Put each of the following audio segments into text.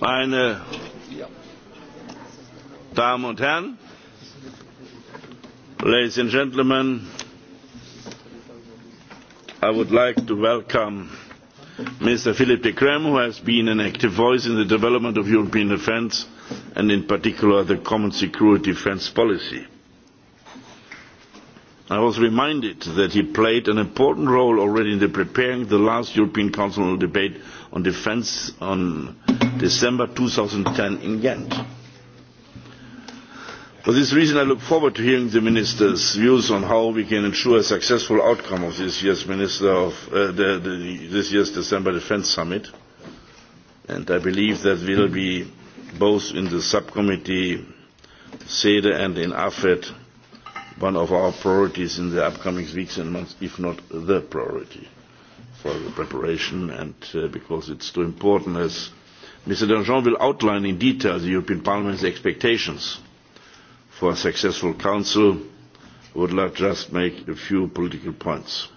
Meine Damen und Herren, ladies and gentlemen, I would like to welcome Mr. Philip de Krem, who has been an active voice in the development of European defence and in particular the common security defence policy. I was reminded that he played an important role already in the preparing the last European Council debate on defence on December 2010 in Ghent. For this reason, I look forward to hearing the Minister's views on how we can ensure a successful outcome of this year's, Minister of, uh, the, the, this year's December Defence Summit. And I believe that we will be both in the subcommittee SEDE and in AFED one of our priorities in the upcoming weeks and months, if not the priority for the preparation, and uh, because it's too important as Mr. Danjean will outline in detail the European Parliament's expectations for a successful Council. I would like just make a few political points.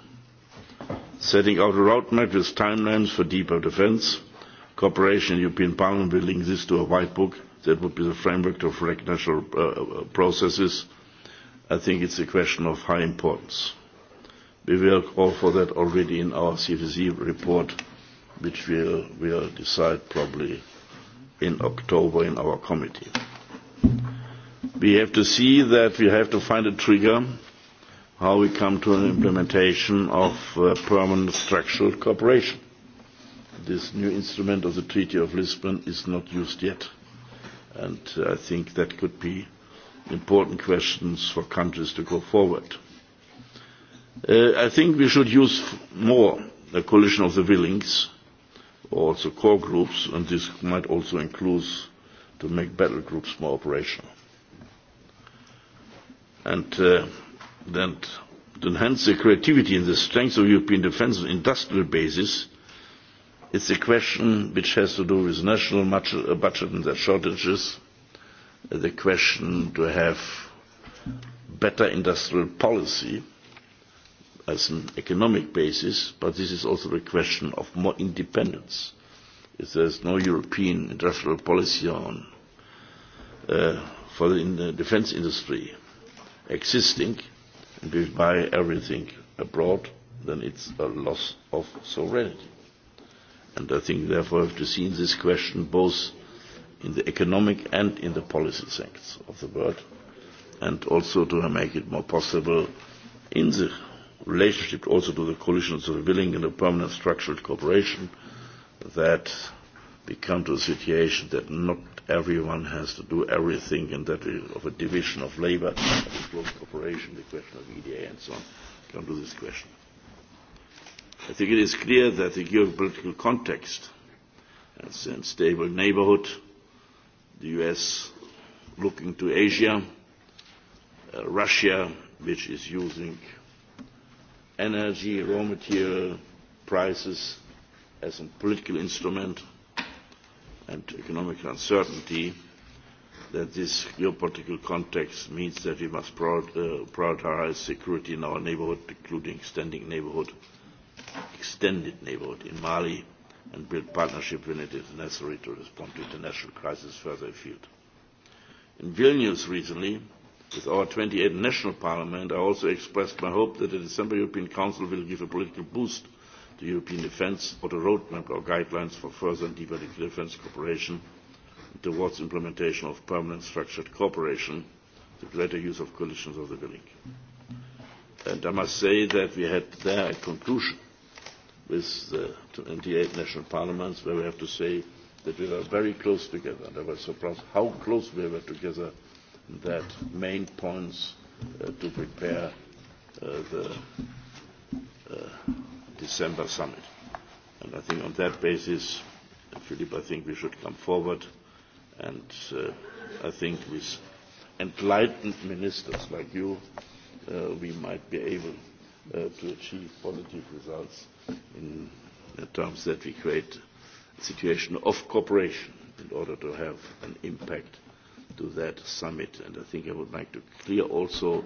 Setting out a roadmap with timelines for deeper defence, cooperation in the European Parliament will link this to a white book that would be the framework of uh, processes I think it's a question of high importance. We will call for that already in our CVC report, which will we'll decide probably in October in our committee. We have to see that we have to find a trigger how we come to an implementation of uh, permanent structural cooperation. This new instrument of the Treaty of Lisbon is not used yet, and I think that could be important questions for countries to go forward. Uh, I think we should use more a coalition of the willings, also core groups, and this might also include to make battle groups more operational. And uh, then to enhance the creativity and the strength of European defence and industrial basis, it's a question which has to do with national budget and their shortages, the question to have better industrial policy as an economic basis, but this is also the question of more independence. If there is no European industrial policy on uh, for the, in the defense industry existing, and we buy everything abroad, then it's a loss of sovereignty. And I think therefore we have to see in this question both in the economic and in the policy sectors of the world, and also to make it more possible in the relationship also to the coalitions of the willing and a permanent structured cooperation that we come to a situation that not everyone has to do everything and that is of a division of labor, of close cooperation, the question of EDA and so on, come to this question. I think it is clear that the geopolitical context and stable neighborhood the US looking to Asia, uh, Russia, which is using energy, raw material prices as a political instrument and economic uncertainty, that this geopolitical context means that we must prioritize security in our neighborhood, including extending neighborhood, extended neighborhood in Mali, and build partnership when it is necessary to respond to international crises further afield. In Vilnius recently, with our 28 national parliament, I also expressed my hope that the December European Council will give a political boost to European defence or the roadmap or guidelines for further and deeper defence cooperation towards implementation of permanent structured cooperation, the greater use of coalitions of the willing. And I must say that we had there a conclusion with the 28 national parliaments where we have to say that we were very close together. And I was surprised how close we were together that main points uh, to prepare uh, the uh, December summit. And I think on that basis, Philip, I think we should come forward and uh, I think with enlightened ministers like you, uh, we might be able uh, to achieve positive results in terms that we create a situation of cooperation in order to have an impact to that summit. And I think I would like to clear also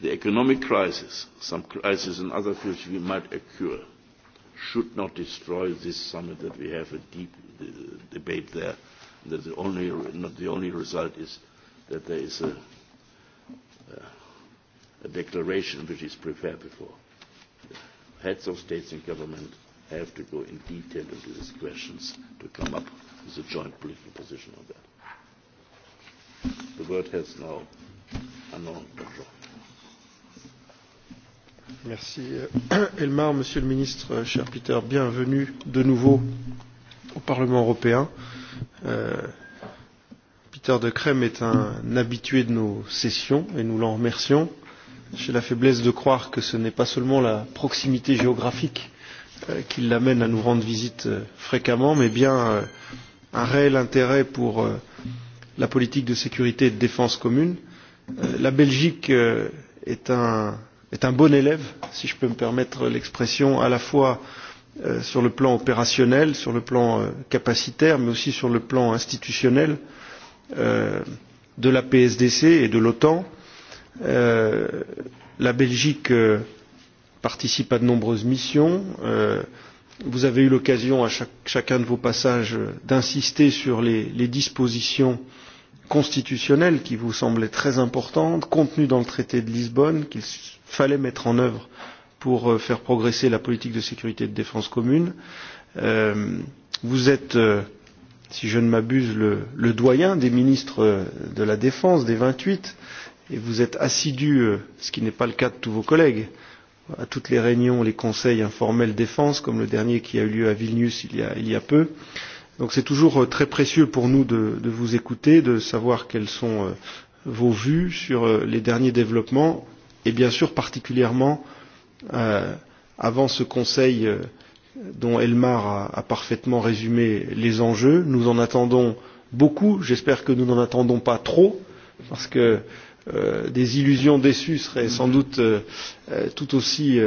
the economic crisis, some crisis in other fields we might occur, should not destroy this summit that we have a deep uh, debate there. That the only, not the only result is that there is a uh, a declaration which is prepared before. Heads of states and government have to go in detail into these questions to come up with a joint political position on that. The word has now Anon Bergeron. Merci Elmar, Monsieur le Ministre, cher Peter, bienvenue de nouveau au Parlement européen. Euh, Peter de Crème est un habitué de nos sessions et nous l'en remercions j'ai la faiblesse de croire que ce n'est pas seulement la proximité géographique qui l'amène à nous rendre visite fréquemment, mais bien un réel intérêt pour la politique de sécurité et de défense commune. La Belgique est un, est un bon élève, si je peux me permettre l'expression, à la fois sur le plan opérationnel, sur le plan capacitaire, mais aussi sur le plan institutionnel de la PSDC et de l'OTAN la Belgique participe à de nombreuses missions. vous avez eu l'occasion à chacun de vos passages d'insister sur les, dispositions constitutionnelles qui vous semblaient très importantes, contenues dans le traité de Lisbonne, qu'il fallait mettre en œuvre pour faire progresser la politique de sécurité et de défense commune. vous êtes si je ne m'abuse, le, doyen des ministres de la Défense des vingt huit et vous êtes assidu, ce qui n'est pas le cas de tous vos collègues, à toutes les réunions, les conseils informels défense, comme le dernier qui a eu lieu à Vilnius il y a, il y a peu. Donc c'est toujours très précieux pour nous de, de vous écouter, de savoir quelles sont vos vues sur les derniers développements et bien sûr particulièrement euh, avant ce Conseil dont Elmar a, a parfaitement résumé les enjeux. Nous en attendons beaucoup, j'espère que nous n'en attendons pas trop, parce que des illusions déçues serait sans doute tout aussi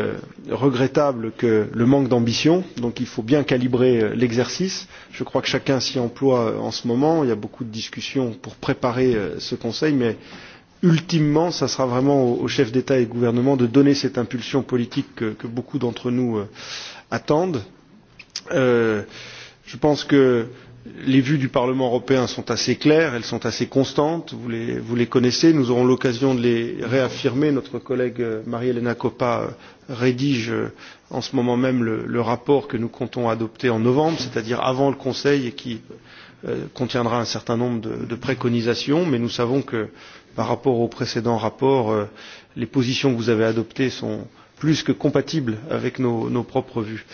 regrettable que le manque d'ambition. Donc il faut bien calibrer l'exercice. Je crois que chacun s'y emploie en ce moment. Il y a beaucoup de discussions pour préparer ce Conseil, mais ultimement, ça sera vraiment aux chefs d'État et de gouvernement de donner cette impulsion politique que, que beaucoup d'entre nous attendent. Euh, je pense que euh, les vues du Parlement européen sont assez claires, elles sont assez constantes, vous les, connaissez, nous aurons l'occasion de les réaffirmer. Notre collègue marie elena Coppa rédige en ce moment même le, rapport que nous comptons adopter en novembre, c'est-à-dire avant le Conseil et qui contiendra un certain nombre de, préconisations, mais nous savons que par rapport au précédent rapport, les positions que vous avez adoptées sont, plus que compatible avec nos, nos propres vues.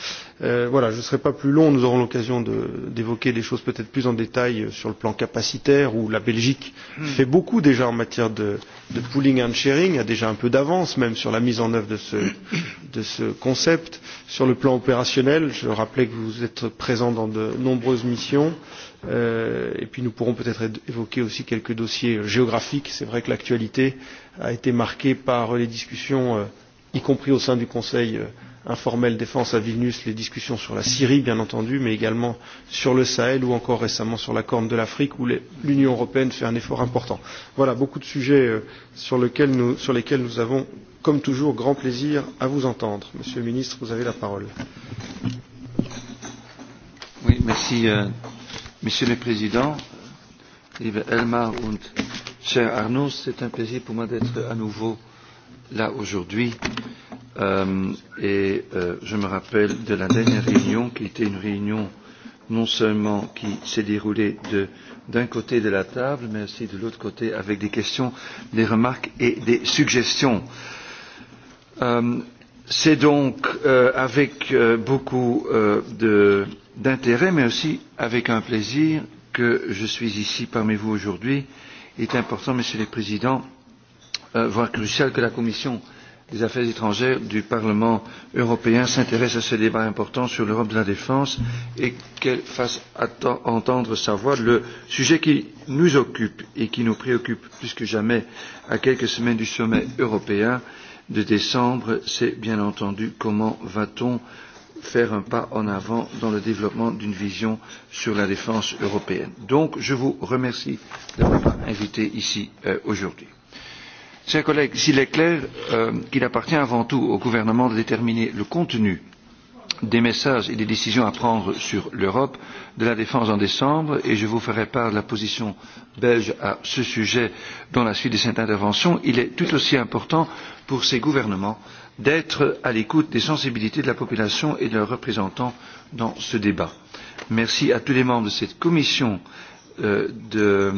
Euh, voilà, je ne serai pas plus long, nous aurons l'occasion d'évoquer des choses peut-être plus en détail sur le plan capacitaire, où la Belgique fait beaucoup déjà en matière de, de pooling and sharing, a déjà un peu d'avance même sur la mise en œuvre de ce, de ce concept. Sur le plan opérationnel, je rappelais que vous êtes présent dans de nombreuses missions, euh, et puis nous pourrons peut-être évoquer aussi quelques dossiers géographiques. C'est vrai que l'actualité a été marquée par les discussions euh, y compris au sein du Conseil informel défense à Vilnius, les discussions sur la Syrie, bien entendu, mais également sur le Sahel ou encore récemment sur la Corne de l'Afrique, où l'Union européenne fait un effort important. Voilà beaucoup de sujets sur, lesquels nous, sur lesquels nous avons, comme toujours, grand plaisir à vous entendre. Monsieur le ministre, vous avez la parole. Oui, merci, euh, Monsieur le Président, liebe Elmar und cher Arnaud, c'est un plaisir pour moi d'être à nouveau euh, là aujourd'hui. Euh, et euh, je me rappelle de la dernière réunion qui était une réunion non seulement qui s'est déroulée d'un côté de la table, mais aussi de l'autre côté avec des questions, des remarques et des suggestions. Euh, C'est donc euh, avec euh, beaucoup euh, d'intérêt, mais aussi avec un plaisir que je suis ici parmi vous aujourd'hui. Il est important, Monsieur le Président, voire crucial que la Commission des affaires étrangères du Parlement européen s'intéresse à ce débat important sur l'Europe de la défense et qu'elle fasse entendre sa voix. Le sujet qui nous occupe et qui nous préoccupe plus que jamais à quelques semaines du sommet européen de décembre, c'est bien entendu comment va-t-on faire un pas en avant dans le développement d'une vision sur la défense européenne. Donc, je vous remercie de m'avoir invité ici aujourd'hui. Chers collègues, s'il est clair qu'il appartient avant tout au gouvernement de déterminer le contenu des messages et des décisions à prendre sur l'Europe de la défense en décembre et je vous ferai part de la position belge à ce sujet dans la suite de cette intervention, il est tout aussi important pour ces gouvernements d'être à l'écoute des sensibilités de la population et de leurs représentants dans ce débat. Merci à tous les membres de cette commission de,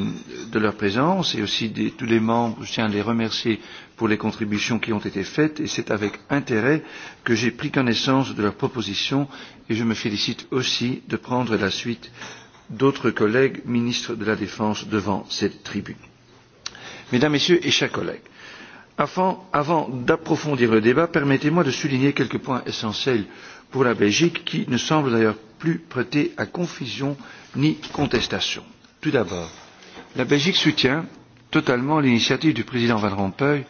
de leur présence et aussi de tous les membres. Je tiens à les remercier pour les contributions qui ont été faites et c'est avec intérêt que j'ai pris connaissance de leurs propositions et je me félicite aussi de prendre la suite d'autres collègues ministres de la Défense devant cette tribune. Mesdames, Messieurs et chers collègues, avant, avant d'approfondir le débat, permettez-moi de souligner quelques points essentiels pour la Belgique qui ne semblent d'ailleurs plus prêter à confusion ni contestation Tout d'abord, la Belgique soutient totalement l'initiative du président Van Rompuy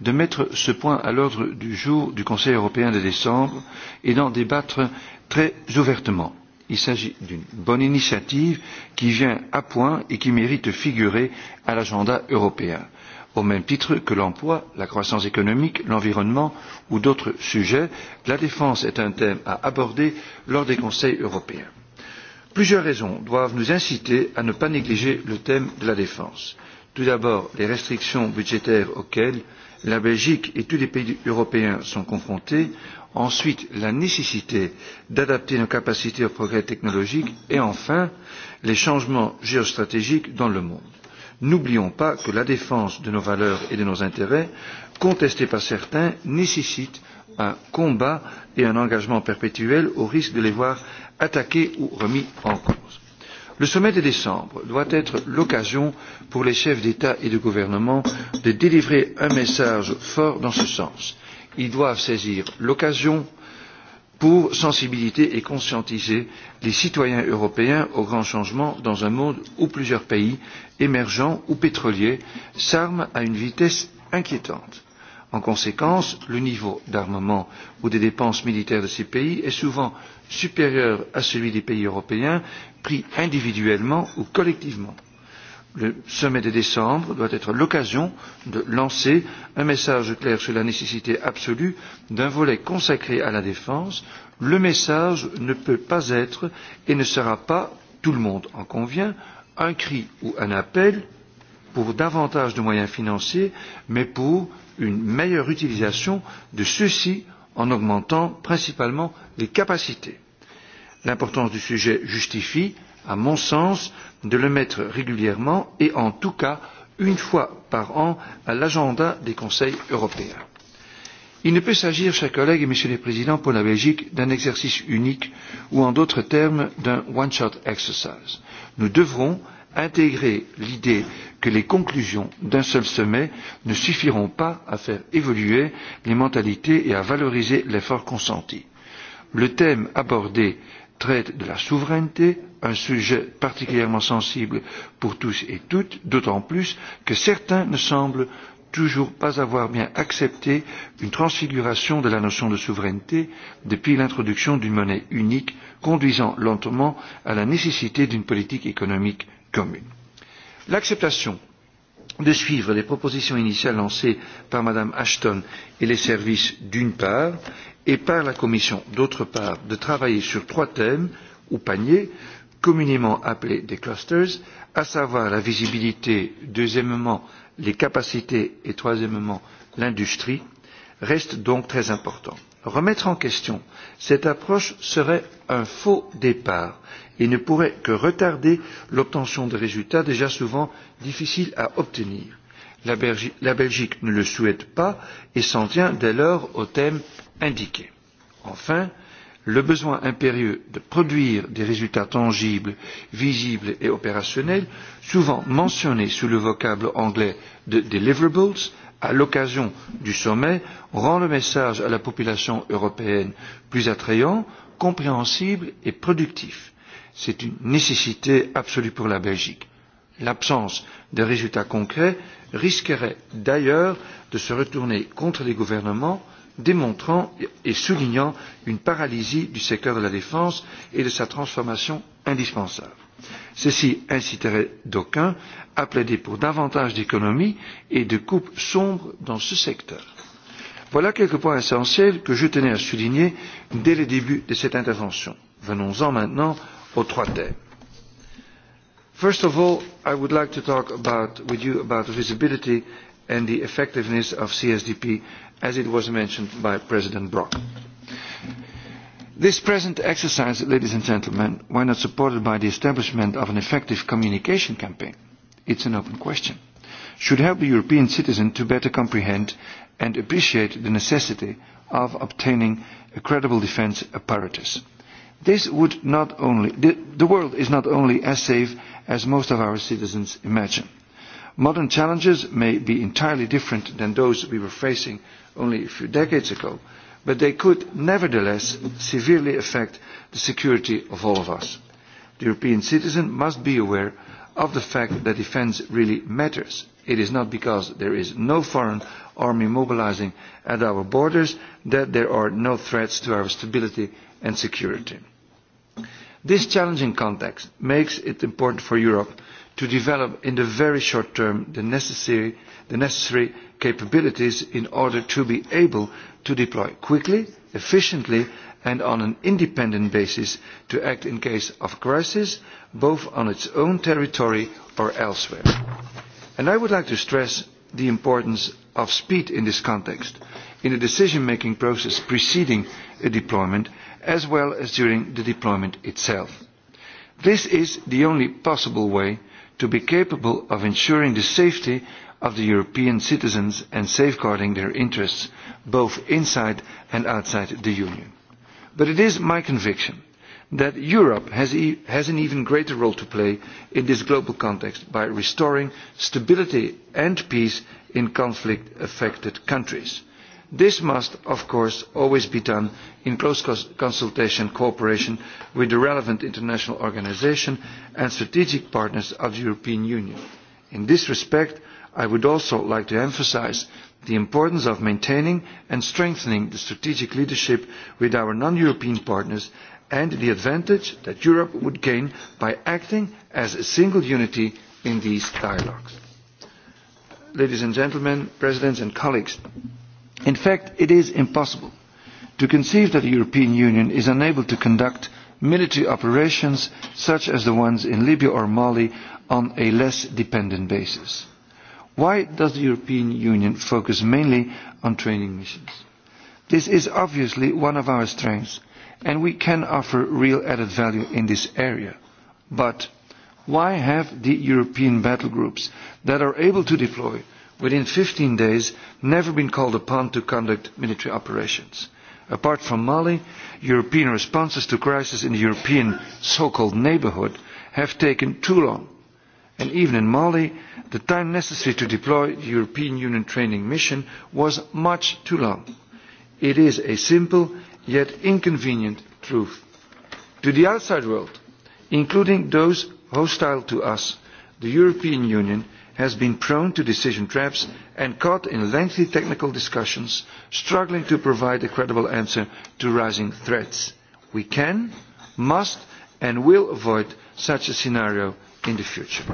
de mettre ce point à l'ordre du jour du Conseil européen de décembre et d'en débattre très ouvertement. Il s'agit d'une bonne initiative qui vient à point et qui mérite de figurer à l'agenda européen, au même titre que l'emploi, la croissance économique, l'environnement ou d'autres sujets. La défense est un thème à aborder lors des conseils européens. Plusieurs raisons doivent nous inciter à ne pas négliger le thème de la défense. Tout d'abord, les restrictions budgétaires auxquelles la Belgique et tous les pays européens sont confrontés, ensuite la nécessité d'adapter nos capacités aux progrès technologiques et enfin les changements géostratégiques dans le monde. N'oublions pas que la défense de nos valeurs et de nos intérêts, contestée par certains, nécessite un combat et un engagement perpétuel au risque de les voir attaqué ou remis en cause. Le sommet de décembre doit être l'occasion pour les chefs d'État et de gouvernement de délivrer un message fort dans ce sens. Ils doivent saisir l'occasion pour sensibiliser et conscientiser les citoyens européens aux grands changements dans un monde où plusieurs pays émergents ou pétroliers s'arment à une vitesse inquiétante En conséquence, le niveau d'armement ou des dépenses militaires de ces pays est souvent supérieur à celui des pays européens, pris individuellement ou collectivement. Le sommet de décembre doit être l'occasion de lancer un message clair sur la nécessité absolue d'un volet consacré à la défense. Le message ne peut pas être et ne sera pas, tout le monde en convient, un cri ou un appel pour davantage de moyens financiers, mais pour une meilleure utilisation de ceux-ci en augmentant principalement les capacités. L'importance du sujet justifie, à mon sens, de le mettre régulièrement et en tout cas une fois par an à l'agenda des conseils européens. Il ne peut s'agir, chers collègues et messieurs les présidents, pour la Belgique d'un exercice unique ou en d'autres termes d'un one-shot exercise. Nous devrons, intégrer l'idée que les conclusions d'un seul sommet ne suffiront pas à faire évoluer les mentalités et à valoriser l'effort consenti. Le thème abordé traite de la souveraineté, un sujet particulièrement sensible pour tous et toutes, d'autant plus que certains ne semblent toujours pas avoir bien accepté une transfiguration de la notion de souveraineté depuis l'introduction d'une monnaie unique, conduisant lentement à la nécessité d'une politique économique commune. L'acceptation de suivre les propositions initiales lancées par Mme Ashton et les services d'une part et par la Commission d'autre part de travailler sur trois thèmes ou paniers communément appelés des clusters, à savoir la visibilité, deuxièmement les capacités et troisièmement l'industrie, reste donc très important. Remettre en question cette approche serait un faux départ et ne pourrait que retarder l'obtention de résultats déjà souvent difficiles à obtenir. La Belgique ne le souhaite pas et s'en tient dès lors au thème indiqué. Enfin, le besoin impérieux de produire des résultats tangibles, visibles et opérationnels, souvent mentionné sous le vocable anglais de deliverables, à l'occasion du sommet, rend le message à la population européenne plus attrayant, compréhensible et productif c'est une nécessité absolue pour la Belgique. L'absence de résultats concrets risquerait d'ailleurs de se retourner contre les gouvernements, démontrant et soulignant une paralysie du secteur de la défense et de sa transformation indispensable. Ceci inciterait d'aucuns à plaider pour davantage d'économies et de coupes sombres dans ce secteur. Voilà quelques points essentiels que je tenais à souligner dès le début de cette intervention. Venons-en maintenant aux trois thèmes. First of all, I would like to talk about, with you about the visibility and the effectiveness of CSDP as it was mentioned by President Brock. This present exercise, ladies and gentlemen, why not supported by the establishment of an effective communication campaign? It's an open question. Should help the European citizen to better comprehend and appreciate the necessity of obtaining a credible defence apparatus This would not only, the, the world is not only as safe as most of our citizens imagine. Modern challenges may be entirely different than those we were facing only a few decades ago, but they could nevertheless severely affect the security of all of us. The European citizen must be aware of the fact that defence really matters. It is not because there is no foreign army mobilising at our borders that there are no threats to our stability and security. This challenging context makes it important for Europe to develop in the very short term the necessary, the necessary capabilities in order to be able to deploy quickly, efficiently and on an independent basis to act in case of crisis, both on its own territory or elsewhere. And I would like to stress the importance of speed in this context, in the decision-making process preceding a deployment as well as during the deployment itself. This is the only possible way to be capable of ensuring the safety of the European citizens and safeguarding their interests both inside and outside the Union. But it is my conviction that Europe has, e has an even greater role to play in this global context by restoring stability and peace in conflict-affected countries This must, of course, always be done in close consultation and cooperation with the relevant international organisations and strategic partners of the European Union. In this respect, I would also like to emphasise the importance of maintaining and strengthening the strategic leadership with our non-European partners and the advantage that Europe would gain by acting as a single unity in these dialogues. Ladies and gentlemen, presidents and colleagues, In fact, it is impossible to conceive that the European Union is unable to conduct military operations such as the ones in Libya or Mali on a less dependent basis. Why does the European Union focus mainly on training missions? This is obviously one of our strengths, and we can offer real added value in this area. But why have the European battle groups that are able to deploy within 15 days, never been called upon to conduct military operations. Apart from Mali, European responses to crises in the European so-called neighbourhood have taken too long. And even in Mali, the time necessary to deploy the European Union training mission was much too long. It is a simple yet inconvenient truth. To the outside world, including those hostile to us, the European Union has been prone to decision traps and caught in lengthy technical discussions, struggling to provide a credible answer to rising threats. We can, must and will avoid such a scenario in the future.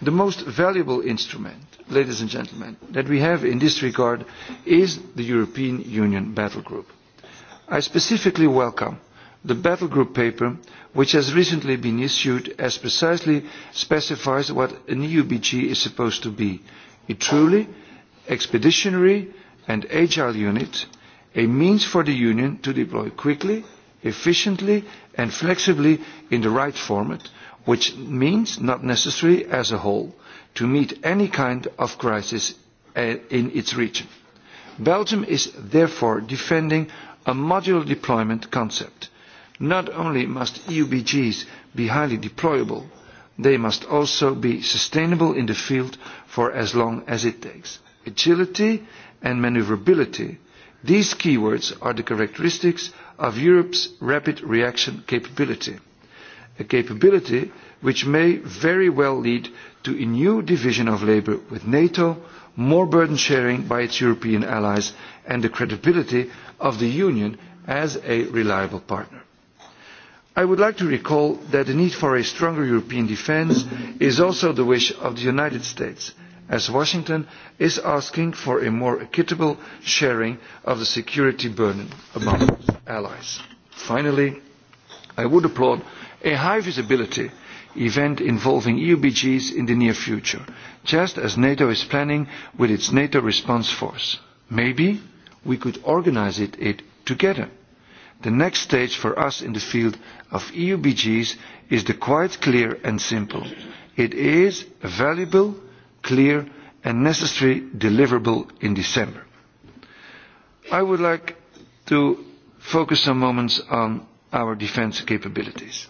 The most valuable instrument, ladies and gentlemen, that we have in this regard is the European Union Battle Group. I specifically welcome the Battle Group paper which has recently been issued as precisely specifies what an EUBG is supposed to be, a truly expeditionary and agile unit, a means for the Union to deploy quickly, efficiently and flexibly in the right format, which means not necessarily as a whole to meet any kind of crisis in its region. Belgium is therefore defending a modular deployment concept Not only must EUBGs be highly deployable, they must also be sustainable in the field for as long as it takes. Agility and maneuverability, these keywords are the characteristics of Europe's rapid reaction capability, a capability which may very well lead to a new division of labour with NATO, more burden sharing by its European allies, and the credibility of the Union as a reliable partner. I would like to recall that the need for a stronger European defence is also the wish of the United States, as Washington is asking for a more equitable sharing of the security burden among allies. Finally, I would applaud a high visibility event involving EU BGs in the near future, just as NATO is planning with its NATO response force. Maybe we could organise it together The next stage for us in the field of EU BGs is the quite clear and simple. It is a valuable, clear and necessary deliverable in December. I would like to focus some moments on our defence capabilities.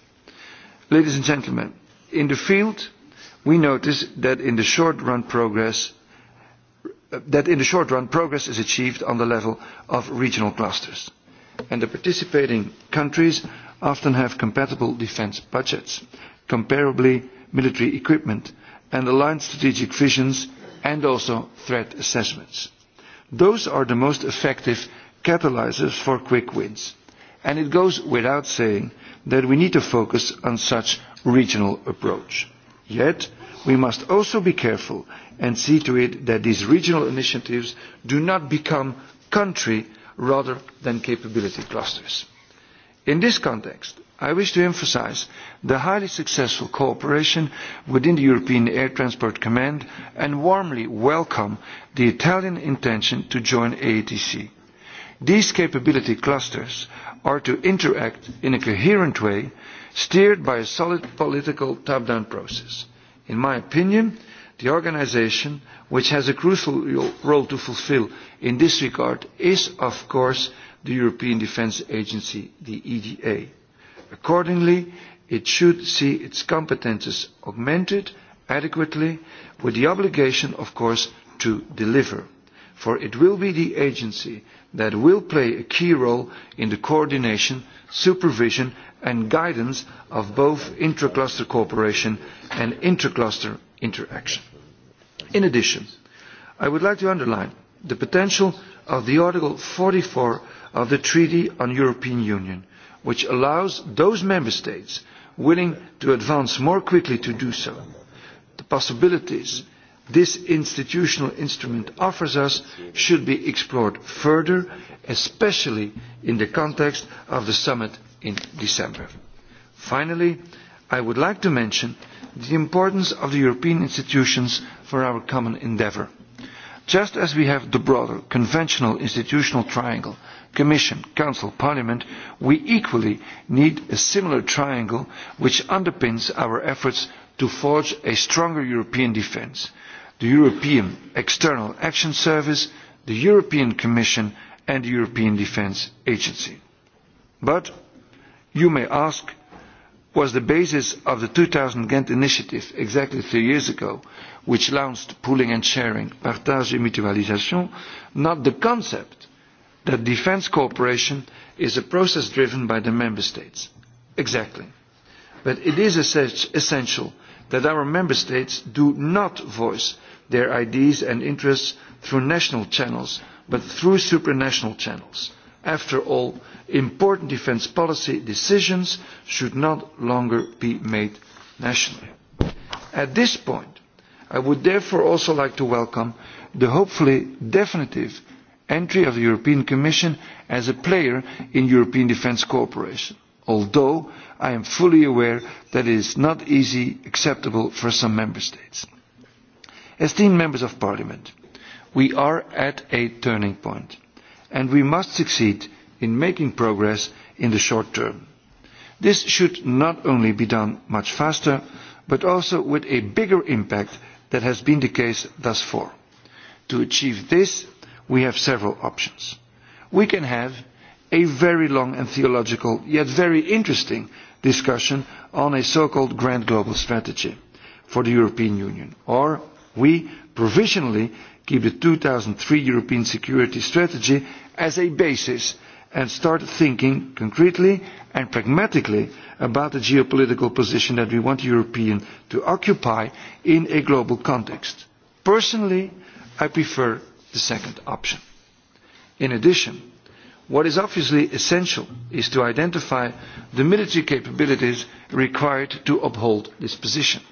Ladies and gentlemen, in the field, we notice that in the short run progress that in the short run progress is achieved on the level of regional clusters and the participating countries often have compatible defence budgets, comparably military equipment, and aligned strategic visions and also threat assessments. Those are the most effective catalyzers for quick wins. And it goes without saying that we need to focus on such regional approach. Yet, we must also be careful and see to it that these regional initiatives do not become country rather than capability clusters. In this context, I wish to emphasise the highly successful cooperation within the European Air Transport Command and warmly welcome the Italian intention to join AATC. These capability clusters are to interact in a coherent way, steered by a solid political top-down process. In my opinion, The organisation, which has a crucial role to fulfil in this regard, is, of course, the European Defence Agency, the EDA. Accordingly, it should see its competences augmented adequately, with the obligation, of course, to deliver. For it will be the agency that will play a key role in the coordination, supervision and guidance of both intra cluster cooperation and intracluster interaction. In addition, I would like to underline the potential of the Article 44 of the Treaty on European Union, which allows those member states willing to advance more quickly to do so. The possibilities this institutional instrument offers us should be explored further, especially in the context of the summit in December. Finally, I would like to mention the importance of the European institutions for our common endeavour. Just as we have the broader conventional institutional triangle, Commission, Council, Parliament, we equally need a similar triangle which underpins our efforts to forge a stronger European defence. The European External Action Service, the European Commission and the European Defence Agency. But you may ask, was the basis of the 2000 Ghent initiative exactly three years ago, which launched pooling and sharing, partage et mutualisation, not the concept that defence cooperation is a process driven by the member states. Exactly. But it is essential that our member states do not voice their ideas and interests through national channels, but through supranational channels After all, important defence policy decisions should no longer be made nationally. At this point, I would therefore also like to welcome the hopefully definitive entry of the European Commission as a player in European defence cooperation, although I am fully aware that it is not easy acceptable for some Member States. Esteemed Members of Parliament, we are at a turning point and we must succeed in making progress in the short term. This should not only be done much faster, but also with a bigger impact than has been the case thus far. To achieve this, we have several options. We can have a very long and theological, yet very interesting, discussion on a so-called grand global strategy for the European Union. Or we provisionally keep the 2003 European security strategy as a basis and start thinking concretely and pragmatically about the geopolitical position that we want Europeans to occupy in a global context. Personally, I prefer the second option. In addition, what is obviously essential is to identify the military capabilities required to uphold this position.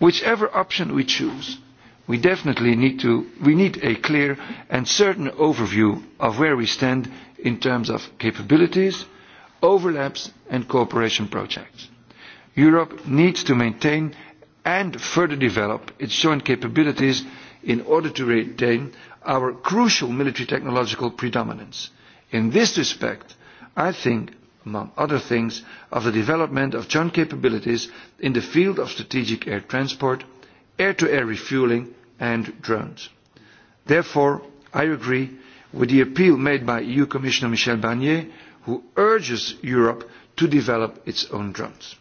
Whichever option we choose, we definitely need to we need a clear and certain overview of where we stand in terms of capabilities, overlaps and cooperation projects. Europe needs to maintain and further develop its joint capabilities in order to retain our crucial military technological predominance. In this respect, I think, among other things, of the development of joint capabilities in the field of strategic air transport, air-to-air refuelling and drones. Therefore, I agree with the appeal made by EU Commissioner Michel Barnier, who urges Europe to develop its own drones.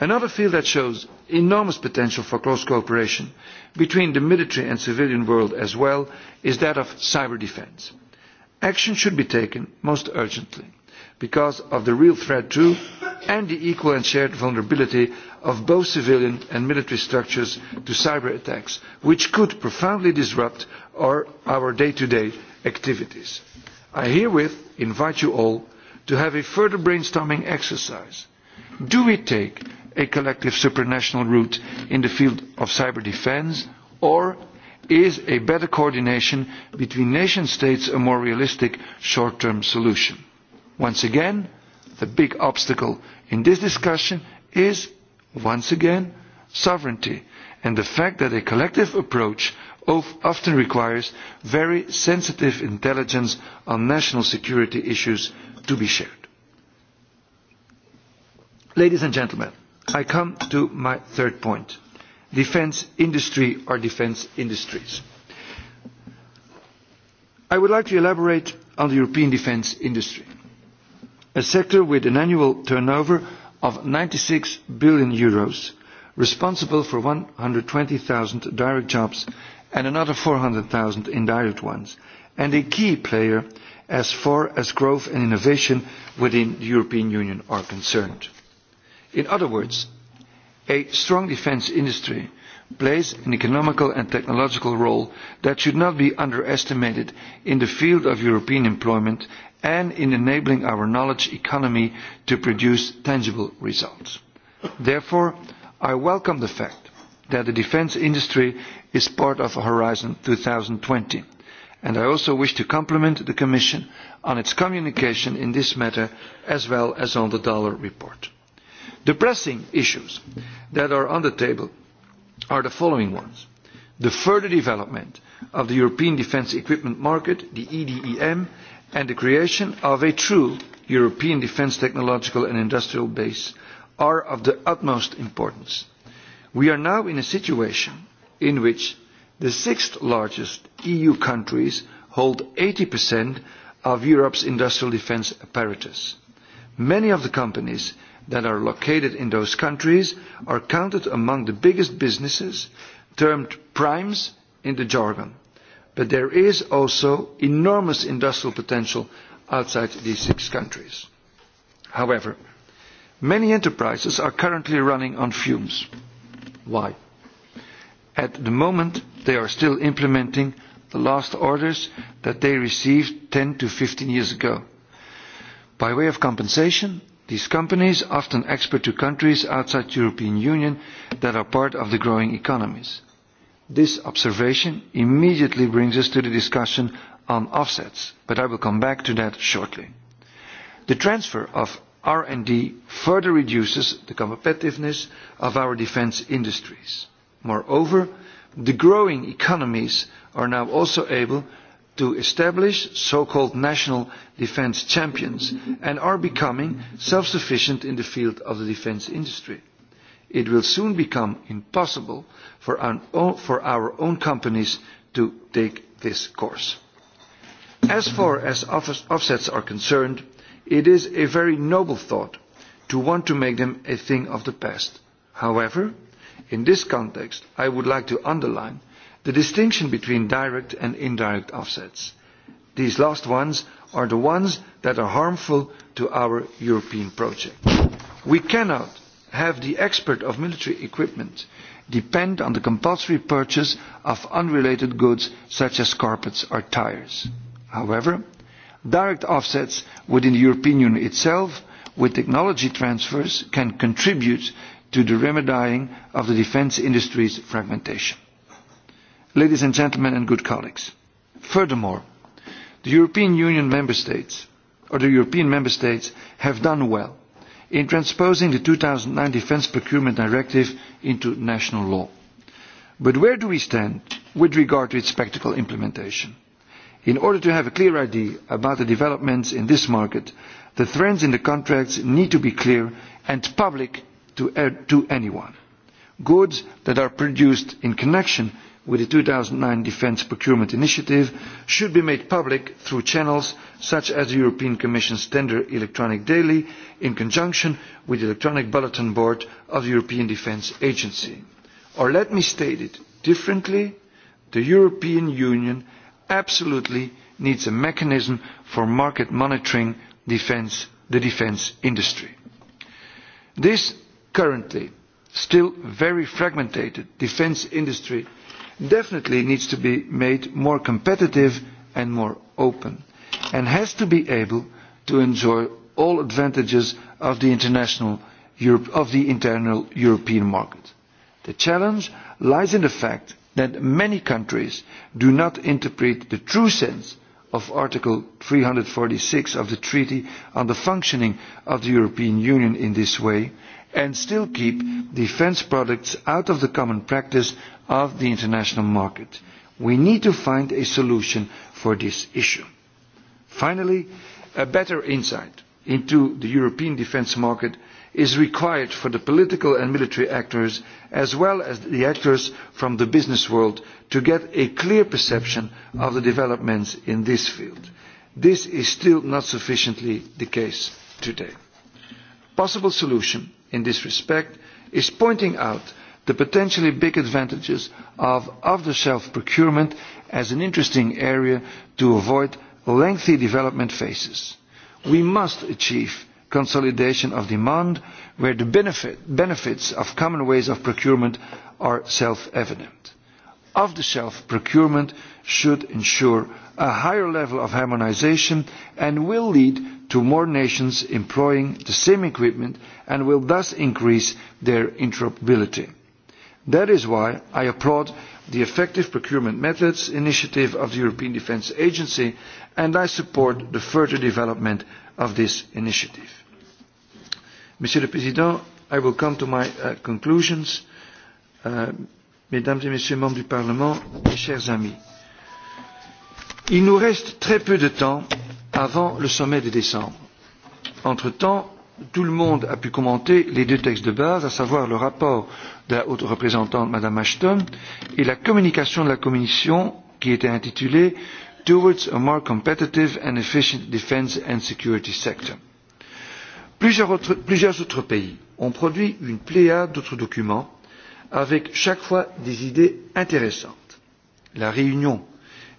Another field that shows enormous potential for close cooperation between the military and civilian world as well is that of cyber defence. Action should be taken most urgently because of the real threat to and the equal and shared vulnerability of both civilian and military structures to cyber attacks, which could profoundly disrupt our day-to-day activities. I herewith invite you all to have a further brainstorming exercise. Do we take a collective supranational route in the field of cyber defence, or is a better coordination between nation states a more realistic short-term solution? Once again, the big obstacle in this discussion is, once again, sovereignty and the fact that a collective approach often requires very sensitive intelligence on national security issues to be shared. Ladies and gentlemen, I come to my third point, defence industry or defence industries. I would like to elaborate on the European defence industry a sector with an annual turnover of EUR ninety six billion responsible for one hundred and twenty 120,000 direct jobs and another four hundred 400,000 indirect ones, and a key player as far as growth and innovation within the European Union are concerned. In other words, a strong defence industry plays an economical and technological role that should not be underestimated in the field of European employment and in enabling our knowledge economy to produce tangible results. Therefore, I welcome the fact that the defence industry is part of Horizon twenty, and I also wish to compliment the Commission on its communication in this matter as well as on the dollar report. The pressing issues that are on the table are the following ones. The further development of the European Defence Equipment Market, the EDEM, and the creation of a true European defence technological and industrial base are of the utmost importance. We are now in a situation in which the sixth largest EU countries hold 80% of Europe's industrial defence apparatus. Many of the companies that are located in those countries are counted among the biggest businesses, termed primes in the jargon. But there is also enormous industrial potential outside these six countries. However, many enterprises are currently running on fumes. Why? At the moment, they are still implementing the last orders that they received 10 to 15 years ago. By way of compensation, these companies often export to countries outside the European Union that are part of the growing economies. This observation immediately brings us to the discussion on offsets, but I will come back to that shortly. The transfer of R&D further reduces the competitiveness of our defense industries. Moreover, the growing economies are now also able to establish so-called national defense champions and are becoming self-sufficient in the field of the defense industry it will soon become impossible for our own companies to take this course. As far as offsets are concerned, it is a very noble thought to want to make them a thing of the past. However, in this context, I would like to underline the distinction between direct and indirect offsets. These last ones are the ones that are harmful to our European project. We cannot have the export of military equipment depend on the compulsory purchase of unrelated goods such as carpets or tires. However, direct offsets within the European Union itself with technology transfers can contribute to the remedying of the defence industry's fragmentation. Ladies and gentlemen and good colleagues, furthermore, the European Union member states or the European member states have done well in transposing the 2009 Defence Procurement Directive into national law. But where do we stand with regard to its practical implementation? In order to have a clear idea about the developments in this market, the trends in the contracts need to be clear and public to, anyone. Goods that are produced in connection with the two thousand nine Defence Procurement Initiative should be made public through channels such as the European Commission's Tender Electronic Daily in conjunction with the Electronic Bulletin Board of the European Defence Agency. Or let me state it differently, the European Union absolutely needs a mechanism for market monitoring defense, the defence industry. This currently still very fragmented defence industry definitely needs to be made more competitive and more open, and has to be able to enjoy all advantages of the international Europe, of the internal European market. The challenge lies in the fact that many countries do not interpret the true sense of Article 346 of the Treaty on the Functioning of the European Union in this way, and still keep defence products out of the common practice of the international market. We need to find a solution for this issue. Finally, a better insight into the European defence market is required for the political and military actors as well as the actors from the business world to get a clear perception of the developments in this field. This is still not sufficiently the case today. Possible solution in this respect is pointing out the potentially big advantages of off-the-shelf procurement as an interesting area to avoid lengthy development phases. We must achieve consolidation of demand where the benefits of common ways of procurement are self-evident off-the-shelf procurement should ensure a higher level of harmonisation and will lead to more nations employing the same equipment and will thus increase their interoperability. That is why I applaud the Effective Procurement Methods initiative of the European Defence Agency and I support the further development of this initiative. Monsieur le Président, I will come to my conclusions mesdames et messieurs les membres du Parlement, mes chers amis. Il nous reste très peu de temps avant le sommet de décembre. Entre-temps, tout le monde a pu commenter les deux textes de base, à savoir le rapport de la haute représentante Mme Ashton et la communication de la Commission qui était intitulée Towards a more competitive and efficient defence and security sector. Plusieurs autres, plusieurs autres pays ont produit une pléiade d'autres documents avec chaque fois des idées intéressantes. La réunion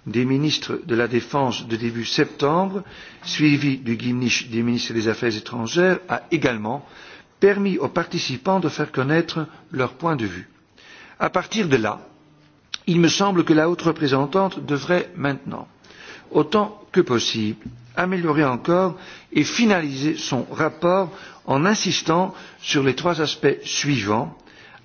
des ministres de la Défense de début septembre, suivie du Gymnich des ministres des Affaires étrangères, a également permis aux participants de faire connaître leur point de vue. À partir de là, il me semble que la haute représentante devrait maintenant, autant que possible, améliorer encore et finaliser son rapport en insistant sur les trois aspects suivants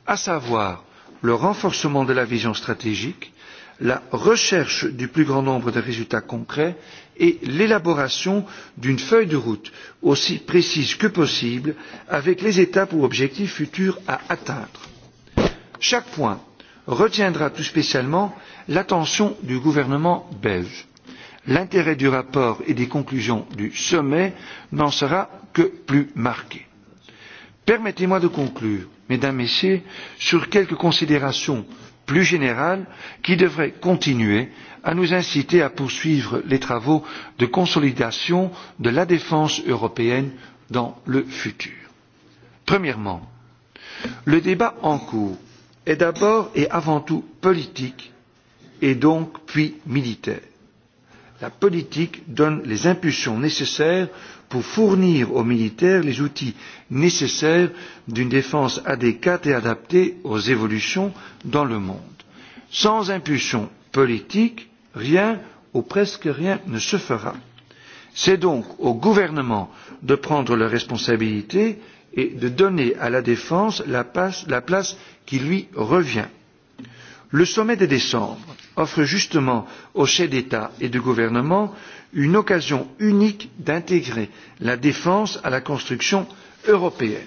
à savoir le renforcement de la vision stratégique, la recherche du plus grand nombre de résultats concrets et l'élaboration d'une feuille de route aussi précise que possible avec les étapes ou objectifs futurs à atteindre. Chaque point retiendra tout spécialement l'attention du gouvernement belge. L'intérêt du rapport et des conclusions du sommet n'en sera que plus marqué. Permettez-moi de conclure mesdames, messieurs, sur quelques considérations plus générales qui devraient continuer à nous inciter à poursuivre les travaux de consolidation de la défense européenne dans le futur. Premièrement, le débat en cours est d'abord et avant tout politique et donc puis militaire. La politique donne les impulsions nécessaires pour fournir aux militaires les outils nécessaires d'une défense adéquate et adaptée aux évolutions dans le monde. Sans impulsion politique, rien ou presque rien ne se fera. C'est donc au gouvernement de prendre leurs responsabilités et de donner à la défense la place, qui lui revient. Le sommet de décembre offre justement aux chefs d'État et de gouvernement une occasion unique d'intégrer la défense à la construction européenne.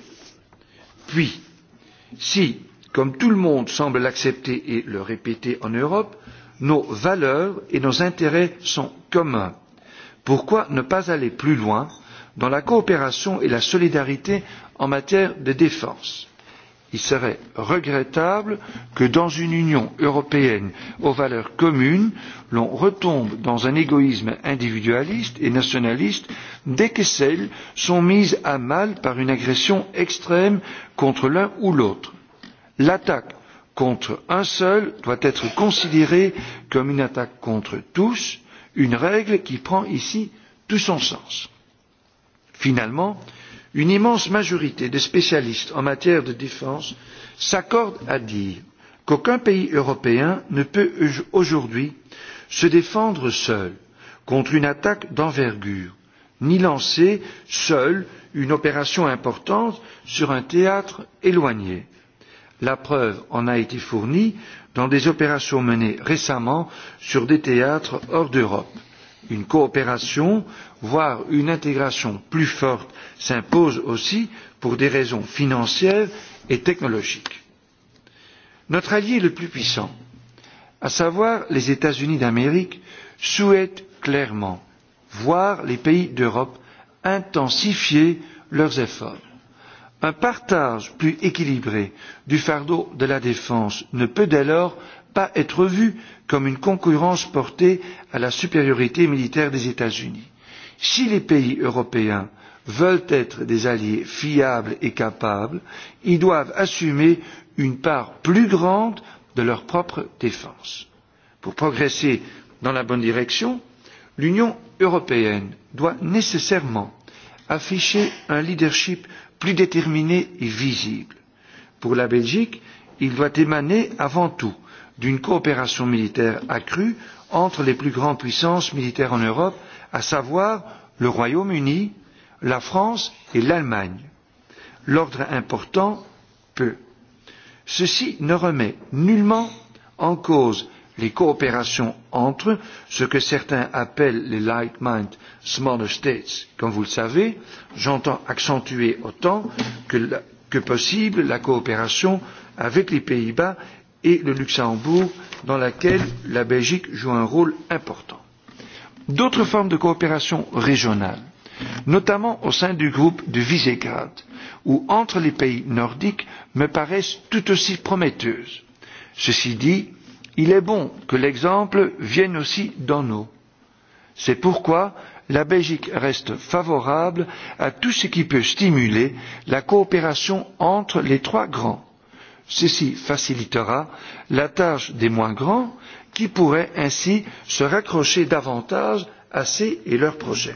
Puis, si, comme tout le monde semble l'accepter et le répéter en Europe, nos valeurs et nos intérêts sont communs, pourquoi ne pas aller plus loin dans la coopération et la solidarité en matière de défense? il serait regrettable que dans une Union européenne aux valeurs communes, l'on retombe dans un égoïsme individualiste et nationaliste dès que celles sont mises à mal par une agression extrême contre l'un ou l'autre. L'attaque contre un seul doit être considérée comme une attaque contre tous, une règle qui prend ici tout son sens. Finalement, une immense majorité des spécialistes en matière de défense s'accordent à dire qu'aucun pays européen ne peut aujourd'hui se défendre seul contre une attaque d'envergure ni lancer seul une opération importante sur un théâtre éloigné. La preuve en a été fournie dans des opérations menées récemment sur des théâtres hors d'Europe une coopération, voire une intégration plus forte s'impose aussi pour des raisons financières et technologiques. Notre allié le plus puissant, à savoir les États Unis d'Amérique, souhaite clairement voir les pays d'Europe intensifier leurs efforts. Un partage plus équilibré du fardeau de la défense ne peut dès lors pas être vue comme une concurrence portée à la supériorité militaire des États-Unis. Si les pays européens veulent être des alliés fiables et capables, ils doivent assumer une part plus grande de leur propre défense. Pour progresser dans la bonne direction, l'Union européenne doit nécessairement afficher un leadership plus déterminé et visible. Pour la Belgique, il doit émaner avant tout d'une coopération militaire accrue entre les plus grandes puissances militaires en Europe, à savoir le Royaume Uni, la France et l'Allemagne. L'ordre important peut. Ceci ne remet nullement en cause les coopérations entre eux, ce que certains appellent les like mind smaller states. Comme vous le savez, j'entends accentuer autant que, que possible la coopération avec les Pays-Bas et le Luxembourg, dans laquelle la Belgique joue un rôle important. D'autres formes de coopération régionale, notamment au sein du groupe de Visegrad ou entre les pays nordiques, me paraissent tout aussi prometteuses. Ceci dit, il est bon que l'exemple vienne aussi dans nos. C'est pourquoi la Belgique reste favorable à tout ce qui peut stimuler la coopération entre les trois grands Ceci facilitera la tâche des moins grands qui pourraient ainsi se raccrocher davantage à ces et leurs projets.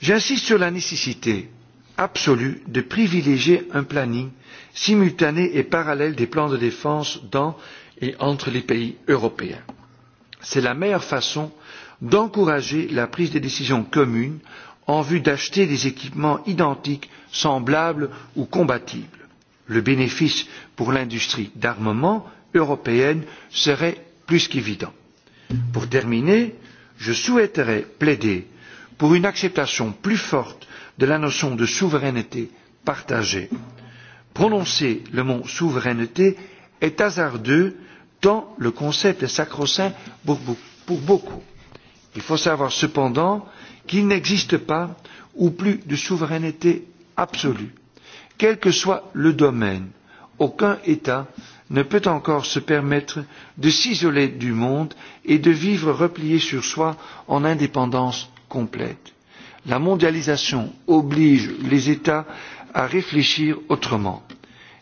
J'insiste sur la nécessité absolue de privilégier un planning simultané et parallèle des plans de défense dans et entre les pays européens. C'est la meilleure façon d'encourager la prise de décisions communes en vue d'acheter des équipements identiques, semblables ou combattibles le bénéfice pour l'industrie d'armement européenne serait plus qu'évident. Pour terminer, je souhaiterais plaider pour une acceptation plus forte de la notion de souveraineté partagée. Prononcer le mot souveraineté est hasardeux tant le concept est sacro-saint pour, beaucoup. Il faut savoir cependant qu'il n'existe pas ou plus de souveraineté absolue Quel que soit le domaine, aucun État ne peut encore se permettre de s'isoler du monde et de vivre replié sur soi en indépendance complète. La mondialisation oblige les États à réfléchir autrement.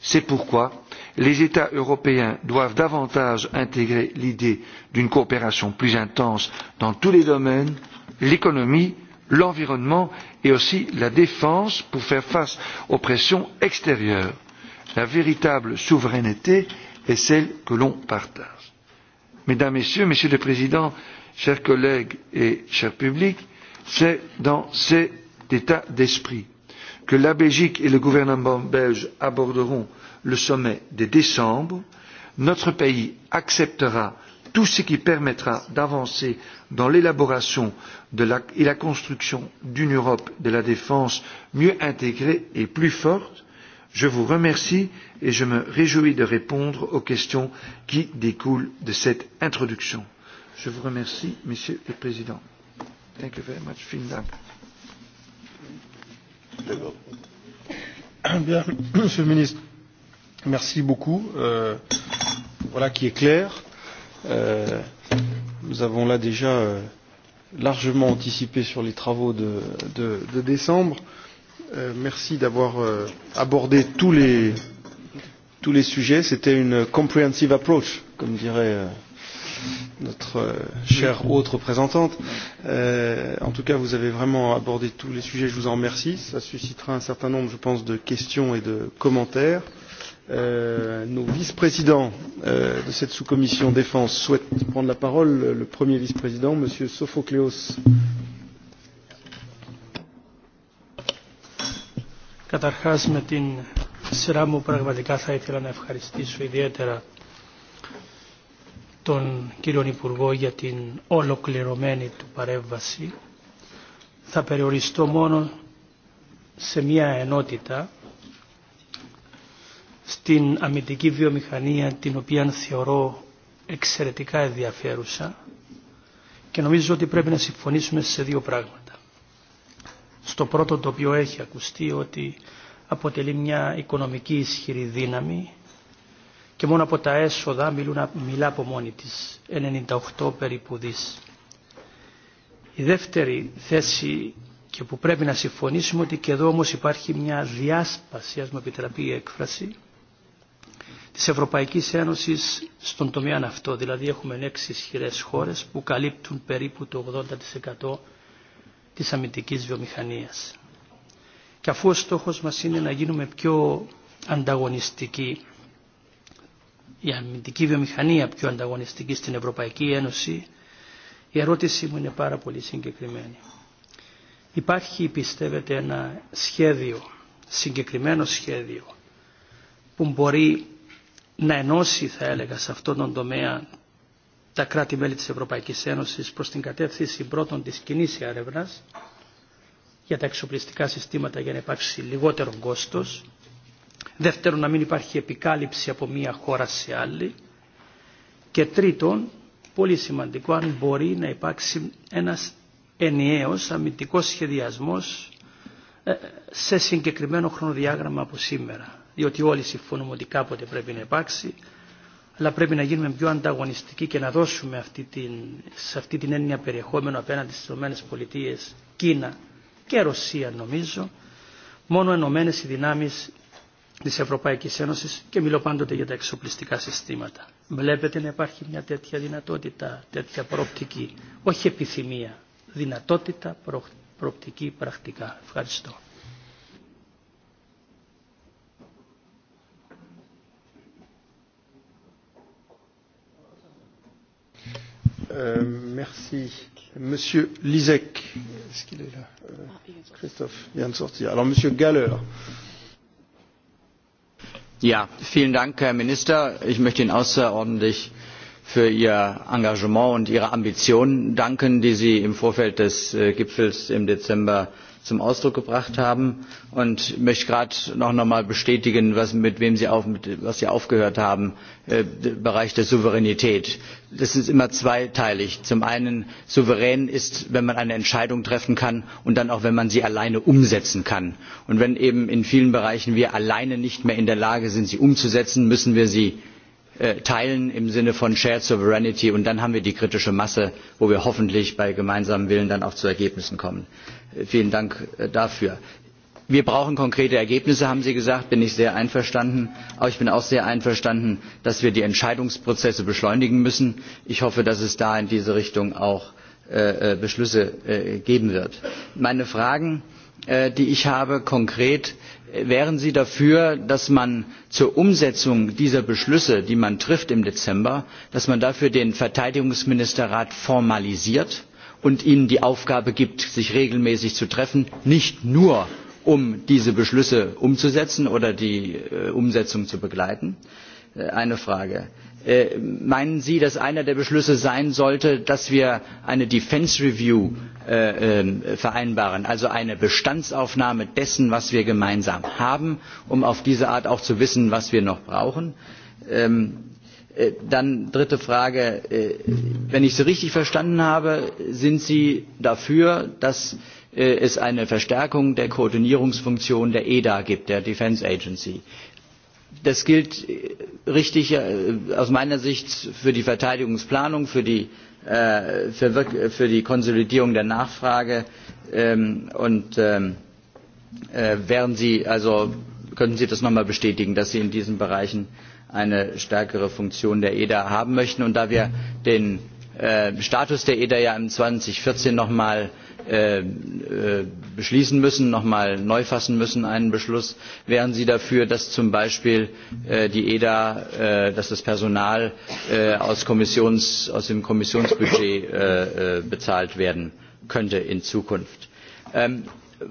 C'est pourquoi les États européens doivent davantage intégrer l'idée d'une coopération plus intense dans tous les domaines l'économie, l'environnement et aussi la défense pour faire face aux pressions extérieures. La véritable souveraineté est celle que l'on partage. Mesdames, Messieurs, Monsieur le Président, chers collègues et chers publics, c'est dans cet état d'esprit que la Belgique et le gouvernement belge aborderont le sommet de décembre. Notre pays acceptera tout ce qui permettra d'avancer dans l'élaboration et la construction d'une Europe de la défense mieux intégrée et plus forte. Je vous remercie et je me réjouis de répondre aux questions qui découlent de cette introduction. Je vous remercie, Monsieur le Président. Thank you very much. Vielen Dank. Bien, Monsieur le Ministre, merci beaucoup. Euh, voilà qui est clair nous avons là déjà euh, largement anticipé sur les travaux de, de, de décembre. Euh, merci d'avoir euh, abordé tous les, tous les sujets. C'était une comprehensive approach, comme dirait euh, notre euh, chère haute représentante. Euh, en tout cas, vous avez vraiment abordé tous les sujets. Je vous en remercie. Ça suscitera un certain nombre, je pense, de questions et de commentaires. Euh, nos vice présidents de cette sous commission défense souhaitent prendre la parole le premier vice président m. sophocleos. καταρχάς με την σειρά μου πραγματικά θα ήθελα να ευχαριστήσω ιδιαίτερα τον κύριο Υπουργό για την ολοκληρωμένη του παρέμβαση. Θα περιοριστώ μόνο σε μια ενότητα στην αμυντική βιομηχανία την οποία θεωρώ εξαιρετικά ενδιαφέρουσα και νομίζω ότι πρέπει να συμφωνήσουμε σε δύο πράγματα. Στο πρώτο το οποίο έχει ακουστεί ότι αποτελεί μια οικονομική ισχυρή δύναμη και μόνο από τα έσοδα μιλούν, μιλά από μόνη της, 98 περίπου δις. Η δεύτερη θέση και που πρέπει να συμφωνήσουμε ότι και εδώ όμως υπάρχει μια διάσπαση, ας μου επιτραπεί η έκφραση, της Ευρωπαϊκής Ένωσης στον τομέα αυτό. Δηλαδή έχουμε έξι ισχυρέ χώρες που καλύπτουν περίπου το 80% της αμυντικής βιομηχανίας. Και αφού ο στόχος μας είναι να γίνουμε πιο ανταγωνιστικοί, η αμυντική βιομηχανία πιο ανταγωνιστική στην Ευρωπαϊκή Ένωση, η ερώτησή μου είναι πάρα πολύ συγκεκριμένη. Υπάρχει, πιστεύετε, ένα σχέδιο, συγκεκριμένο σχέδιο, που μπορεί να ενώσει θα έλεγα σε αυτόν τον τομέα τα κράτη-μέλη της Ευρωπαϊκής Ένωσης προς την κατεύθυνση πρώτων της κοινή έρευνα για τα εξοπλιστικά συστήματα για να υπάρξει λιγότερο κόστος. Δεύτερον, να μην υπάρχει επικάλυψη από μία χώρα σε άλλη. Και τρίτον, πολύ σημαντικό, αν μπορεί να υπάρξει ένας ενιαίος αμυντικός σχεδιασμός σε συγκεκριμένο χρονοδιάγραμμα από σήμερα διότι όλοι συμφωνούμε ότι κάποτε πρέπει να υπάρξει, αλλά πρέπει να γίνουμε πιο ανταγωνιστικοί και να δώσουμε αυτή την, σε αυτή την έννοια περιεχόμενο απέναντι στις ΗΠΑ, Κίνα και Ρωσία νομίζω, μόνο ενωμένε οι δυνάμεις της Ευρωπαϊκής Ένωσης και μιλώ πάντοτε για τα εξοπλιστικά συστήματα. Βλέπετε να υπάρχει μια τέτοια δυνατότητα, τέτοια προοπτική, όχι επιθυμία, δυνατότητα προοπτική πρακτικά. Ευχαριστώ. merci. Monsieur Lisek, est-ce qu'il est là Christophe vient de sortir. Alors Monsieur Galler. Ja, vielen Dank, Herr Minister. Ich möchte Ihnen außerordentlich für Ihr Engagement und Ihre Ambitionen danken, die Sie im Vorfeld des Gipfels im Dezember zum Ausdruck gebracht haben. Und ich möchte gerade noch einmal bestätigen, mit wem Sie, auf, Sie aufgehört haben, im Bereich der Souveränität. Das ist immer zweiteilig. Zum einen, souverän ist, wenn man eine Entscheidung treffen kann und dann auch, wenn man sie alleine umsetzen kann. Und wenn eben in vielen Bereichen alleine nicht mehr in der Lage sind, sie umzusetzen, müssen wir sie teilen im Sinne von Shared Sovereignty. Und dann haben wir die kritische Masse, wo wir hoffentlich bei gemeinsamem Willen dann auch zu Ergebnissen kommen. Vielen Dank dafür. Wir brauchen konkrete Ergebnisse, haben Sie gesagt, bin ich sehr einverstanden. Aber ich bin auch sehr einverstanden, dass wir die Entscheidungsprozesse beschleunigen müssen. Ich hoffe, dass es da in diese Richtung auch Beschlüsse geben wird. Meine Fragen, die ich habe konkret, wären sie dafür dass man zur umsetzung dieser beschlüsse die man im dezember trifft den verteidigungsministerrat formalisiert und ihm die aufgabe gibt sich regelmäßig zu treffen nicht nur um diese beschlüsse umzusetzen oder die umsetzung zu begleiten? eine frage meinen sie dass einer der beschlüsse sein sollte dass wir eine defence review vereinbaren also eine bestandsaufnahme dessen was wir gemeinsam haben um auf diese art auch zu wissen was wir noch brauchen. dann dritte frage wenn ich sie richtig verstanden habe sind sie dafür dass es eine verstärkung der koordinierungsfunktion der eda gibt der defence agency. das gilt richtig aus meiner sicht für die verteidigungsplanung für die für, für die Konsolidierung der Nachfrage und wären Sie also könnten Sie das nochmal bestätigen, dass Sie in diesen Bereichen eine stärkere Funktion der EDA haben möchten? Und da wir den Status der EDA ja im 2014 nochmal beschließen müssen, nochmal neu fassen müssen, einen Beschluss. Wären Sie dafür, dass zum Beispiel die EDA, dass das Personal aus, dem Kommissionsbudget bezahlt werden könnte in Zukunft?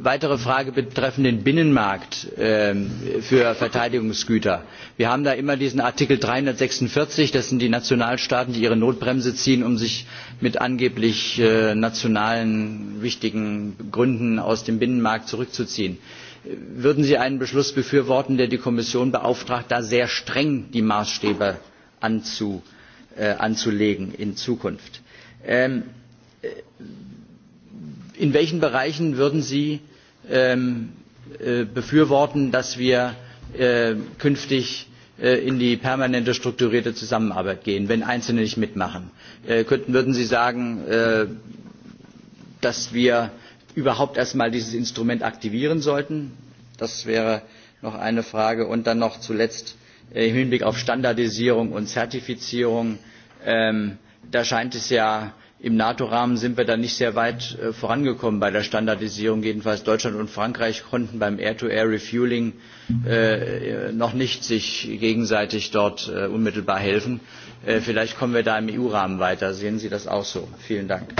weitere frage betreffend den binnenmarkt für verteidigungsgüter wir haben da immer diesen artikel dreihundertsechsundvierzig das sind die nationalstaaten die ihre notbremse ziehen um sich mit angeblich nationalen wichtigen gründen aus dem binnenmarkt zurückzuziehen. würden sie einen beschluss befürworten der die kommission beauftragt da sehr streng die maßstäbe anzulegen in zukunft? in welchen Bereichen würden Sie befürworten, dass wir künftig in die permanente strukturierte Zusammenarbeit gehen, wenn Einzelne nicht mitmachen? würden Sie sagen, dass wir überhaupt erst einmal dieses Instrument aktivieren sollten? Das wäre noch eine Frage. Und dann noch zuletzt im Hinblick auf Standardisierung und Zertifizierung. da scheint es ja im nato rahmen sind wir da nicht sehr weit vorangekommen bei der standardisierung jedenfalls deutschland und frankreich konnten beim air to air refueling noch nicht gegenseitig dort unmittelbar helfen. vielleicht kommen wir da im eu rahmen weiter. sehen sie das auch so? vielen dank.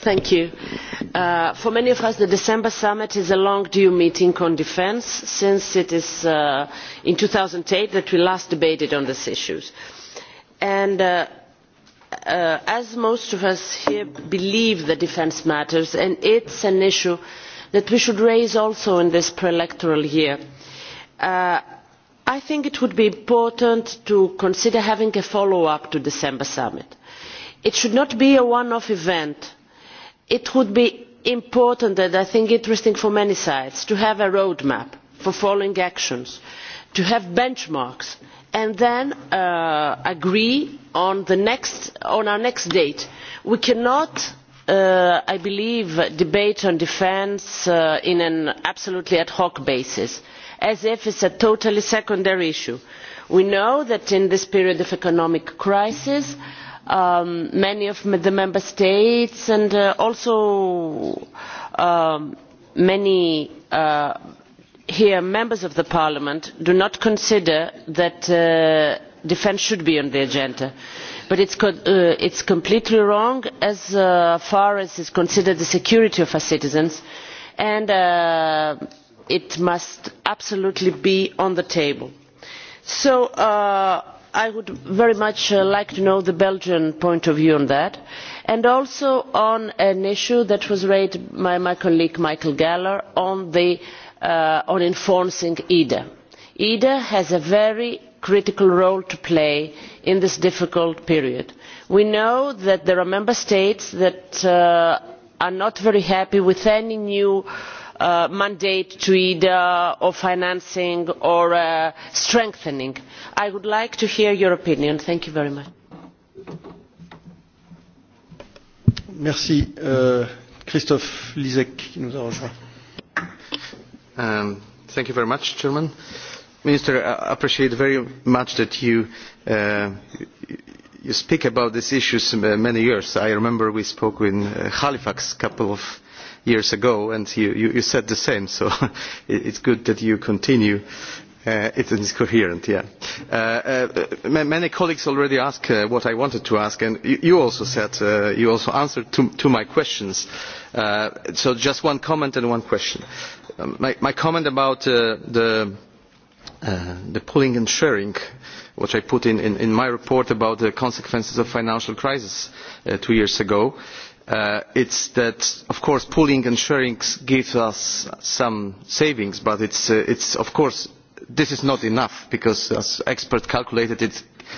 President, for many of us the december summit is a long due meeting on defence since it was in two thousand and eight that we last debated on these issues. as most of us here believe that defence matters and it is an issue that we should raise also in this pre electoral year i think it would be important to consider having a follow up to the december summit. it should not be a one off event it would be important and i think interesting for many sides to have a road map for following actions to have benchmarks and then agree on our next date. we cannot i believe debate on defence on an absolutely ad hoc basis as if it is a totally secondary issue. we know that in this period of economic crisis many of the member states and also many here members of parliament do not consider that defence should be on the agenda but it is completely wrong as far as is considered the security of our citizens and it must absolutely be on the table. so i would very much like to know the belgian point of view on that and also on an issue that was raised by my colleague michael gahler on enforcing eda. eda has a very critical role to play in this difficult period. we know that there are member states that are not very happy with any new mandate to either financing or strengthening. i would like to hear your opinion. thank you very much. thank you very much, Chairman. Minister, I appreciate very much that you, uh, you speak about these issues many years. I remember we spoke in Halifax a couple of years ago, and you, you, you said the same, so it, it's good that you continue. Uh, it is coherent, yeah. Uh, uh, many colleagues already asked uh, what I wanted to ask, and you, you also said, uh, you also answered to, to my questions. Uh, so just one comment and one question. Um, my, my comment about uh, the, uh, the pooling and sharing which I put in, in, in my report about the consequences of the financial crisis two years ago. Uh, it is that of course pooling and sharing gives us some savings but of course this is not enough because as experts calculated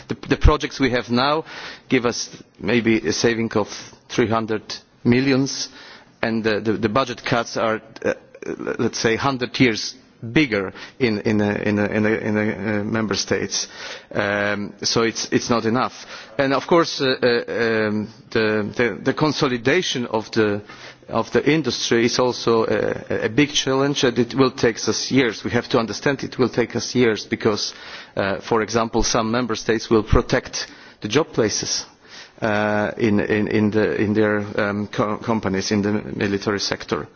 the projects we have now give us maybe a saving of eur three hundred million and the budget cuts are let us say one hundred years bigger in, the member states. so it is not enough. And of course, the, consolidation of the industry is also a, big challenge and it will take us years. We have to understand it will take us years because, for example, some member states will protect the job places uh, in, in, in, the, in their um, co companies in the military sector.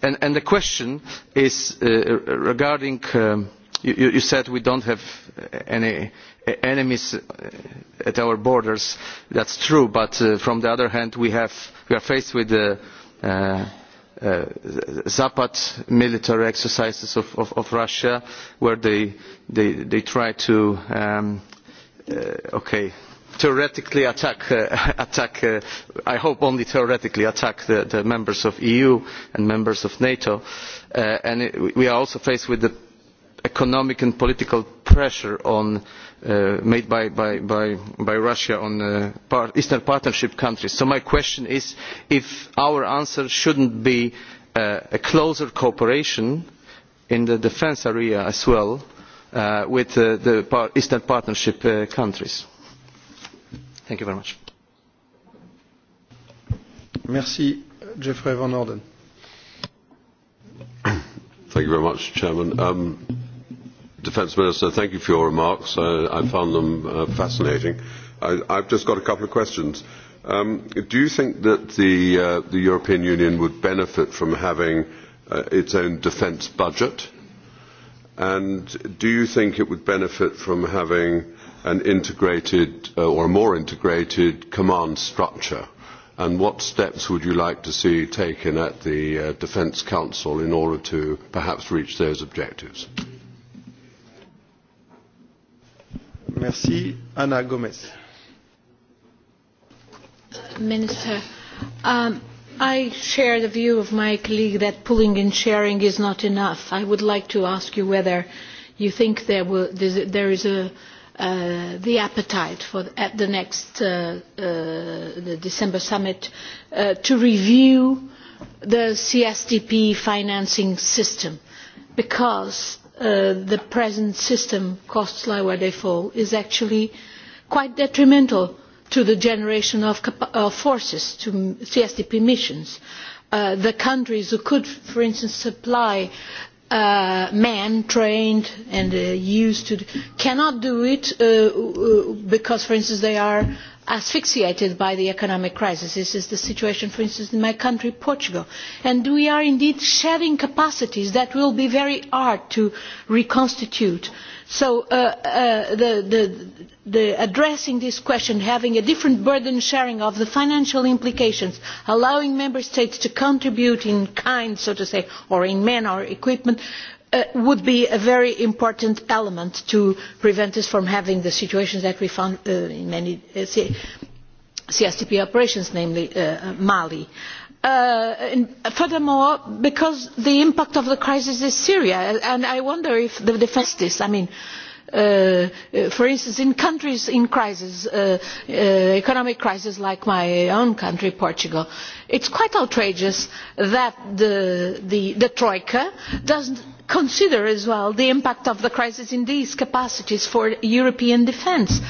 And, and the question is uh, regarding, um, you, you said we don't have any enemies at our borders. That's true, but uh, from the other hand, we, have, we are faced with the uh, uh, Zapad military exercises of, of, of Russia, where they, they, they try to, um, uh, okay, theoretically attack, I hope only theoretically attack the, the members of the EU and members of NATO. and we are also faced with the economic and political pressure made by russia on eastern partnership countries. so my question is if our answer should not be closer cooperation in the defence area as well with the eastern partnership countries. Thank you very much. Merci, Jeffrey Van Orden. Thank you very much, Chairman. Um, Defence Minister, thank you for your remarks. I, I found them uh, fascinating. I, I've just got a couple of questions. Um, do you think that the, uh, the European Union would benefit from having uh, its own defence budget? And do you think it would benefit from having an integrated or a more integrated command structure? And what steps would you like to see taken at the Defence Council in order to perhaps reach those objectives? Anna Gomez. Minister, I share the view of my colleague that pulling and sharing is not enough. I would like to ask you whether you think there, will, there is a the appetite for at the next uh, uh, the December summit uh, to review the CSDP financing system because uh, the present system, costs lie where they fall, is actually quite detrimental to the generation of, of forces, to CSDP missions. Uh, the countries who could, for instance, supply uh, men trained and uh, used to cannot do it uh, because, for instance, they are asphyxiated by the economic crisis. This is the situation, for instance, in my country, Portugal. And we are indeed shedding capacities that will be very hard to reconstitute. So addressing this question, having a different burden sharing of the financial implications, allowing member states to contribute in kind, so to say, or in men or equipment, would be a very important element to prevent us from having the situations that we found in many csdp operations namely mali. furthermore because the impact of the crisis is syria and i wonder if the defence this i mean for instance in countries in crisis economic crisis like my own country portugal it is quite outrageous that the troika does consider as well the impact of the crisis in these capacities for european defence.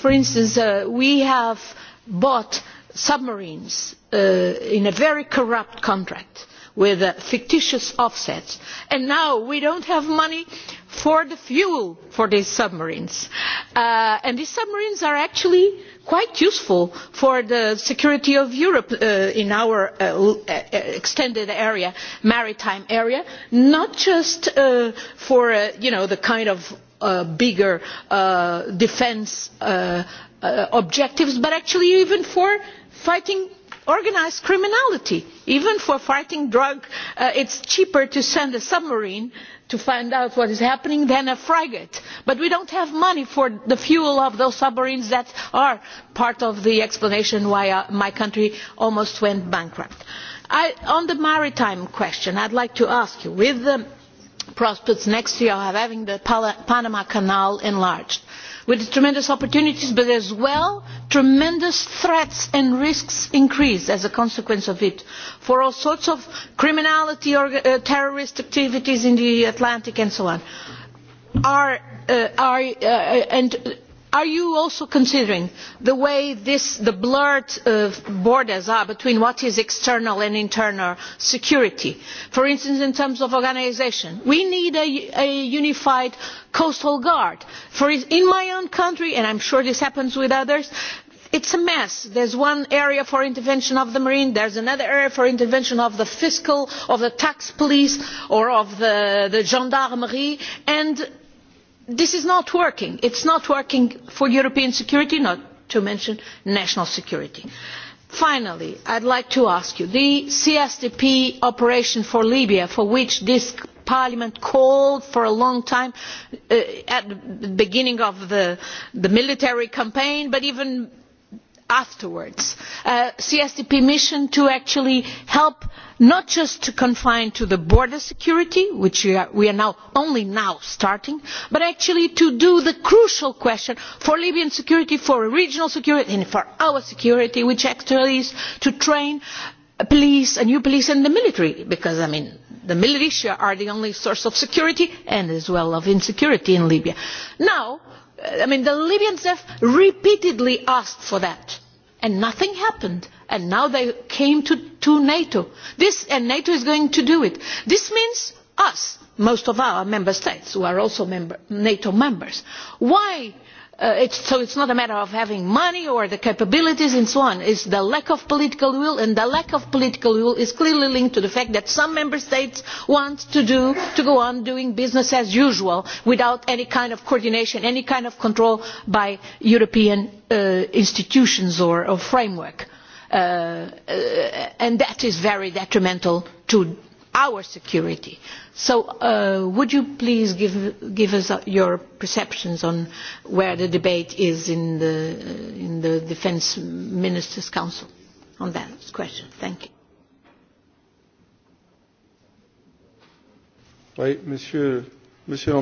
for instance we have bought submarines in a very corrupt contract with fictitious offsets and now we do not have money to for the fuel for these submarines. and these submarines are actually quite useful for the security of Europe in our extended area, maritime area, not just for the kind of bigger defence objectives, but actually even for fighting organised criminality even for fighting drugs it is cheaper to send a submarine to find out what is happening than a frigate but we do not have money for the fuel of those submarines that are part of the explanation why my country almost went bankrupt. on the maritime question i would like to ask you with the prospects next year of having the panama canal enlarged with tremendous opportunities but as well tremendous threats and risks increase as a consequence of it for all sorts of criminality or terrorist activities in the atlantic and so on are you also considering the way the blurred borders are between what is external and internal security for instance in terms of organisation? we need a unified coastal guard. in my own country and i am sure this happens with others it is a mess. there is one area for intervention of the marine there is another area for intervention of the fiscal of the tax police or of the gendarmerie and this is not working. it is not working for european security not to mention national security. finally i would like to ask you the csdp operation for libya for which this parliament called for a long time at the beginning of the military campaign but even afterwards the csdp mission to actually help not just confined to border security which we are only now starting but actually to do the crucial question for libyan security for regional security and for our security which actually is to train police a new police and the military because the militia are the only source of security and as well of insecurity in libya. now the libyans have repeatedly asked for that and nothing happened and now they came to, to nato this and nato is going to do it this means us most of our member states who are also nato members why so it is not a matter of having money or the capabilities and so on it is the lack of political will and the lack of political will is clearly linked to the fact that some member states want to go on doing business as usual without any kind of coordination any kind of control by european institutions or framework and that is very detrimental to our security. So would you please give, us your perceptions on where the debate is in the, in the Defence Ministers' Council on that question? Thank you. Oui, Monsieur, Monsieur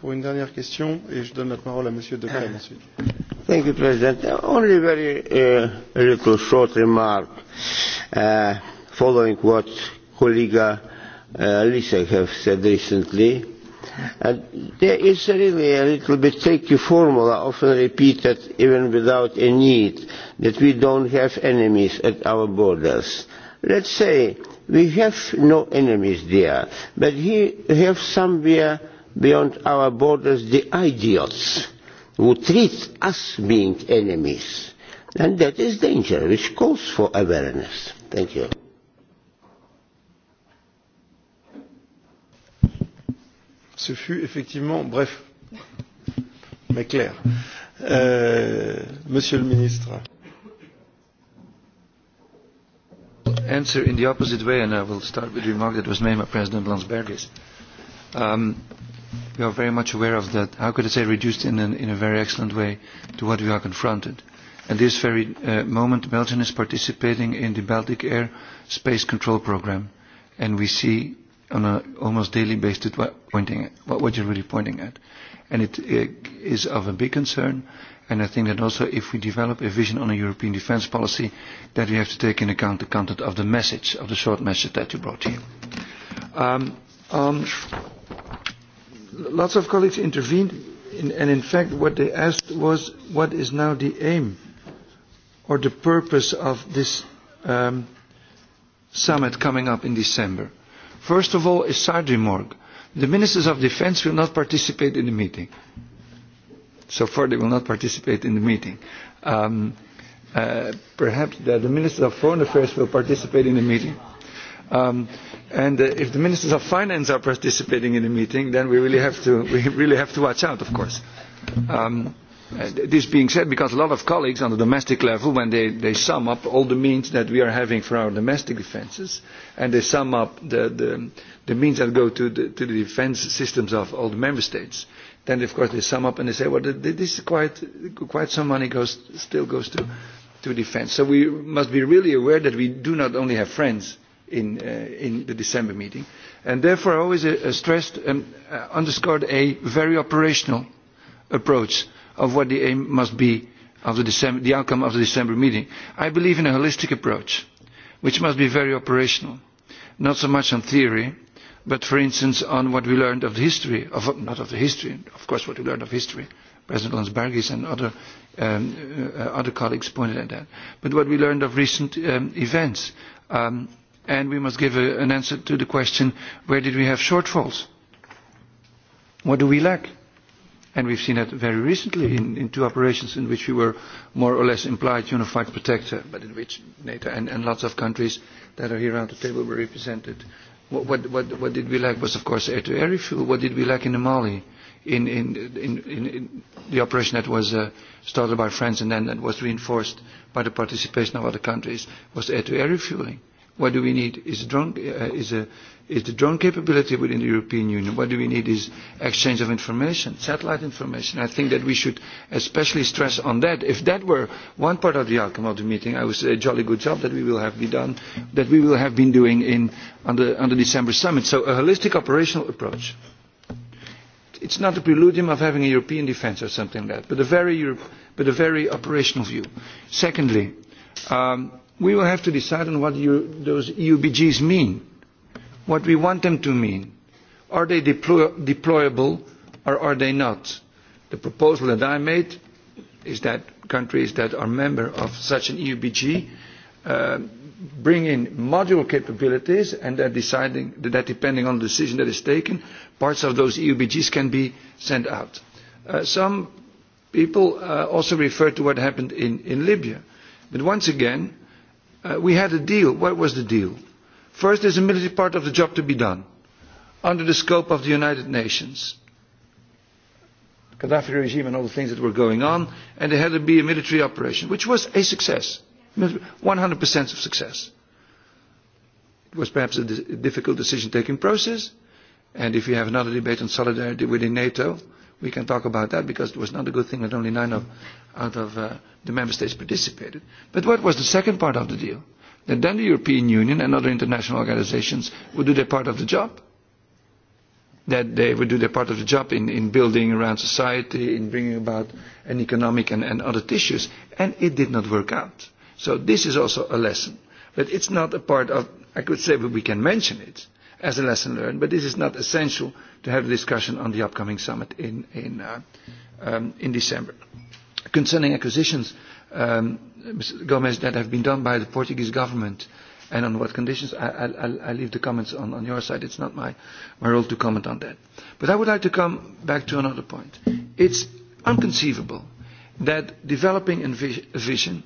pour une dernière question, et je donne la parole à Monsieur ensuite. Thank you, President. Only very uh, little short remark uh, following what colleague uh, Lisa have said recently. And there is really a little bit tricky formula, often repeated even without a need, that we don't have enemies at our borders. Let's say we have no enemies there, but we have somewhere beyond our borders the idiots who treat us being enemies. And that is danger, which calls for awareness. Thank you. ce fut effectivement bref, mais clair. Euh, Monsieur le ministre. Answer in the opposite way, and I will start with the remark that was made by President Landsbergis. Um, we are very much aware of that. How could I say reduced in, an, in a very excellent way to what we are confronted? At this very uh, moment, Belgium is participating in the Baltic Air Space Control Program, and we see on an almost daily basis what pointing at, what, what you're really pointing at. And it, it is of a big concern. And I think that also if we develop a vision on a European defence policy, that we have to take into account the content of the message, of the short message that you brought here. Um, um, lots of colleagues intervened, in, and in fact what they asked was what is now the aim or the purpose of this um, summit coming up in December First of all, is Sardimorg. The ministers of defense will not participate in the meeting. So far, they will not participate in the meeting. Um, uh, perhaps the, the ministers of foreign affairs will participate in the meeting. Um, and uh, if the ministers of finance are participating in the meeting, then we really have to, we really have to watch out, of course. Um, this being said, because a lot of colleagues on the domestic level, when they, they sum up all the means that we are having for our domestic defences, and they sum up the, the, the means that go to the, to the defence systems of all the member states, then of course they sum up and they say, well, this is quite, quite some money goes, still goes to, to defence. So we must be really aware that we do not only have friends in, uh, in the December meeting, and therefore I always uh, stressed and uh, underscored a very operational approach of what the aim must be of the, December, the outcome of the December meeting. I believe in a holistic approach, which must be very operational, not so much on theory, but for instance on what we learned of the history, of, not of the history, of course what we learned of history, President Landsbergis and other, um, uh, other colleagues pointed at that, but what we learned of recent um, events. Um, and we must give a, an answer to the question, where did we have shortfalls? What do we lack? And we've seen that very recently in, in two operations in which we were more or less implied unified protector, but in which NATO and, and lots of countries that are here around the table were represented. What, what, what, what did we lack was, of course, air-to-air refuel. What did we lack in Mali? In, in, in, in, in the operation that was uh, started by France and then that was reinforced by the participation of other countries was air-to-air refueling What do we need is, drone, uh, is, a, is the drone capability within the European Union. What do we need is exchange of information, satellite information. I think that we should especially stress on that. If that were one part of the outcome of the meeting, I would say a jolly good job that we will have been done, that we will have been doing in, on, the, on the December summit. So a holistic operational approach. It's not a preludium of having a European defence or something like that, but a very, Europe, but a very operational view. Secondly, um, we will have to decide on what you, those EUBGs mean, what we want them to mean. Are they deploy, deployable or are they not? The proposal that I made is that countries that are member of such an EUBG uh, bring in module capabilities and that, deciding, that depending on the decision that is taken, parts of those EUBGs can be sent out. Uh, some people uh, also refer to what happened in, in Libya. But once again, uh, we had a deal. What was the deal? First, there's a military part of the job to be done under the scope of the United Nations. Gaddafi regime and all the things that were going on, and there had to be a military operation, which was a success, 100% of success. It was perhaps a difficult decision-taking process, and if you have another debate on solidarity within NATO, We can talk about that because it was not a good thing that only nine of, out of uh, the member states participated. But what was the second part of the deal? That then the European Union and other international organizations would do their part of the job. That they would do their part of the job in, in building around society, in bringing about an economic and, and other tissues. And it did not work out. So this is also a lesson. But it's not a part of, I could say but we can mention it, as a lesson learned. But this is not essential to have a discussion on the upcoming summit in, in, uh, um, in December. Concerning acquisitions, um, Mr Gomez, that have been done by the Portuguese government and on what conditions, I, I, I leave the comments on, on your side. It's not my, my role to comment on that. But I would like to come back to another point. It's unconceivable that developing a vision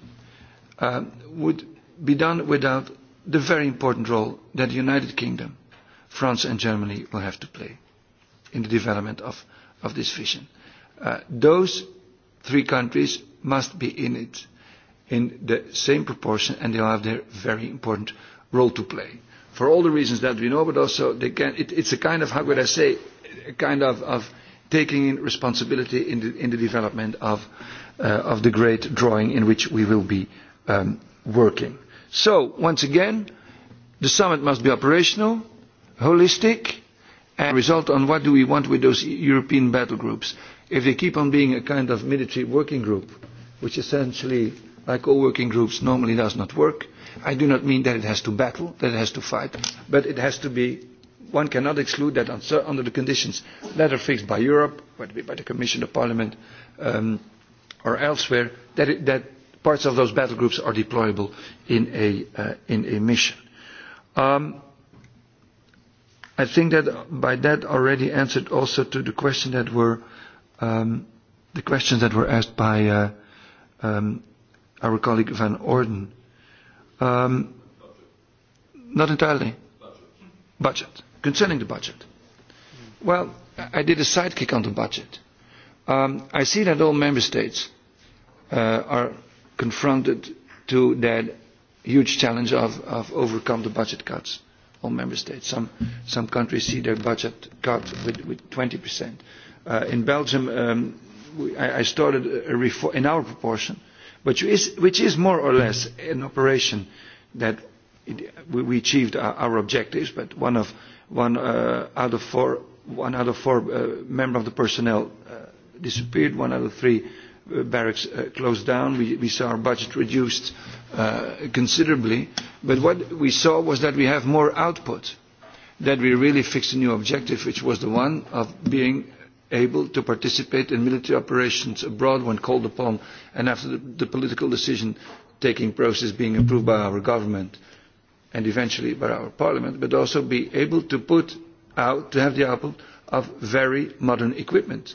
um, would be done without the very important role that the United Kingdom France and Germany will have to play in the development of, of this vision. Uh, those three countries must be in it in the same proportion and they'll have their very important role to play. For all the reasons that we know, but also they can, it, it's a kind of, how would I say, a kind of, of taking in responsibility in the, in the development of, uh, of the great drawing in which we will be um, working. So, once again, the summit must be operational holistic and result on what do we want with those European battle groups. If they keep on being a kind of military working group, which essentially, like all working groups, normally does not work, I do not mean that it has to battle, that it has to fight, but it has to be, one cannot exclude that under the conditions that are fixed by Europe, whether it be by the Commission, the Parliament, um, or elsewhere, that, it, that parts of those battle groups are deployable in a, uh, in a mission. Um, I think that by that already answered also to the question that were um, the questions that were asked by uh, um, our colleague Van Orden. Um, not entirely. Budget. Concerning the budget. Well, I did a sidekick on the budget. Um, I see that all member states uh, are confronted to that huge challenge of, of overcome the budget cuts all member states. Some, some countries see their budget cut with, with 20%. Uh, in Belgium, um, we, I, I started a reform in our proportion, which is, which is more or less an operation that it, we, we achieved our, our objectives, but one, of, one, uh, out of four, one out of four uh, member of the personnel uh, disappeared, one out of three barracks uh closed down. We, we saw our budget reduced uh considerably. But what we saw was that we have more output, that we really fixed a new objective, which was the one of being able to participate in military operations abroad when called upon and after the, the political decision taking process being approved by our government and eventually by our parliament, but also be able to put out, to have the output of very modern equipment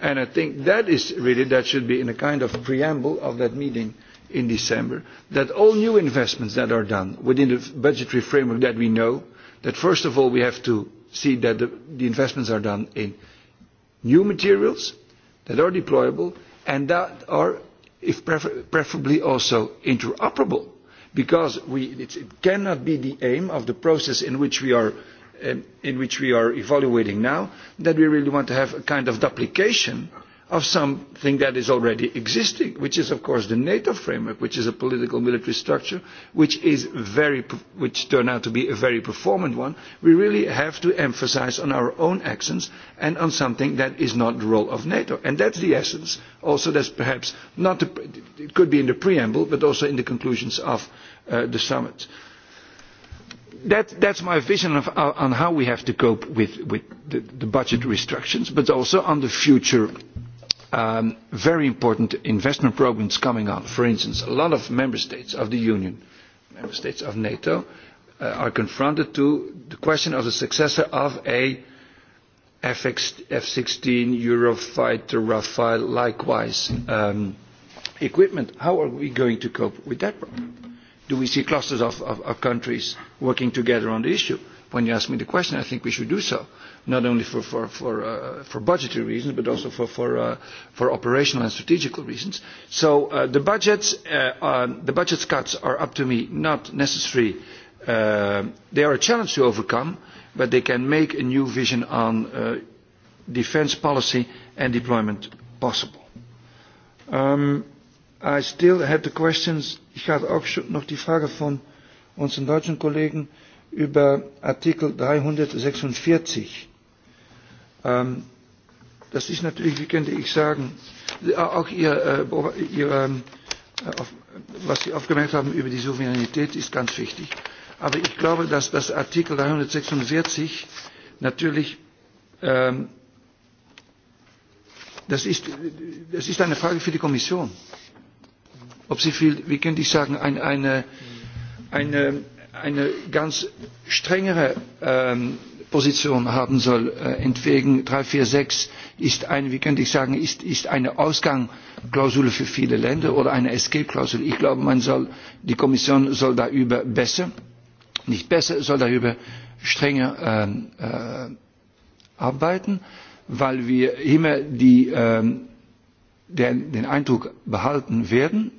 And I think that is really, that should be in a kind of preamble of that meeting in December, that all new investments that are done within the budgetary framework that we know, that first of all we have to see that the, the investments are done in new materials that are deployable and that are if prefer preferably also interoperable because we, it cannot be the aim of the process in which we are in which we are evaluating now, that we really want to have a kind of duplication of something that is already existing, which is, of course, the NATO framework, which is a political military structure, which, is very, which turned out to be a very performant one. We really have to emphasize on our own actions and on something that is not the role of NATO. And that's the essence. Also, that's perhaps not, the, it could be in the preamble, but also in the conclusions of uh, the summit. Uh, that is my vision of, on how we have to cope with, with the, budget restrictions, but also on the future very important investment programmes coming on. For instance, a lot of member states of the Union, member states of NATO, are confronted to the question of the successor of a f sixteen Eurofighter, Rafale, likewise equipment. How are we going to cope with that problem? do we see clusters of, of, of countries working together on the issue? When you ask me the question, I think we should do so, not only for, for, for, uh, for budgetary reasons, but also for, for, uh, for operational and strategical reasons. So uh, the, budgets, uh, uh the budget cuts are up to me not necessary. Uh, they are a challenge to overcome, but they can make a new vision on uh, defence policy and deployment possible. Um, I still had the questions, ich habe auch noch die Frage von unseren deutschen Kollegen über Artikel 346. Ähm, das ist natürlich, wie könnte ich sagen, auch Ihr, äh, Ihr äh, auf, was Sie aufgemerkt haben über die Souveränität ist ganz wichtig. Aber ich glaube, dass das Artikel 346 natürlich ähm, das ist, das ist eine Frage für die Kommission ob sie viel, wie könnte ich sagen, ein, eine, eine, eine ganz strengere ähm, Position haben soll. Entwegen 346 ist eine, wie könnte ich sagen, ist, ist eine Ausgangsklausel für viele Länder oder eine Escape-Klausel. Ich glaube, man soll, die Kommission soll darüber besser, nicht besser, soll darüber strenger ähm, äh, arbeiten, weil wir immer die, ähm, den, den Eindruck behalten werden,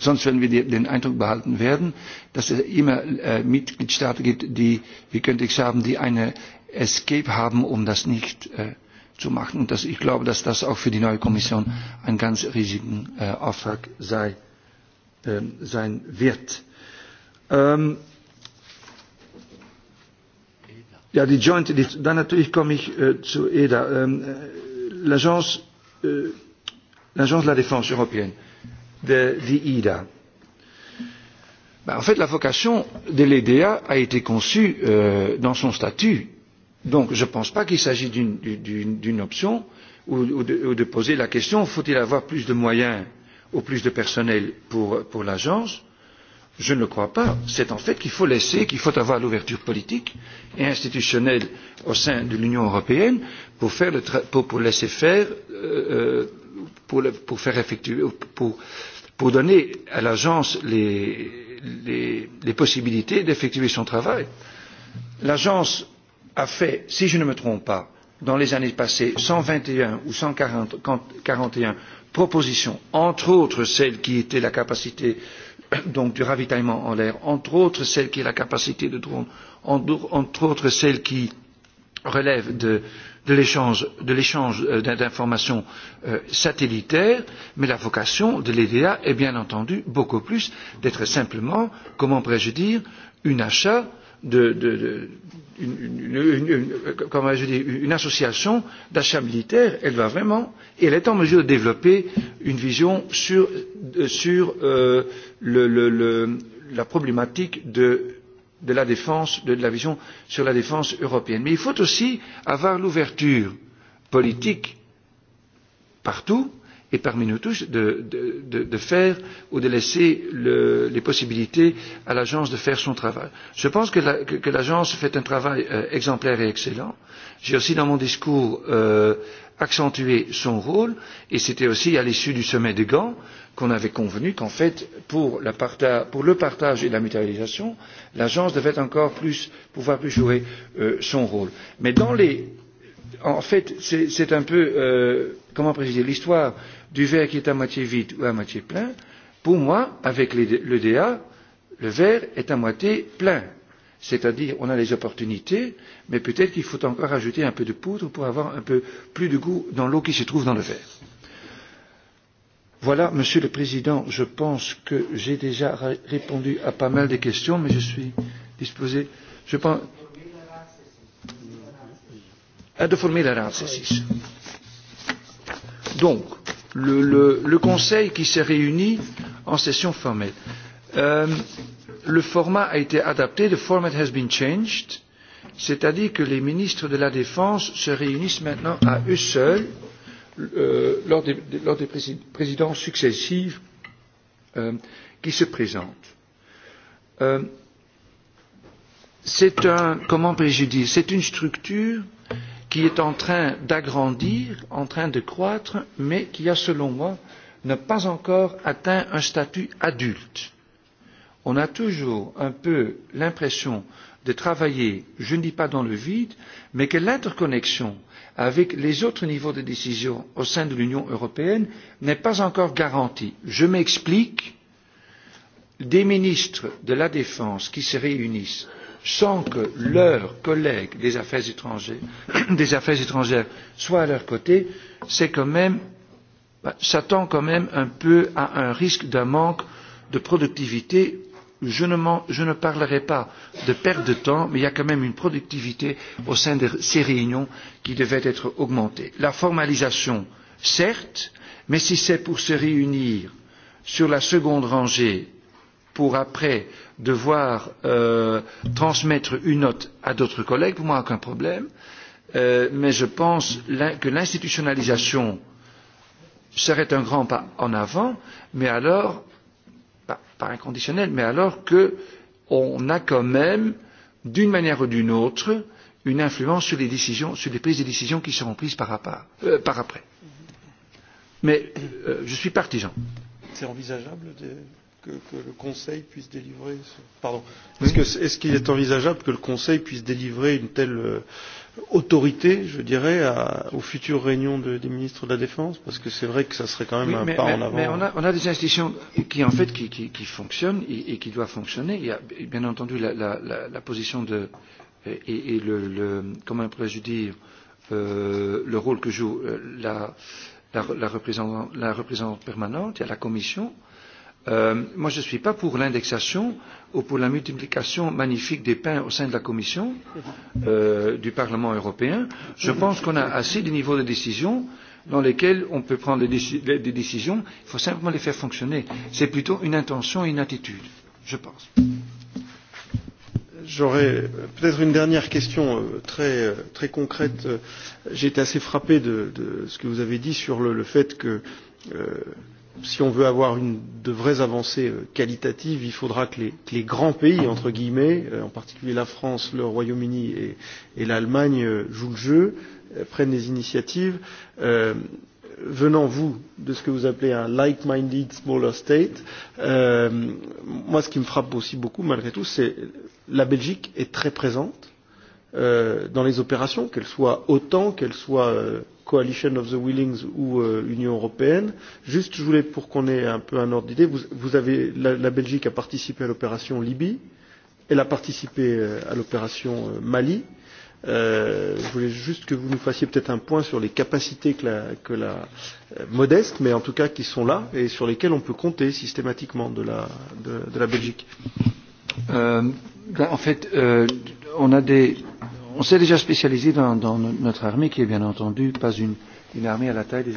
Sonst werden wir den Eindruck behalten werden, dass es immer Mitgliedstaaten gibt, die, wie könnte ich sagen, die eine Escape haben, um das nicht zu machen. Und das, ich glaube, dass das auch für die neue Kommission ein ganz riesigen Auftrag sei, sein wird. Ähm, ja, die Joint, die, dann natürlich komme ich äh, zu EDA. Ähm, L'Agence, äh, l'Agence de la Défense européenne. Äh, de l'IDA. en fait, la vocation de l'EDA a été conçue dans son statut. Donc, je ne pense pas qu'il s'agit d'une option ou, de, poser la question faut-il avoir plus de moyens ou plus de personnel pour l'agence Je ne le crois pas. C'est en fait qu'il faut laisser, qu'il faut avoir l'ouverture politique et institutionnelle au sein de l'Union européenne pour, faire le pour, pour laisser faire pour, le, pour faire effectuer, pour, pour donner à l'agence les, les, les possibilités d'effectuer son travail. L'agence a fait, si je ne me trompe pas, dans les années passées, cent vingt et un ou cent quarante et un propositions, entre autres celle qui était la capacité donc du ravitaillement en l'air, entre autres celle qui est la capacité de drone, entre autres celle qui relève de de l'échange d'informations satellitaires, mais la vocation de l'EDA est bien entendu beaucoup plus d'être simplement, comment pourrais-je dire, un achat de, de, de une, une, une, comment je dis, une association d'achat militaire, elle va vraiment, et elle est en mesure de développer une vision sur, sur euh, le, le, le, la problématique de de la défense, de la vision sur la défense européenne. Mais il faut aussi avoir l'ouverture politique partout et parmi nous tous de, de, de, de faire ou de laisser le, les possibilités à l'agence de faire son travail. Je pense que, la, que, que l'agence fait un travail euh, exemplaire et excellent. J'ai aussi dans mon discours euh, accentuer son rôle et c'était aussi à l'issue du sommet de Gand qu'on avait convenu qu'en fait pour, le partage et la mutualisation l'agence devait encore plus pouvoir plus jouer son rôle. Mais dans les en fait c'est un peu comment préciser l'histoire du verre qui est à moitié vide ou à moitié plein. Pour moi, avec l'EDA, le verre est à moitié plein C'est-à-dire, on a les opportunités, mais peut-être qu'il faut encore ajouter un peu de poudre pour avoir un peu plus de goût dans l'eau qui se trouve dans le verre. Voilà, Monsieur le Président, je pense que j'ai déjà répondu à pas mal de questions, mais je suis disposé, je pense, à de former la RACSIS. Donc, le, le, le Conseil qui s'est réuni en session formelle le format a été adapté, the format has been changed, c'est-à-dire que les ministres de la Défense se réunissent maintenant à eux seuls lors, des, lors des présidences successives qui se présentent. c'est un, comment puis-je dire, c'est une structure qui est en train d'agrandir, en train de croître, mais qui a, selon moi, n'a pas encore atteint un statut adulte on a toujours un peu l'impression de travailler, je ne dis pas dans le vide, mais que l'interconnexion avec les autres niveaux de décision au sein de l'Union européenne n'est pas encore garantie. Je m'explique des ministres de la Défense qui se réunissent sans que leurs collègues des affaires étrangères, soient à leur côté, c'est quand même s'attend quand même un peu à un risque d'un manque de productivité je ne, je ne parlerai pas de perte de temps, mais il y a quand même une productivité au sein de ces réunions qui devait être augmentée. La formalisation, certes, mais si c'est pour se réunir sur la seconde rangée pour après devoir euh, transmettre une note à d'autres collègues, pour moi, aucun problème. Euh, mais je pense que l'institutionnalisation serait un grand pas en avant, mais alors par inconditionnel, mais alors qu'on a quand même, d'une manière ou d'une autre, une influence sur les décisions, sur les prises de décisions qui seront prises par, rapport, euh, par après. Mais euh, je suis partisan. C'est envisageable de, que, que le Conseil puisse délivrer. Ce... Pardon. Est-ce qu'il est qu'il est envisageable que le Conseil puisse délivrer une telle autorité, je dirais, à, aux futures réunions de, des ministres de la Défense Parce que c'est vrai que ça serait quand même oui, un mais, pas mais, en avant. Mais on, a, on a des institutions qui, en fait, qui, qui, qui fonctionnent et, et qui doivent fonctionner. Il y a bien entendu la, la, la, la position de. et, et le, le. comment pourrais-je dire euh, le rôle que joue la, la, la, représentante, la représentante permanente, il y a la Commission. Euh, moi, je ne suis pas pour l'indexation euh, ou pour la multiplication magnifique des pains au sein de la Commission euh, du Parlement européen. Je pense qu'on a assez de niveaux de décision dans lesquels on peut prendre des, des décisions. Il faut simplement les faire fonctionner. C'est plutôt une intention et une attitude, je pense. J'aurais peut-être une dernière question très, très concrète. J'ai été assez frappé de, de ce que vous avez dit sur le, le fait que euh, si on veut avoir une, de vraies avancées qualitatives, il faudra que les, que les grands pays, entre guillemets, en particulier la France, le Royaume-Uni et, et l'Allemagne, jouent le jeu, prennent des initiatives. Euh, venant, vous, de ce que vous appelez un like-minded smaller state, euh, moi, ce qui me frappe aussi beaucoup, malgré tout, c'est la Belgique est très présente dans les opérations, qu'elles soient OTAN, qu'elles soient euh, Coalition of the Willings ou euh, Union européenne. Juste, je voulais, pour qu'on ait un peu un ordre d'idée, vous, vous avez, la, la Belgique a participé à l'opération Libye, elle a participé à l'opération Mali. Euh, je voulais juste que vous nous fassiez peut-être un point sur les capacités que la, que la euh, modeste, mais en tout cas qui sont là et sur lesquelles on peut compter systématiquement de la, de, de la Belgique. Euh, en fait, euh, on a des on s'est déjà spécialisé dans, dans notre armée qui est bien entendu pas une, une armée à la taille des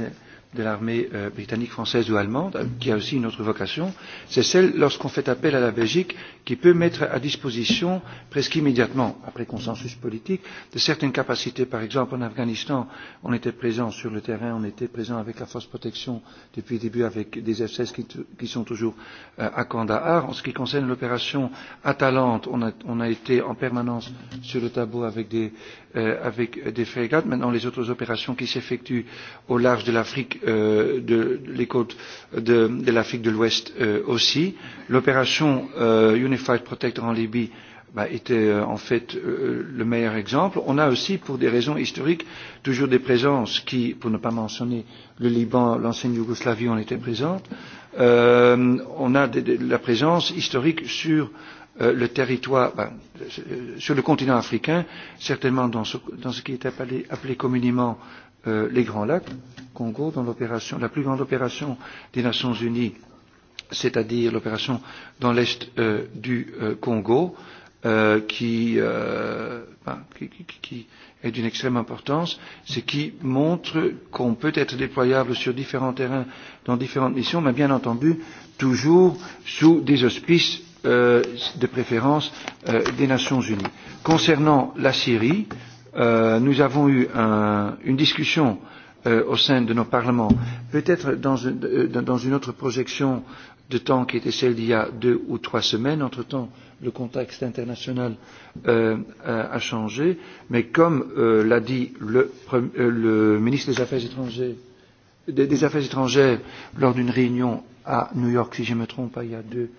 de l'armée euh, britannique, française ou allemande, qui a aussi une autre vocation, c'est celle lorsqu'on fait appel à la Belgique, qui peut mettre à disposition presque immédiatement, après consensus politique, de certaines capacités. Par exemple, en Afghanistan, on était présent sur le terrain, on était présent avec la force protection depuis le début, avec des F-16 qui, qui sont toujours euh, à Kandahar. En ce qui concerne l'opération Atalante, on a, on a été en permanence sur le tableau avec des, euh, avec des frégates. Maintenant, les autres opérations qui s'effectuent au large de l'Afrique, euh, de, les côtes de, l'Afrique de l'Ouest euh, aussi. L'opération euh, Unified Protector en Libye bah, était euh, en fait euh, le meilleur exemple. On a aussi, pour des raisons historiques, toujours des présences qui, pour ne pas mentionner le Liban, l'ancienne Yougoslavie, on était présente. Euh, on a de, de, la présence historique sur euh, le territoire sur le continent africain, certainement dans ce, dans ce qui est appelé, appelé communément euh, les Grands Lacs, Congo, dans l'opération, la plus grande opération des Nations Unies, c'est-à-dire l'opération dans l'est euh, du euh, Congo, euh, qui, euh, qui, qui, qui est d'une extrême importance, ce qui montre qu'on peut être déployable sur différents terrains, dans différentes missions, mais bien entendu toujours sous des auspices de préférence des Nations Unies. Concernant la Syrie, nous avons eu une discussion au sein de nos parlements, peut-être dans, une autre projection de temps qui était celle d'il y a deux ou trois semaines. Entre-temps, le contexte international a changé, mais comme l'a dit le, ministre des Affaires étrangères, des Affaires étrangères lors d'une réunion à New York, si je ne me trompe pas, il y a deux,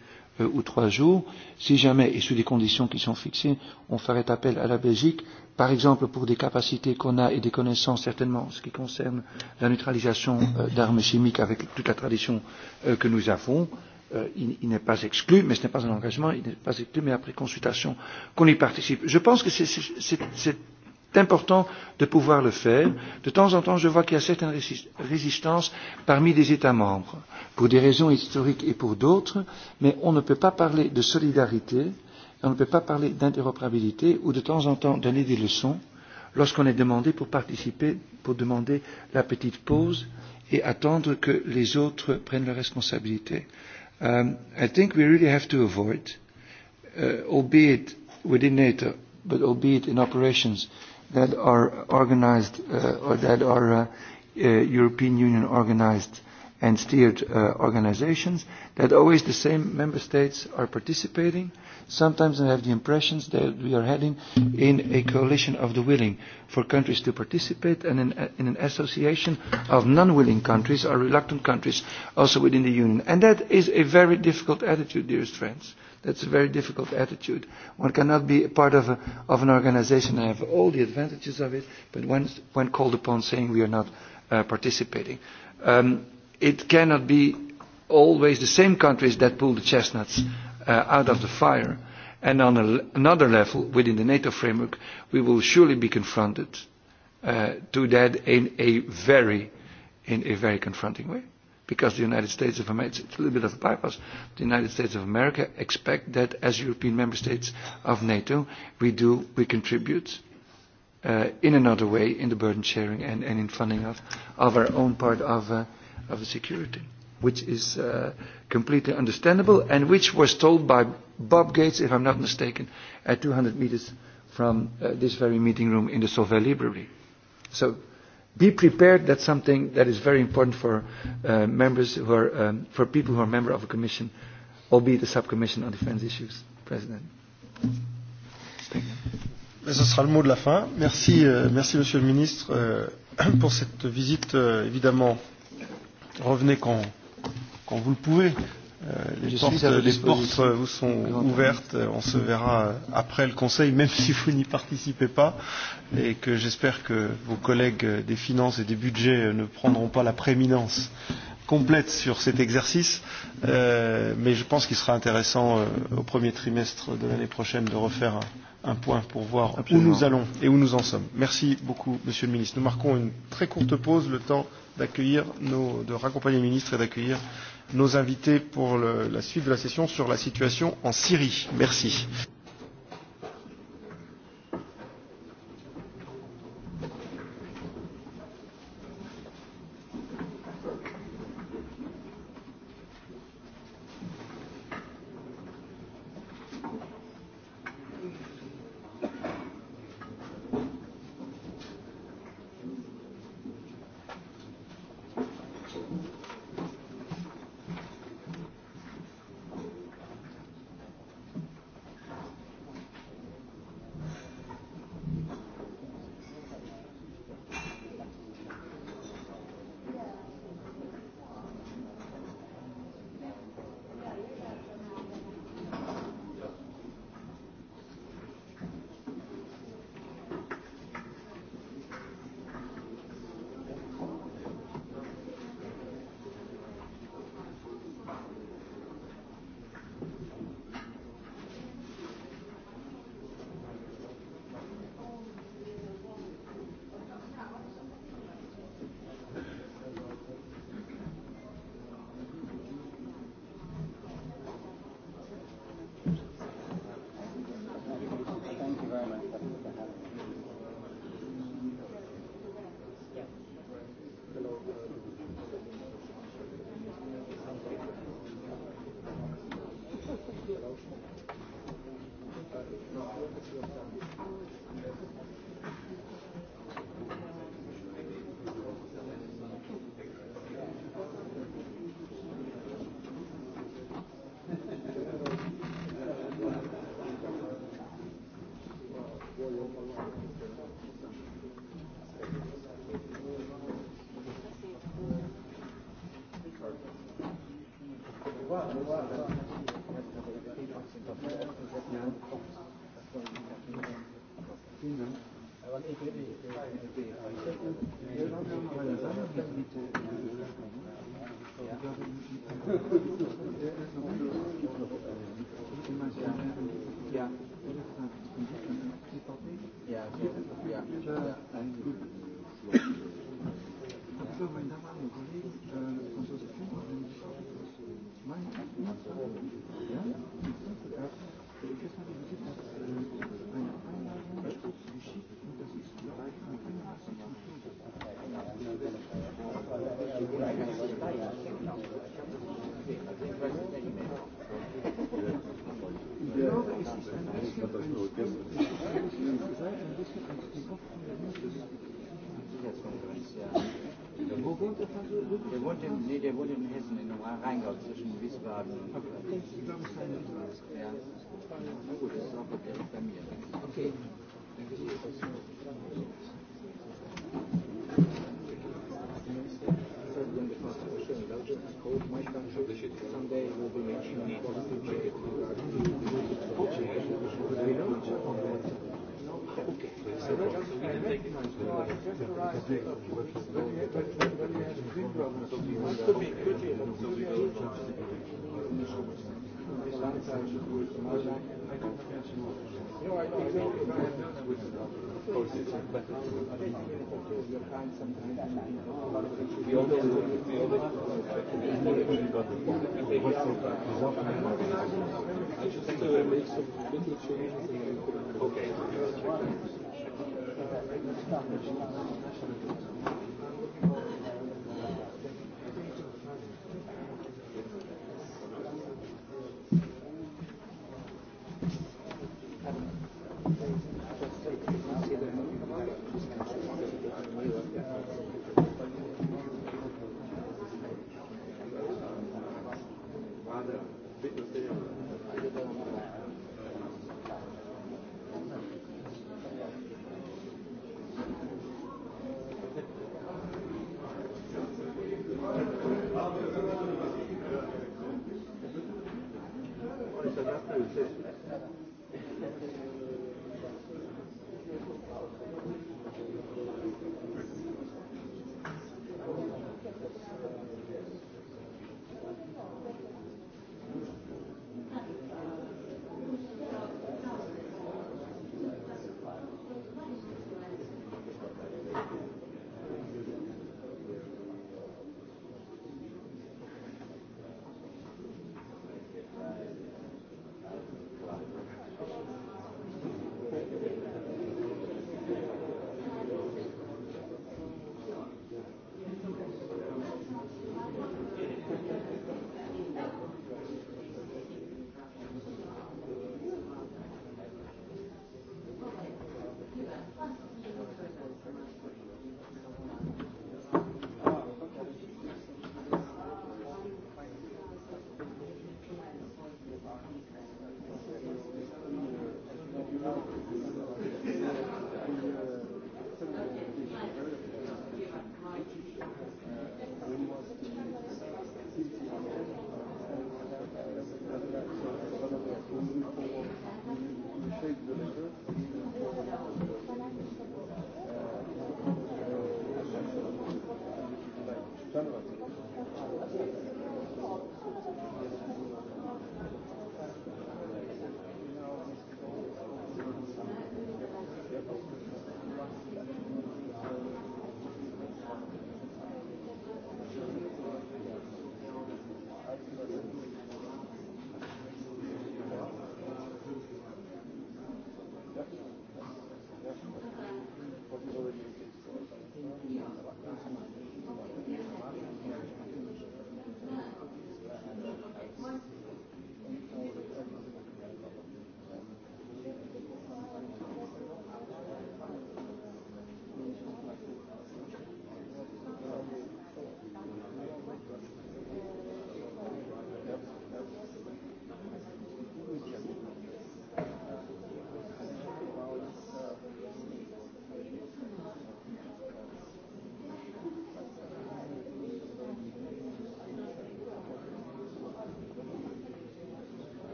euh, ou trois jours. Si jamais, et sous des conditions qui sont fixées, on ferait appel à la Belgique, par exemple pour des capacités qu'on a et des connaissances certainement en ce qui concerne la neutralisation euh, d'armes chimiques avec toute la tradition euh, que nous avons, euh, il, il n'est pas exclu, mais ce n'est pas un engagement, il n'est pas exclu, mais après consultation qu'on y participe. Je pense que c'est C'est important de pouvoir le faire. De temps en temps, je vois qu'il y a certaines résistances parmi les États membres, pour des raisons historiques et pour d'autres, mais on ne peut pas parler de solidarité, on ne peut pas parler d'interopérabilité ou de temps en temps donner des leçons lorsqu'on est demandé pour participer, pour demander la petite pause et attendre que les autres prennent leurs responsabilités. Um, I think we really have to avoid, uh, albeit within NATO, but albeit in operations, that are organized uh, or that are uh, uh, European Union organized and steered uh, organizations, that always the same member states are participating. Sometimes I have the impressions that we are heading in a coalition of the willing for countries to participate and in, in an association of non-willing countries or reluctant countries also within the Union. And that is a very difficult attitude, dearest friends That's a very difficult attitude. One cannot be a part of, a, of an organization and have all the advantages of it, but when, when called upon saying we are not uh, participating. Um, it cannot be always the same countries that pull the chestnuts uh, out of the fire. And on a, another level, within the NATO framework, we will surely be confronted uh, to that in a very, in a very confronting way because the United States of America, it's a little bit of a bypass, the United States of America expect that as European member states of NATO, we do, we contribute uh, in another way in the burden sharing and, and in funding of, of our own part of, uh, of the security which is uh, completely understandable and which was told by Bob Gates, if I'm not mistaken, at 200 meters from uh, this very meeting room in the Solvay Library. So be prepared. That's something that is very important for uh, members who are, um, for people who are member of a commission, albeit the subcommission on defense issues. President. Thank Ce sera le mot de la fin. Merci, euh, merci Monsieur le Ministre euh, pour cette visite. Euh, évidemment, revenez quand, quand vous le pouvez les portes, les portes vous sont ouvertes. On se verra après le Conseil, même si vous n'y participez pas, et que j'espère que vos collègues des finances et des budgets ne prendront pas la prééminence complète sur cet exercice. Euh, mais je pense qu'il sera intéressant euh, au premier trimestre de l'année prochaine de refaire un, un point pour voir Absolument. où nous allons et où nous en sommes. Merci beaucoup, Monsieur le Ministre. Nous marquons une très courte pause, le temps d'accueillir nos, de raccompagner le ministre et d'accueillir nos invités pour le, la suite de la session sur la situation en Syrie. Merci.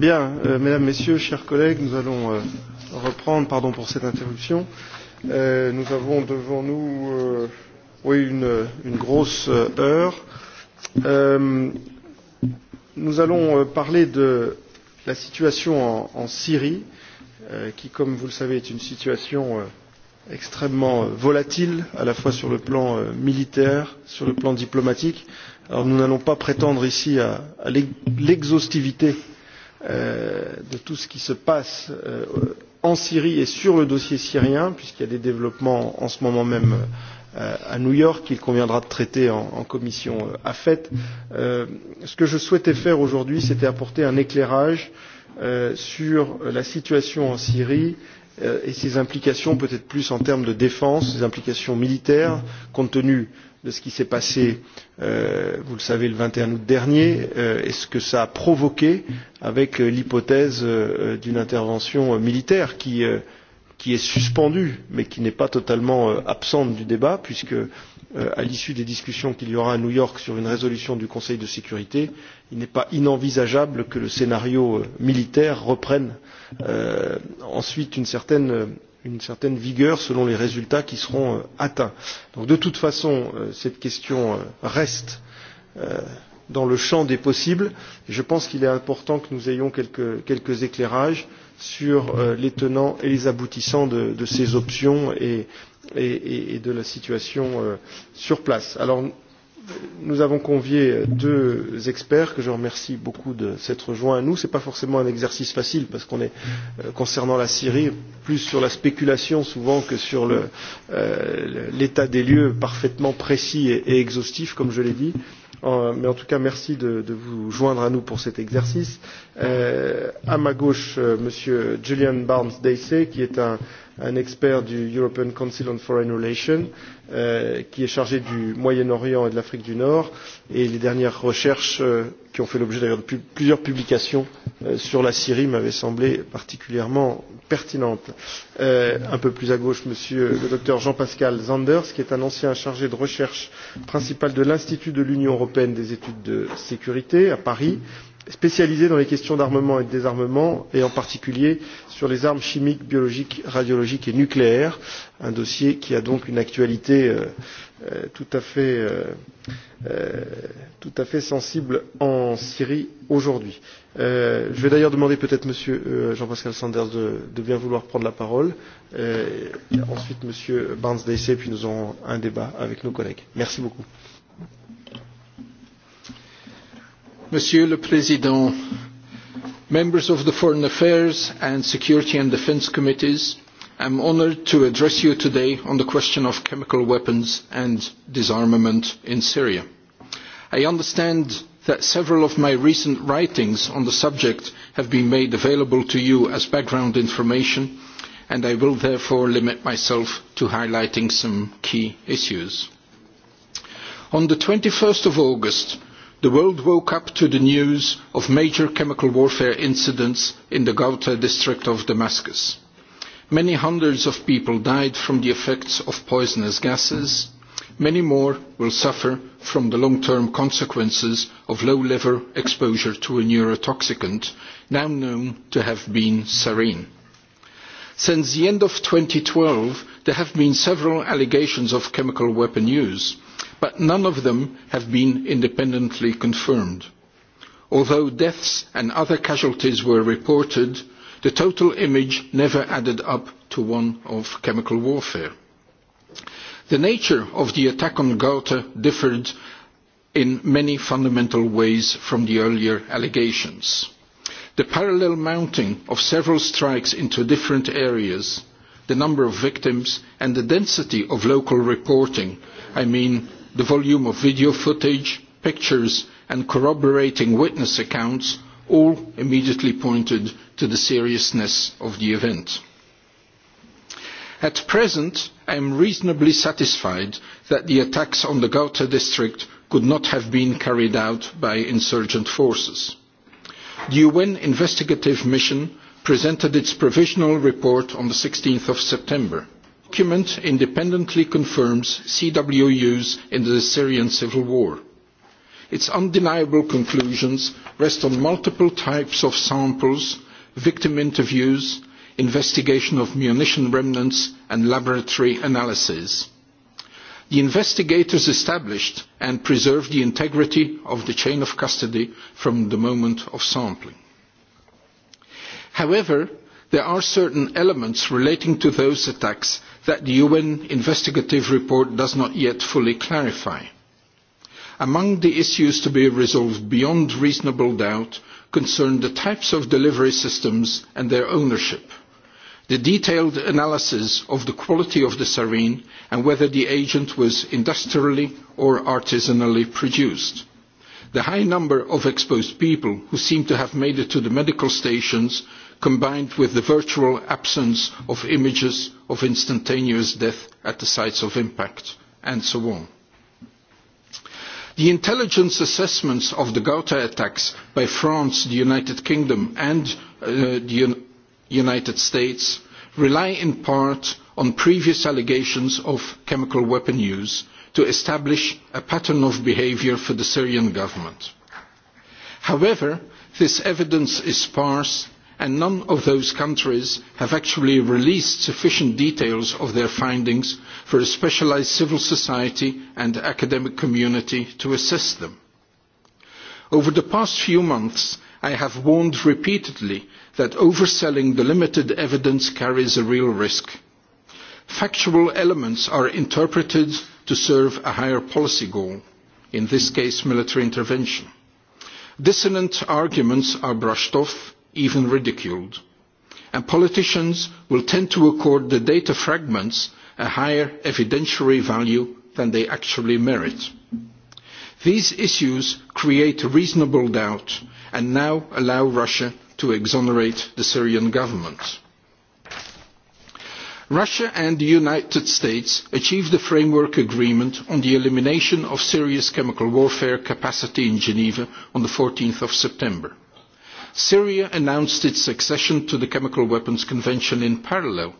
Bien, euh, mesdames, messieurs, chers collègues, nous allons euh, reprendre, pardon pour cette interruption. Euh, nous avons devant nous euh, oui, une, une grosse euh, heure. Euh, nous allons euh, parler de la situation en, en Syrie, euh, qui, comme vous le savez, est une situation euh, extrêmement volatile, à la fois sur le plan militaire, sur le plan diplomatique. Alors nous n'allons pas prétendre ici à, l'exhaustivité de tout ce qui se passe en Syrie et sur le dossier syrien, puisqu'il y a des développements en ce moment même à New York qu'il conviendra de traiter en, commission AFET. ce que je souhaitais faire aujourd'hui, c'était apporter un éclairage sur la situation en Syrie et ses implications peut être plus en termes de défense, ses implications militaires, compte tenu de ce qui s'est passé, vous le savez, le vingt et un août dernier, et ce que cela a provoqué avec l'hypothèse d'une intervention militaire qui, est suspendue, mais qui n'est pas totalement absente du débat, puisque à l'issue des discussions qu'il y aura à New York sur une résolution du Conseil de sécurité, il n'est pas inenvisageable que le scénario militaire reprenne ensuite une certaine, vigueur selon les résultats qui seront atteints. Donc de toute façon, cette question reste dans le champ des possibles. et Je pense qu'il est important que nous ayons quelques éclairages sur les tenants et les aboutissants de, ces options et, et, de la situation sur place. Alors, nous avons convié deux experts que je remercie beaucoup de s'être joints à nous. Ce n'est pas forcément un exercice facile parce qu'on est, concernant la Syrie, plus sur la spéculation souvent que sur l'état des lieux parfaitement précis et, exhaustif, comme je l'ai dit. Euh, mais en tout cas, merci de, de vous joindre à nous pour cet exercice. Euh, à ma gauche, euh, Monsieur Julian Barnes Dacey, qui est un, un expert du European Council on Foreign Relations, euh, qui est chargé du Moyen-Orient et de l'Afrique du Nord, et les dernières recherches qui ont fait l'objet d'ailleurs de plusieurs publications sur la Syrie m'avaient semblé particulièrement pertinentes. un peu plus à gauche, Monsieur le docteur Jean-Pascal Zanders, qui est un ancien chargé de recherche principal de l'Institut de l'Union européenne des études de sécurité à Paris, spécialisée dans les questions d'armement et de désarmement, et en particulier sur les armes chimiques, biologiques, radiologiques et nucléaires, un dossier qui a donc une actualité tout à fait, tout à fait sensible en Syrie aujourd'hui. je vais d'ailleurs demander peut-être Monsieur Jean-Pascal Sanders de, de bien vouloir prendre la parole, ensuite Monsieur Barnes-Daisy, puis nous aurons un débat avec nos collègues. Merci beaucoup. Monsieur le Président, members of the Foreign Affairs and Security and Defence Committees, I am honoured to address you today on the question of chemical weapons and disarmament in Syria. I understand that several of my recent writings on the subject have been made available to you as background information, and I will therefore limit myself to highlighting some key issues. On the 21st of August, the world woke up to the news of major chemical warfare incidents in the Ghouta district of Damascus. Many hundreds of people died from the effects of poisonous gases. Many more will suffer from the long-term consequences of low level exposure to a neurotoxicant, now known to have been sarin. Since the end of twelve There have been several allegations of chemical weapon use, but none of them have been independently confirmed. Although deaths and other casualties were reported, the total image never added up to one of chemical warfare. The nature of the attack on Gotha differed in many fundamental ways from the earlier allegations. The parallel mounting of several strikes into different areas the number of victims and the density of local reporting. I mean the volume of video footage, pictures and corroborating witness accounts all immediately pointed to the seriousness of the event. At present, I am reasonably satisfied that the attacks on the Gauta district could not have been carried out by insurgent forces. The UN investigative mission presented its provisional report on the 16th of September. The document independently confirms CWU's in the Syrian civil war. Its undeniable conclusions rest on multiple types of samples, victim interviews, investigation of munition remnants, and laboratory analyses. The investigators established and preserved the integrity of the chain of custody from the moment of sampling. However, there are certain elements relating to those attacks that the UN investigative report does not yet fully clarify. Among the issues to be resolved beyond reasonable doubt concern the types of delivery systems and their ownership, the detailed analysis of the quality of the sarin and whether the agent was industrially or artisanally produced, the high number of exposed people who seem to have made it to the medical stations combined with the virtual absence of images of instantaneous death at the sites of impact, and so on. The intelligence assessments of the Gauta attacks by France, the United Kingdom and the United States rely in part on previous allegations of chemical weapon use to establish a pattern of behaviour for the Syrian government. However, this evidence is sparse and none of those countries have actually released sufficient details of their findings for a specialised civil society and academic community to assess them. Over the past few months, I have warned repeatedly that overselling the limited evidence carries a real risk. Factual elements are interpreted to serve a higher policy goal, in this case military intervention. Dissonant arguments are brushed off even ridiculed. And politicians will tend to accord the data fragments a higher evidentiary value than they actually merit. These issues create reasonable doubt and now allow Russia to exonerate the Syrian government. Russia and the United States achieved a framework agreement on the elimination of serious chemical warfare capacity in Geneva on the 14th of September. Syria announced its accession to the Chemical Weapons Convention in parallel,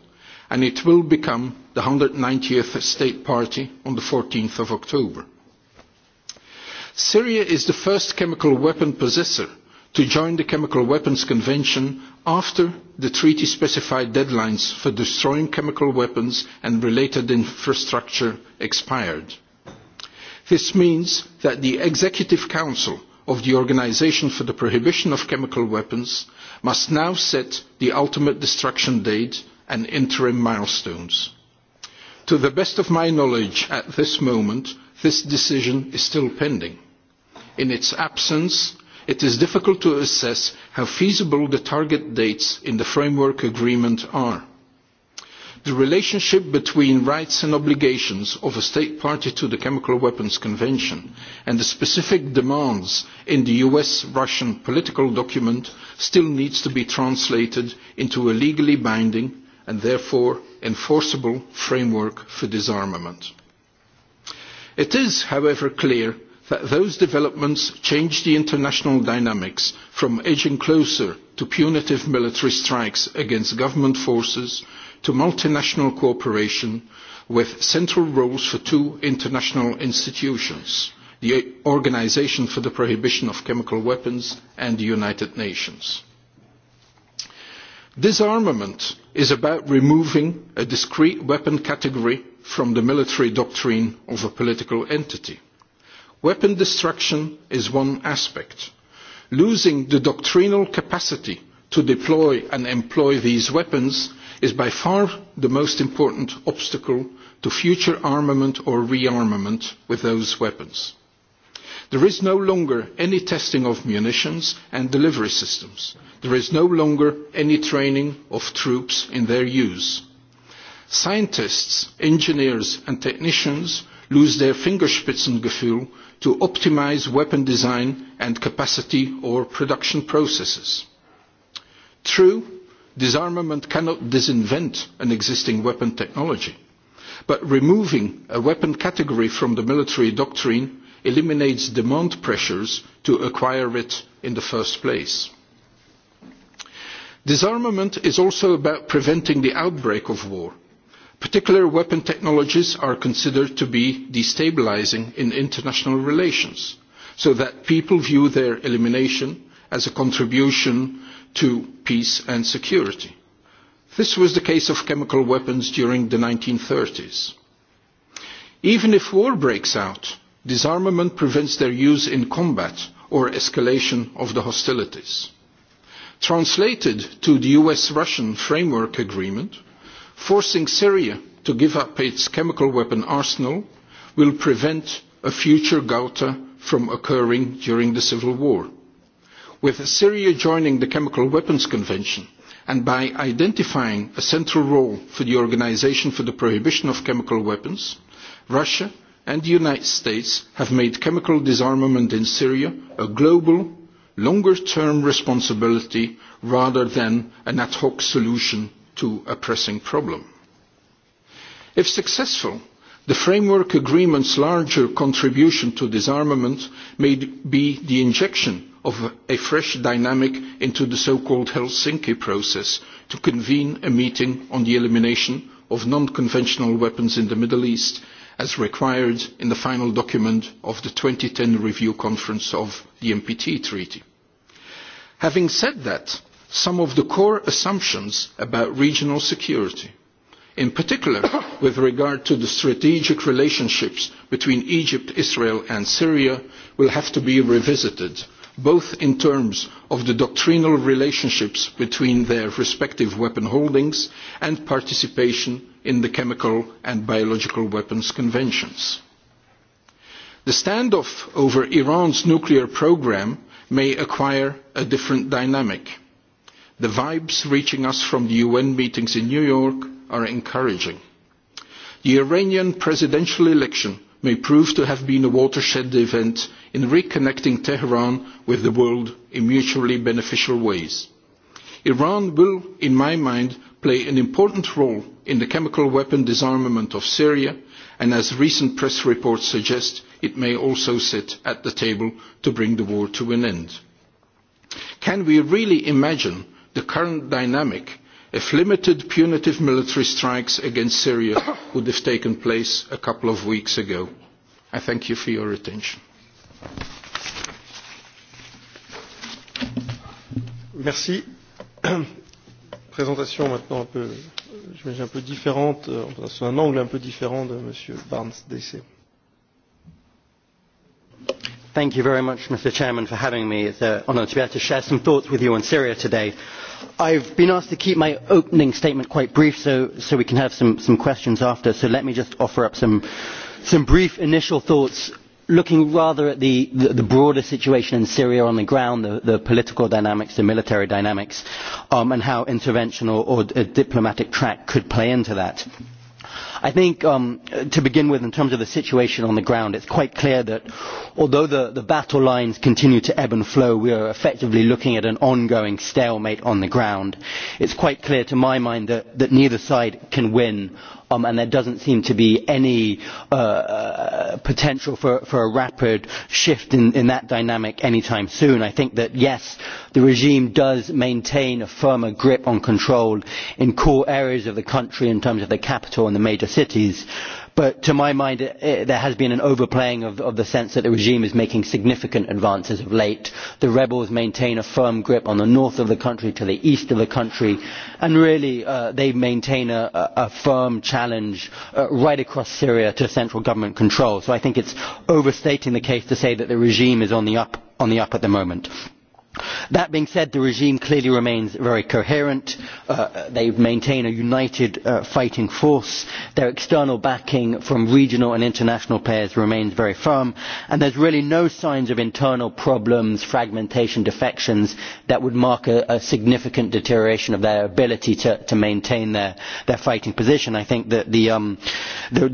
and it will become the 190th state party on the 14th of October. Syria is the first chemical weapon possessor to join the Chemical Weapons Convention after the treaty specified deadlines for destroying chemical weapons and related infrastructure expired. This means that the Executive Council of the Organisation for the Prohibition of Chemical Weapons must now set the ultimate destruction date and interim milestones. To the best of my knowledge at this moment, this decision is still pending. In its absence, it is difficult to assess how feasible the target dates in the framework agreement are. The relationship between rights and obligations of a state party to the Chemical Weapons Convention and the specific demands in the US-Russian political document still needs to be translated into a legally binding and therefore enforceable framework for disarmament. It is, however, clear that those developments change the international dynamics from edging closer to punitive military strikes against government forces to multinational cooperation with central roles for two international institutions, the Organisation for the Prohibition of Chemical Weapons and the United Nations. Disarmament is about removing a discrete weapon category from the military doctrine of a political entity. Weapon destruction is one aspect. Losing the doctrinal capacity to deploy and employ these weapons is by far the most important obstacle to future armament or rearmament with those weapons. There is no longer any testing of munitions and delivery systems. There is no longer any training of troops in their use. Scientists, engineers and technicians lose their Fingerspitzengefühl to optimise weapon design and capacity or production processes. True, Disarmament cannot disinvent an existing weapon technology, but removing a weapon category from the military doctrine eliminates demand pressures to acquire it in the first place. Disarmament is also about preventing the outbreak of war. Particular weapon technologies are considered to be destabilising in international relations, so that people view their elimination as a contribution to peace and security. This was the case of chemical weapons during the 1930s. Even if war breaks out, disarmament prevents their use in combat or escalation of the hostilities. Translated to the US-Russian framework agreement, forcing Syria to give up its chemical weapon arsenal will prevent a future Gauta from occurring during the civil war With Syria joining the Chemical Weapons Convention and by identifying a central role for the Organisation for the Prohibition of Chemical Weapons, Russia and the United States have made chemical disarmament in Syria a global, longer-term responsibility rather than an ad hoc solution to a pressing problem. If successful, the framework agreement's larger contribution to disarmament may be the injection of a fresh dynamic into the so-called Helsinki process to convene a meeting on the elimination of non-conventional weapons in the Middle East as required in the final document of the ten review conference of the NPT Treaty. Having said that, some of the core assumptions about regional security, in particular with regard to the strategic relationships between Egypt, Israel and Syria, will have to be revisited both in terms of the doctrinal relationships between their respective weapon holdings and participation in the Chemical and Biological Weapons Conventions. The standoff over Iran's nuclear programme may acquire a different dynamic. The vibes reaching us from the UN meetings in New York are encouraging. The Iranian presidential election may prove to have been a watershed event in reconnecting Tehran with the world in mutually beneficial ways. Iran will, in my mind, play an important role in the chemical weapon disarmament of Syria, and as recent press reports suggest, it may also sit at the table to bring the war to an end. Can we really imagine the current dynamic if limited punitive military strikes against Syria would have taken place a couple of weeks ago? I thank you for your attention. Merci. Présentation maintenant un peu, j'imagine, un peu différente, enfin, sous un angle un peu différent de M. Barnes d'essai. Thank you very much, Mr. Chairman, for having me. It's an honour to be able to share some thoughts with you on Syria today. I've been asked to keep my opening statement quite brief so, so we can have some, some questions after, so let me just offer up some, some brief initial thoughts looking rather at the, the, the broader situation in Syria on the ground, the, the political dynamics, the military dynamics, um, and how intervention or, or a diplomatic track could play into that. I think um, to begin with, in terms of the situation on the ground, it's quite clear that although the, the battle lines continue to ebb and flow, we are effectively looking at an ongoing stalemate on the ground. It's quite clear to my mind that, that neither side can win and there does not seem to be any potential for a rapid shift in that dynamic any time soon. I think that, yes, the regime does maintain a firmer grip on control in core areas of the country in terms of the capital and the major cities, but but to my mind there has been an overplaying of the sense that the regime is making significant advances of late. the rebels maintain a firm grip on the north of the country to the east of the country and really they maintain a firm challenge right across syria to central government control so i think it is overstating the case to say that the regime is on the up at the moment. That being said, the regime clearly remains very coherent. they maintain a united fighting force. Their external backing from regional and international players remains very firm. And there are really no signs of internal problems, fragmentation, defections that would mark a, significant deterioration of their ability to, maintain their, fighting position. I think that the,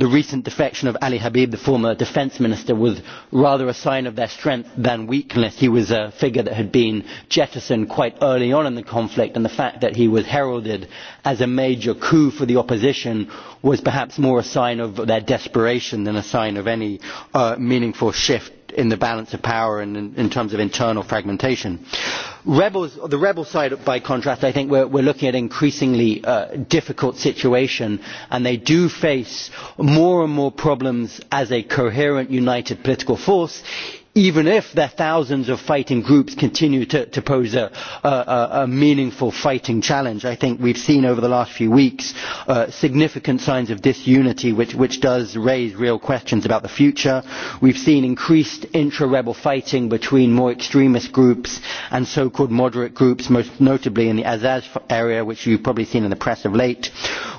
recent defection of Ali Habib, the former defence minister, was rather a sign of their strength than weakness. He was a figure that had been been jettisoned quite early on in the conflict and the fact that he was heralded as a major coup for the opposition was perhaps more a sign of their desperation than a sign of any meaningful shift in the balance of power and in terms of internal fragmentation. the rebel side by contrast i think we are looking at an increasingly difficult situation and they do face more and more problems as a coherent united political force even if the thousands of fighting groups continue to pose a meaningful fighting challenge. i think we have seen over the last few weeks significant signs of disunity which does raise real questions about the future. we have seen increased intra rebel fighting between more extremist groups and so called moderate groups most notably in the azaz area which you have probably seen in the press of late.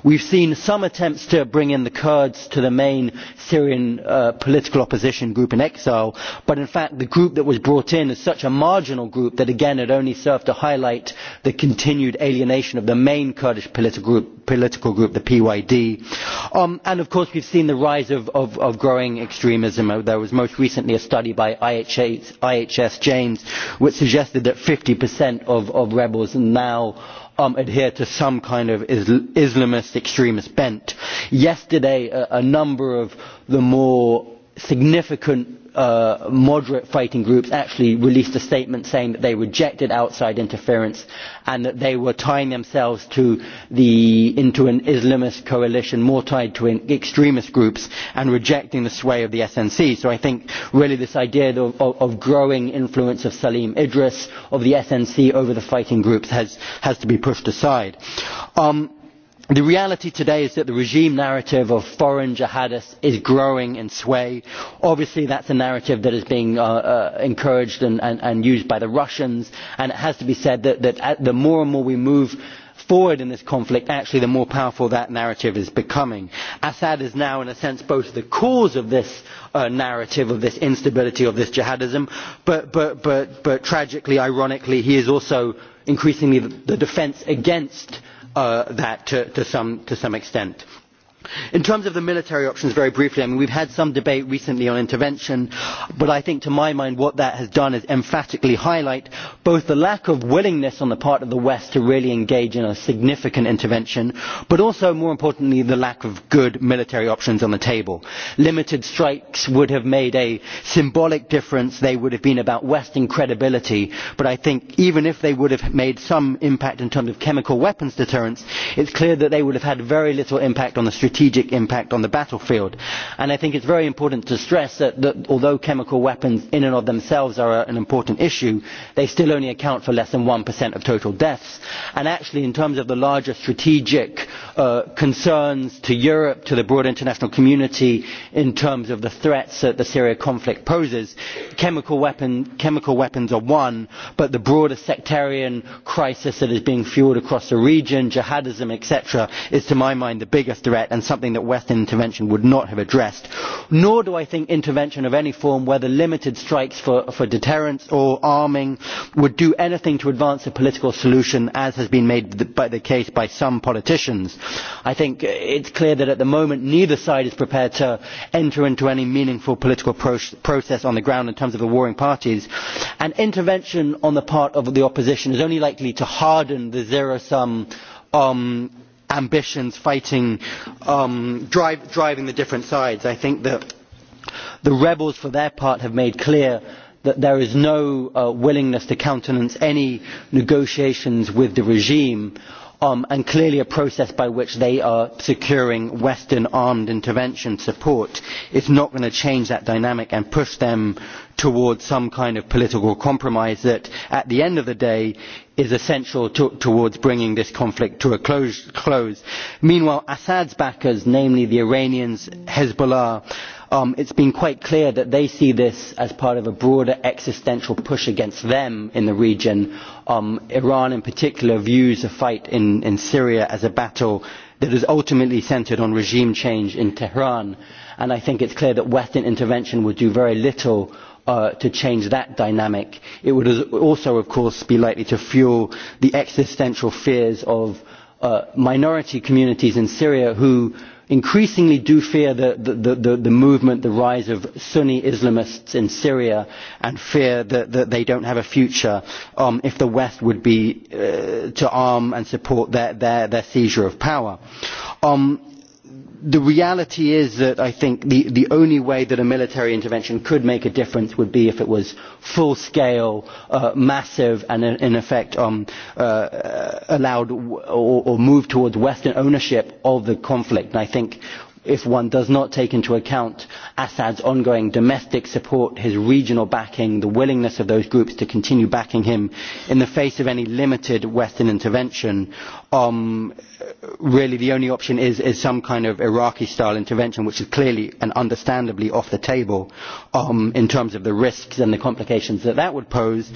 we have seen some attempts to bring in the kurds to the main syrian political opposition group in exile but fact the group that was brought in is such a marginal group that again it only served to highlight the continued alienation of the main kurdish political group the pyd and of course we have seen the rise of growing extremism. there was most recently a study by ihs james which suggested that fifty of rebels now adhere to some kind of islamist extremist bent. yesterday a number of the more significant uh, moderate fighting groups actually released a statement saying that they rejected outside interference and that they were tying themselves to the, into an Islamist coalition more tied to an extremist groups and rejecting the sway of the SNC. So I think really this idea of, of, of growing influence of Salim Idris, of the SNC over the fighting groups has, has to be pushed aside. Um, the reality today is that the regime narrative of foreign jihadists is growing in sway. obviously that is a narrative that is being encouraged and used by the russians and it has to be said that the more and more we move forward in this conflict actually the more powerful that narrative is becoming. assad is now in a sense both the cause of this narrative of this instability of this jihadism but tragically ironically he is also increasingly the defence against that to some extent in terms of the military options very briefly we have had some debate recently on intervention but i think to my mind what that has done is emphatically highlight both the lack of willingness on the part of the west to really engage in a significant intervention but also more importantly the lack of good military options on the table. limited strikes would have made a symbolic difference they would have been about western credibility but i think even if they would have made some impact in terms of chemical weapons deterrence it is clear that they would have had very little impact on the strategic impact on the battlefield. I think it is very important to stress that, although chemical weapons in and of themselves are an important issue, they still only account for less than one of total deaths. And actually, in terms of the larger strategic concerns to Europe, to the broader international community, in terms of the threats that the Syria conflict poses, chemical, weapons are one, but the broader sectarian crisis that is being fuelled across the region, jihadism, etc., is to my mind the bigger threat and something that western intervention would not have addressed nor do i think intervention of any form whether limited strikes for deterrence or arming would do anything to advance a political solution as has been made the case by some politicians. i think it is clear that at the moment neither side is prepared to enter into any meaningful political process on the ground in terms of the warring parties and intervention on the part of the opposition is only likely to harden the zero sum ambitions fighting driving the different sides. i think that the rebels for their part have made clear that there is no willingness to countenance any negotiations with the regime and clearly a process by which they are securing Western armed intervention support is not going to change that dynamic and push them towards some kind of political compromise that, at the end of the day, is essential towards bringing this conflict to a close. Meanwhile, Assad's backers, namely the Iranians, Hezbollah, it has been quite clear that they see this as part of a broader existential push against them in the region um, Iran in particular views the fight in, in Syria as a battle that is ultimately centred on regime change in Tehran. And I think it's clear that Western intervention would do very little to change that dynamic. It would also, of course, be likely to fuel the existential fears of minority communities in Syria who increasingly do fear the, the, the, the movement, the rise of Sunni Islamists in Syria, and fear that, that they don't have a future um, if the West would be uh, to arm and support their, their, their seizure of power. Um, the reality is that I think the, the only way that a military intervention could make a difference would be if it was full scale, uh, massive, and in effect um, uh, allowed or, or moved towards Western ownership of the conflict. And I think if one does not take into account Assad's ongoing domestic support, his regional backing, the willingness of those groups to continue backing him in the face of any limited Western intervention, really the only option is, some kind of Iraqi-style intervention, which is clearly and understandably off the table in terms of the risks and the complications that that would pose,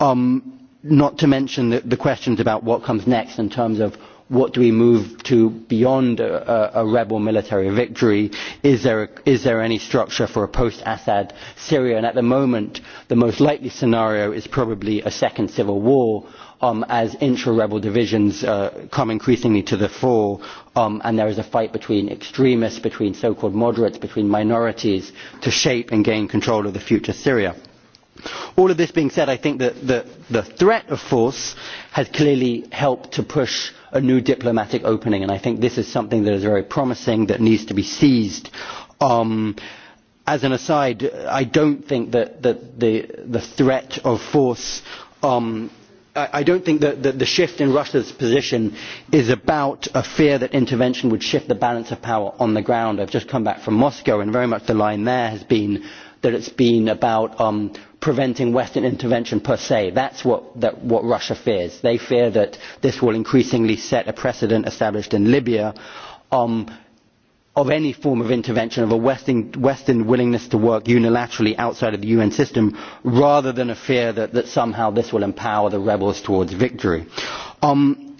not to mention the, questions about what comes next in terms of what do we move to beyond a, a, a rebel military victory? Is there, a, is there any structure for a post-Assad Syria? And at the moment, the most likely scenario is probably a second civil war um, as intra-rebel divisions uh, come increasingly to the fore um, and there is a fight between extremists, between so-called moderates, between minorities to shape and gain control of the future Syria. All of this being said, I think that the, the threat of force has clearly helped to push a new diplomatic opening. And I think this is something that is very promising that needs to be seized. Um, as an aside, I don't think that, that the, the threat of force um, I don't think that the shift in Russia's position is about a fear that intervention would shift the balance of power on the ground. I have just come back from Moscow, and very much the line there has been that it has been about preventing Western intervention per se. That's what, that, what Russia fears. They fear that this will increasingly set a precedent established in Libya um, of any form of intervention, of a Western, Western willingness to work unilaterally outside of the UN system, rather than a fear that, that somehow this will empower the rebels towards victory. Um,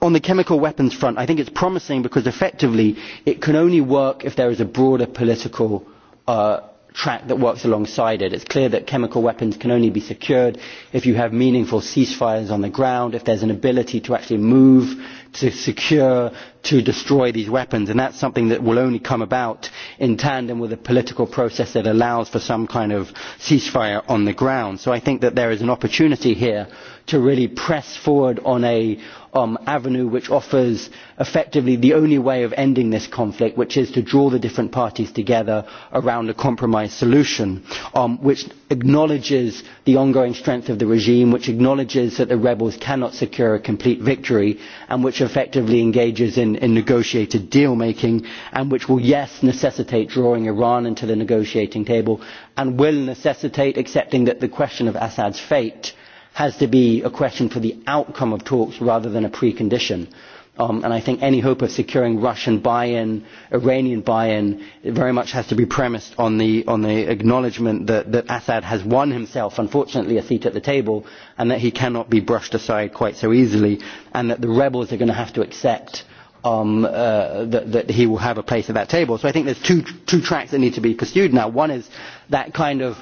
on the chemical weapons front, I think it's promising because effectively it can only work if there is a broader political uh, track that works alongside it. It is clear that chemical weapons can only be secured if you have meaningful ceasefires on the ground, if there is an ability to actually move to secure to destroy these weapons. And that's something that will only come about in tandem with a political process that allows for some kind of ceasefire on the ground. So I think that there is an opportunity here to really press forward on a um, avenue which offers effectively the only way of ending this conflict, which is to draw the different parties together around a compromise solution, um, which acknowledges the ongoing strength of the regime, which acknowledges that the rebels cannot secure a complete victory, and which effectively engages in in, negotiated deal making and which will, yes, necessitate drawing Iran into the negotiating table and will necessitate accepting that the question of Assad's fate has to be a question for the outcome of talks rather than a precondition. Um, and I think any hope of securing Russian buy-in, Iranian buy-in, very much has to be premised on the, on the acknowledgement that, that Assad has won himself, unfortunately, a seat at the table, and that he cannot be brushed aside quite so easily, and that the rebels are going to have to accept um, uh, that, that he will have a place at that table. So I think there's two, two tracks that need to be pursued now. One is that kind of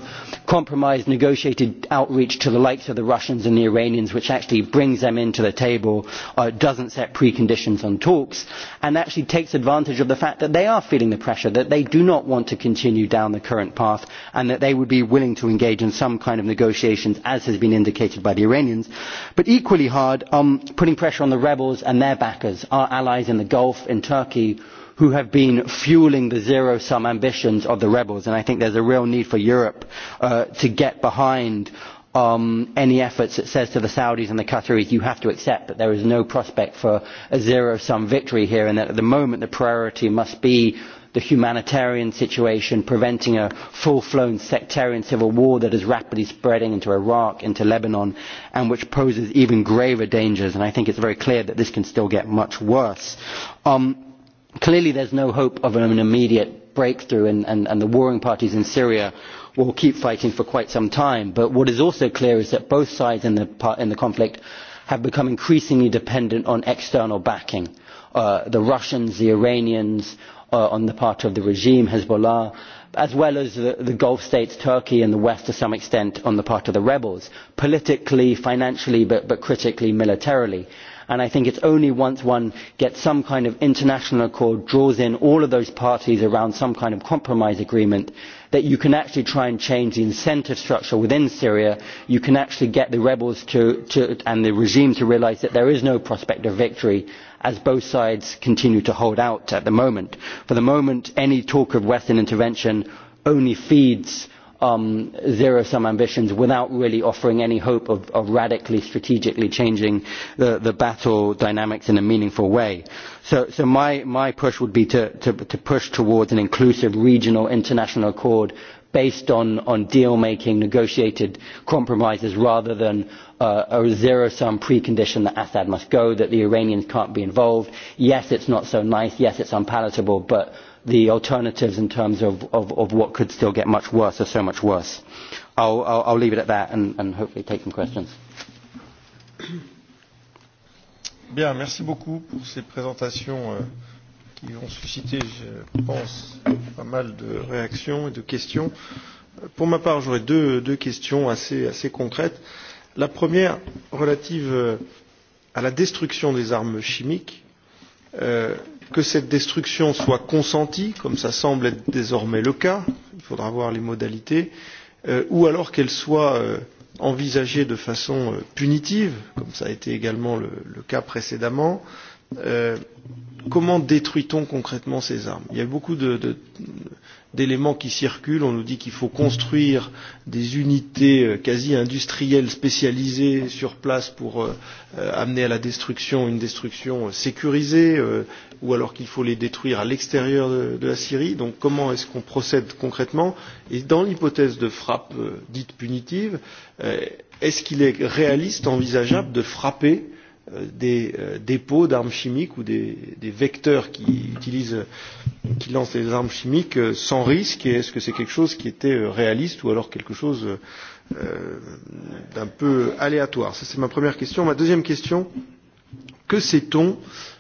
compromise negotiated outreach to the likes of the Russians and the Iranians, which actually brings them into the table, uh, doesn't set preconditions on talks, and actually takes advantage of the fact that they are feeling the pressure, that they do not want to continue down the current path, and that they would be willing to engage in some kind of negotiations, as has been indicated by the Iranians. But equally hard, um, putting pressure on the rebels and their backers, our allies in the Gulf, in Turkey, who have been fuelling the zero sum ambitions of the rebels and I think there is a real need for Europe to get behind any efforts that says to the Saudis and the Qataris you have to accept that there is no prospect for a zero sum victory here and that at the moment the priority must be the humanitarian situation, preventing a full-flown sectarian civil war that is rapidly spreading into Iraq, into Lebanon, and which poses even graver dangers. And I think it is very clear that this can still get much worse. Um, clearly there is no hope of an immediate breakthrough and the warring parties in syria will keep fighting for quite some time but what is also clear is that both sides in the conflict have become increasingly dependent on external backing the russians the iranians on the part of the regime hezbollah as well as the gulf states turkey and the west to some extent on the part of the rebels politically financially but critically militarily and i think it is only once one gets some kind of international accord draws in all of those parties around some kind of compromise agreement that you can actually try and change the incentive structure within syria you can actually get the rebels and the regime to realise that there is no prospect of victory as both sides continue to hold out at the moment. for the moment any talk of western intervention only feeds zero-sum ambitions without really offering any hope of, of radically strategically changing the, the battle dynamics in a meaningful way. So, so my, my push would be to, to, to push towards an inclusive regional international accord based on, on deal-making, negotiated compromises rather than uh, a zero-sum precondition that Assad must go, that the Iranians can't be involved. Yes, it's not so nice. Yes, it's unpalatable, but the alternatives in terms of, of, of what could still get much worse or so much worse. I'll, I'll, I'll leave it at that and, and hopefully take some questions. Bien, merci beaucoup pour ces présentations euh, qui ont suscité, je pense, pas mal de réactions et de questions. Pour ma part, j'aurais deux, deux questions assez, assez concrètes. La première, relative à la destruction des armes chimiques. Euh, que cette destruction soit consentie, comme ça semble être désormais le cas, il faudra voir les modalités, ou alors qu'elle soit envisagée de façon punitive, comme ça a été également le, cas précédemment. comment détruit-on concrètement ces armes Il y a beaucoup de, d'éléments qui circulent. On nous dit qu'il faut construire des unités quasi industrielles spécialisées sur place pour amener à la destruction une destruction sécurisée, ou alors qu'il faut les détruire à l'extérieur de, la Syrie. Donc comment est-ce qu'on procède concrètement Et dans l'hypothèse de frappe dite punitive, est-ce qu'il est réaliste, envisageable de frapper des dépôts d'armes chimiques ou des, des vecteurs qui utilisent, qui lancent les armes chimiques sans risque et est-ce que c'est quelque chose qui était réaliste ou alors quelque chose d'un peu aléatoire Ça c'est ma première question. Ma deuxième question, que sait-on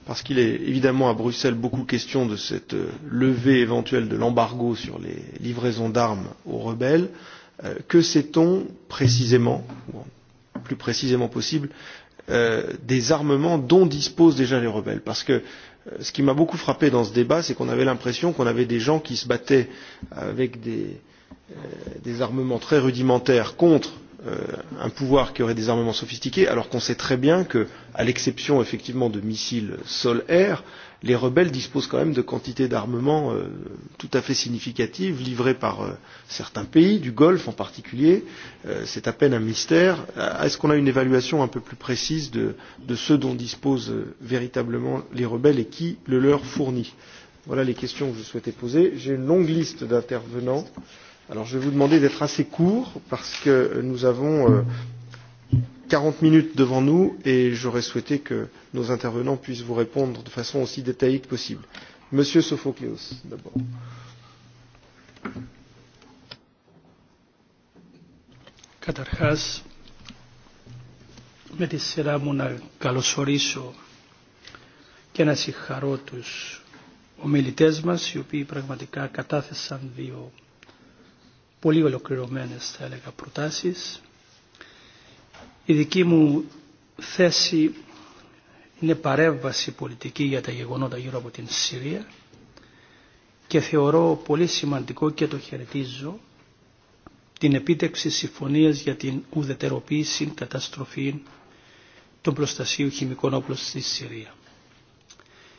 Parce qu'il est évidemment à Bruxelles beaucoup question de cette levée éventuelle de l'embargo sur les livraisons d'armes aux rebelles. Que sait-on précisément, plus précisément possible, des armements dont disposent déjà les rebelles. Parce que ce qui m'a beaucoup frappé dans ce débat, c'est qu'on avait l'impression qu'on avait des gens qui se battaient avec des, des armements très rudimentaires contre un pouvoir qui aurait des armements sophistiqués, alors qu'on sait très bien que, à l'exception effectivement de missiles sol-air, les rebelles disposent quand même de quantités d'armements tout à fait significatives livrées par certains pays, du Golfe en particulier. C'est à peine un mystère. Est-ce qu'on a une évaluation un peu plus précise de, de ce dont disposent véritablement les rebelles et qui le leur fournit Voilà les questions que je souhaitais poser. J'ai une longue liste d'intervenants. Alors je vais vous demander d'être assez court parce que nous avons euh, 40 minutes devant nous et j'aurais souhaité que nos intervenants puissent vous répondre de façon aussi détaillée que possible. Monsieur Sophocleos, d'abord. Καταρχάς, με τη σειρά μου να καλωσορίσω και να συγχαρώ τους ομιλητές μας, οι οποίοι πραγματικά κατάθεσαν δύο πολύ ολοκληρωμένες, θα έλεγα, προτάσεις Η δική μου θέση είναι παρέμβαση πολιτική για τα γεγονότα γύρω από την Συρία και θεωρώ πολύ σημαντικό και το χαιρετίζω την επίτευξη συμφωνίας για την ουδετεροποίηση καταστροφή των προστασίου χημικών όπλων στη Συρία.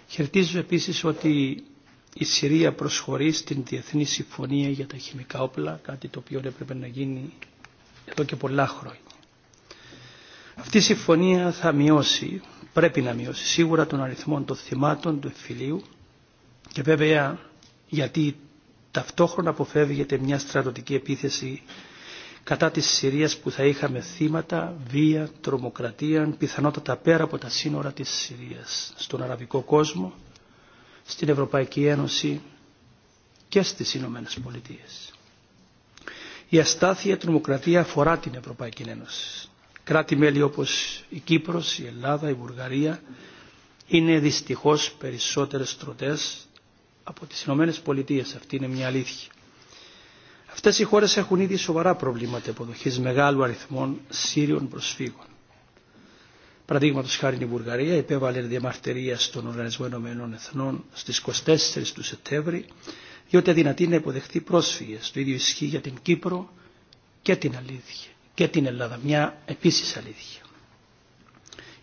Χαιρετίζω επίσης ότι η Συρία προσχωρεί στην Διεθνή Συμφωνία για τα Χημικά Όπλα, κάτι το οποίο έπρεπε να γίνει εδώ και πολλά χρόνια. Αυτή η συμφωνία θα μειώσει, πρέπει να μειώσει σίγουρα τον αριθμό των θυμάτων του εμφυλίου και βέβαια γιατί ταυτόχρονα αποφεύγεται μια στρατοτική επίθεση κατά της Συρίας που θα είχαμε θύματα, βία, τρομοκρατία, πιθανότατα πέρα από τα σύνορα της Συρίας, στον αραβικό κόσμο, στην Ευρωπαϊκή Ένωση και στις Ηνωμένε Πολιτείε. Η αστάθεια τρομοκρατία αφορά την Ευρωπαϊκή Ένωση κράτη-μέλη όπως η Κύπρος, η Ελλάδα, η Βουλγαρία είναι δυστυχώς περισσότερες στρωτές από τις Ηνωμένες Πολιτείες. Αυτή είναι μια αλήθεια. Αυτές οι χώρες έχουν ήδη σοβαρά προβλήματα υποδοχής μεγάλου αριθμών Σύριων προσφύγων. Παραδείγματο χάρη η Βουλγαρία επέβαλε διαμαρτυρία στον Οργανισμό Ενωμένων Εθνών στι 24 του Σεπτέμβρη, διότι αδυνατεί να υποδεχθεί πρόσφυγε. Το ίδιο ισχύει για την Κύπρο και την Αλήθεια και την Ελλάδα. Μια επίσης αλήθεια.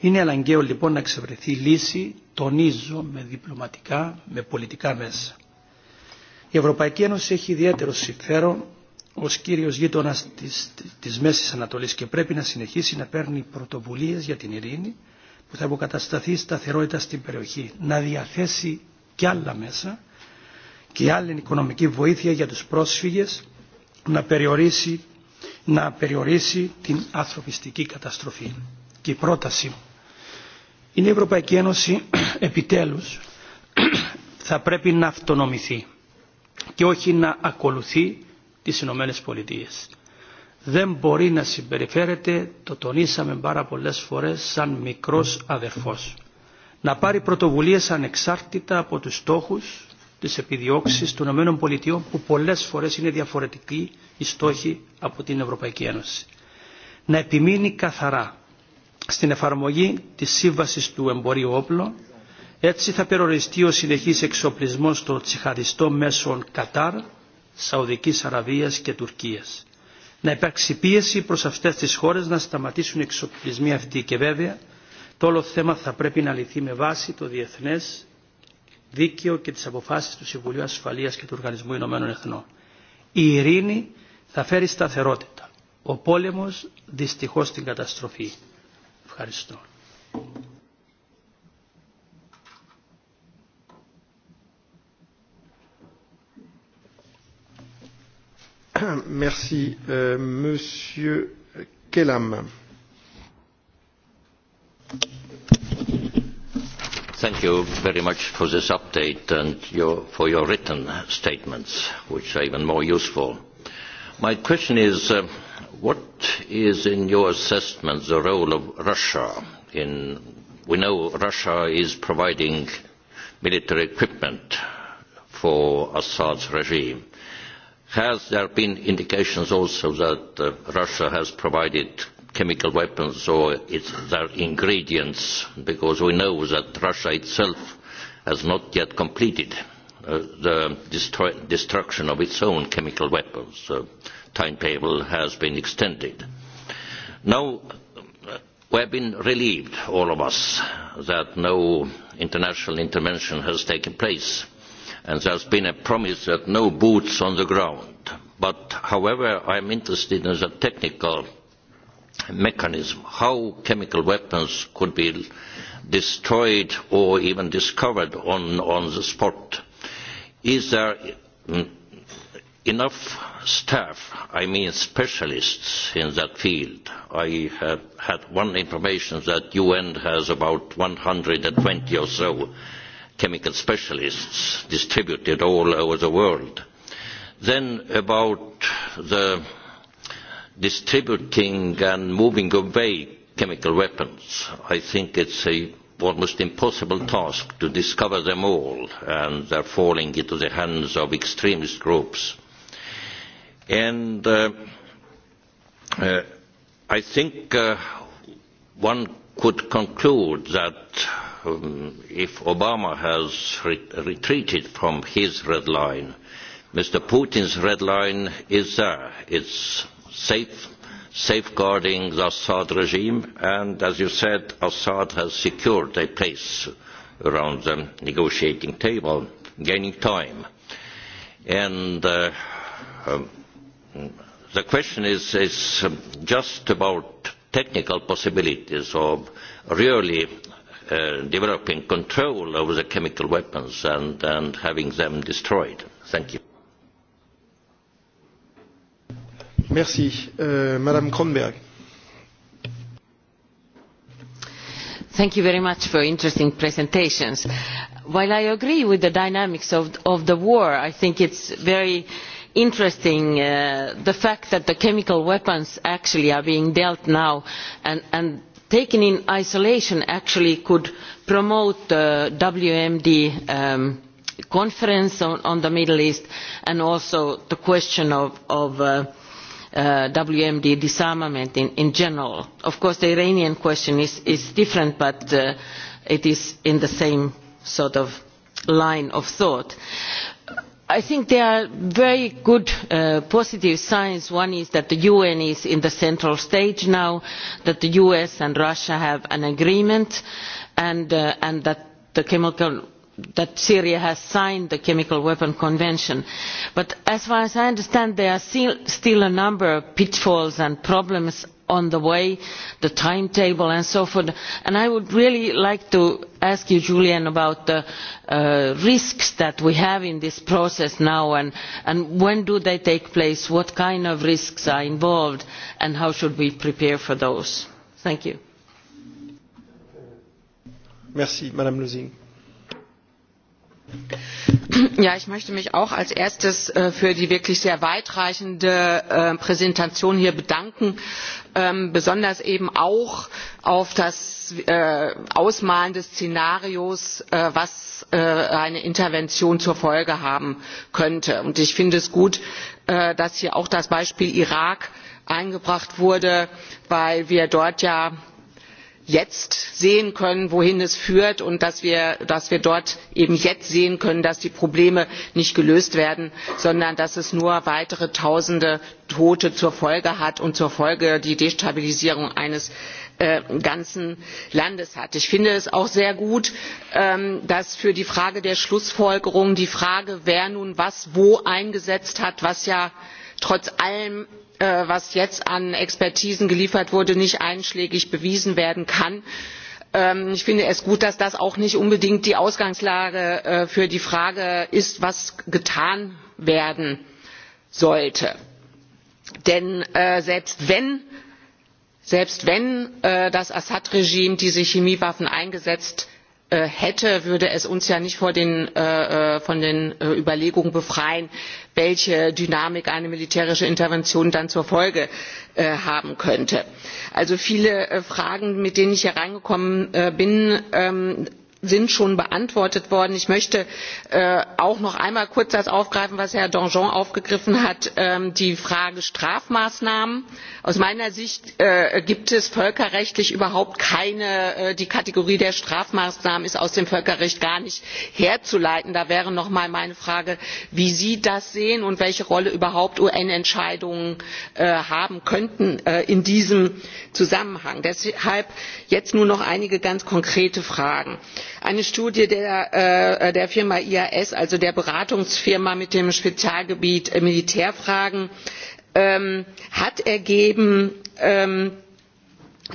Είναι αναγκαίο λοιπόν να εξευρεθεί λύση, τονίζω, με διπλωματικά, με πολιτικά μέσα. Η Ευρωπαϊκή Ένωση έχει ιδιαίτερο συμφέρον ω κύριο γείτονα τη Μέση Ανατολή και πρέπει να συνεχίσει να παίρνει πρωτοβουλίε για την ειρήνη που θα αποκατασταθεί σταθερότητα στην περιοχή, να διαθέσει και άλλα μέσα και άλλη οικονομική βοήθεια για τους πρόσφυγες, να περιορίσει να περιορίσει την ανθρωπιστική καταστροφή. Και η πρόταση μου είναι η Ευρωπαϊκή Ένωση επιτέλους θα πρέπει να αυτονομηθεί και όχι να ακολουθεί τις Ηνωμένε Πολιτείες. Δεν μπορεί να συμπεριφέρεται, το τονίσαμε πάρα πολλές φορές, σαν μικρός αδερφός. Να πάρει πρωτοβουλίες ανεξάρτητα από τους στόχους, τις επιδιώξεις των ΗΠΑ που πολλές φορές είναι διαφορετικοί οι στόχοι από την Ευρωπαϊκή Ένωση. Να επιμείνει καθαρά στην εφαρμογή της σύμβασης του εμπορίου όπλων, έτσι θα περιοριστεί ο συνεχής εξοπλισμός των τσιχαριστών μέσων Κατάρ, Σαουδικής Αραβίας και Τουρκίας. Να υπάρξει πίεση προς αυτές τις χώρες να σταματήσουν οι εξοπλισμοί αυτοί και βέβαια το όλο θέμα θα πρέπει να λυθεί με βάση το διεθνές δίκαιο και τις αποφάσεις του Συμβουλίου Ασφαλείας και του Οργανισμού Ηνωμένων Εθνών. Η ειρήνη θα φέρει σταθερότητα. Ο πόλεμος δυστυχώς την καταστροφή. Ευχαριστώ. Merci. Euh, Monsieur Kellam. Thank you very much for this update and your, for your written statements, which are even more useful My question is, what is, in your assessment, the role of Russia in... We know Russia is providing military equipment for Assad's regime. Has there been indications also that Russia has provided chemical weapons or its, their ingredients? Because we know that Russia itself has not yet completed the destruction of its own chemical weapons. The timetable has been extended. Now, we have been relieved, all of us, that no international intervention has taken place, and there has been a promise that no boots on the ground. But, however, I am interested in the technical mechanism, how chemical weapons could be destroyed or even discovered on, on the spot is there enough staff, I mean specialists in that field? I have had one information that UN has about one hundred and twenty or so chemical specialists distributed all over the world. Then about the distributing and moving away chemical weapons, I think it's a almost impossible task to discover them all, and they are falling into the hands of extremist groups. And I think one could conclude that if Obama has re- retreated from his red line, Mr. Putin's red line is there. It's safe safeguarding the Assad regime, and as you said, Assad has secured a place around the negotiating table, gaining time. And uh, um, the question is, is just about technical possibilities of really uh, developing control over the chemical weapons and, and having them destroyed. Thank you. Merci. Uh, Madame Kronberg. Thank you very much for interesting presentations. While I agree with the dynamics of, of the war, I think it's very interesting the fact that the chemical weapons actually are being dealt now and, and taken in isolation actually could promote the WMD conference on, the Middle East and also the question of, WMD disarmament in, general. Of course, the Iranian question is, is different, but it is in the same sort of line of thought. I think there are very good positive signs. One is that the UN is in the central stage now, that the US and Russia have an agreement, and, that the chemical that Syria has signed the Chemical Weapons Convention. But as far as I understand, there are still a number of pitfalls and problems on the way, the timetable and so forth. And I would really like to ask you, Julian, about the risks that we have in this process now and, when do they take place, what kind of risks are involved and how should we prepare for those. Thank you. Ja, ich möchte mich auch als erstes für die wirklich sehr weitreichende Präsentation hier bedanken, besonders eben auch auf das Ausmalen des Szenarios, was eine Intervention zur Folge haben könnte. Und ich finde es gut, dass hier auch das Beispiel Irak eingebracht wurde, weil wir dort ja jetzt sehen können wohin es führt und dass wir dort eben jetzt sehen können dass die probleme nicht gelöst werden sondern dass es nur weitere tausende tote zur folge hat und zur folge die destabilisierung eines ganzen landes hat. ich finde es auch sehr gut dass für die frage der schlussfolgerungen die frage wer nun was wo eingesetzt hat was ja trotz allem was jetzt an expertisen geliefert wurde nicht einschlägig bewiesen werden kann. ich finde es gut dass das auch nicht unbedingt die ausgangslage für die frage ist was getan werden sollte. denn selbst wenn das assad regime diese chemiewaffen eingesetzt hätte, würde es uns ja nicht von den Überlegungen befreien, welche Dynamik eine militärische Intervention dann zur Folge haben könnte. Also viele Fragen, mit denen ich hier reingekommen bin, sind schon beantwortet worden. ich möchte auch noch einmal kurz das aufgreifen was herr danjean aufgegriffen hat die frage strafmaßnahmen. aus meiner sicht gibt es völkerrechtlich überhaupt keine die kategorie der strafmaßnahmen ist aus dem völkerrecht gar nicht herzuleiten. da wäre noch einmal meine frage wie sie das sehen und welche rolle überhaupt un entscheidungen haben könnten in diesem zusammenhang. deshalb jetzt nur noch einige ganz konkrete fragen eine studie der firma ias also der beratungsfirma mit dem spezialgebiet militärfragen hat ergeben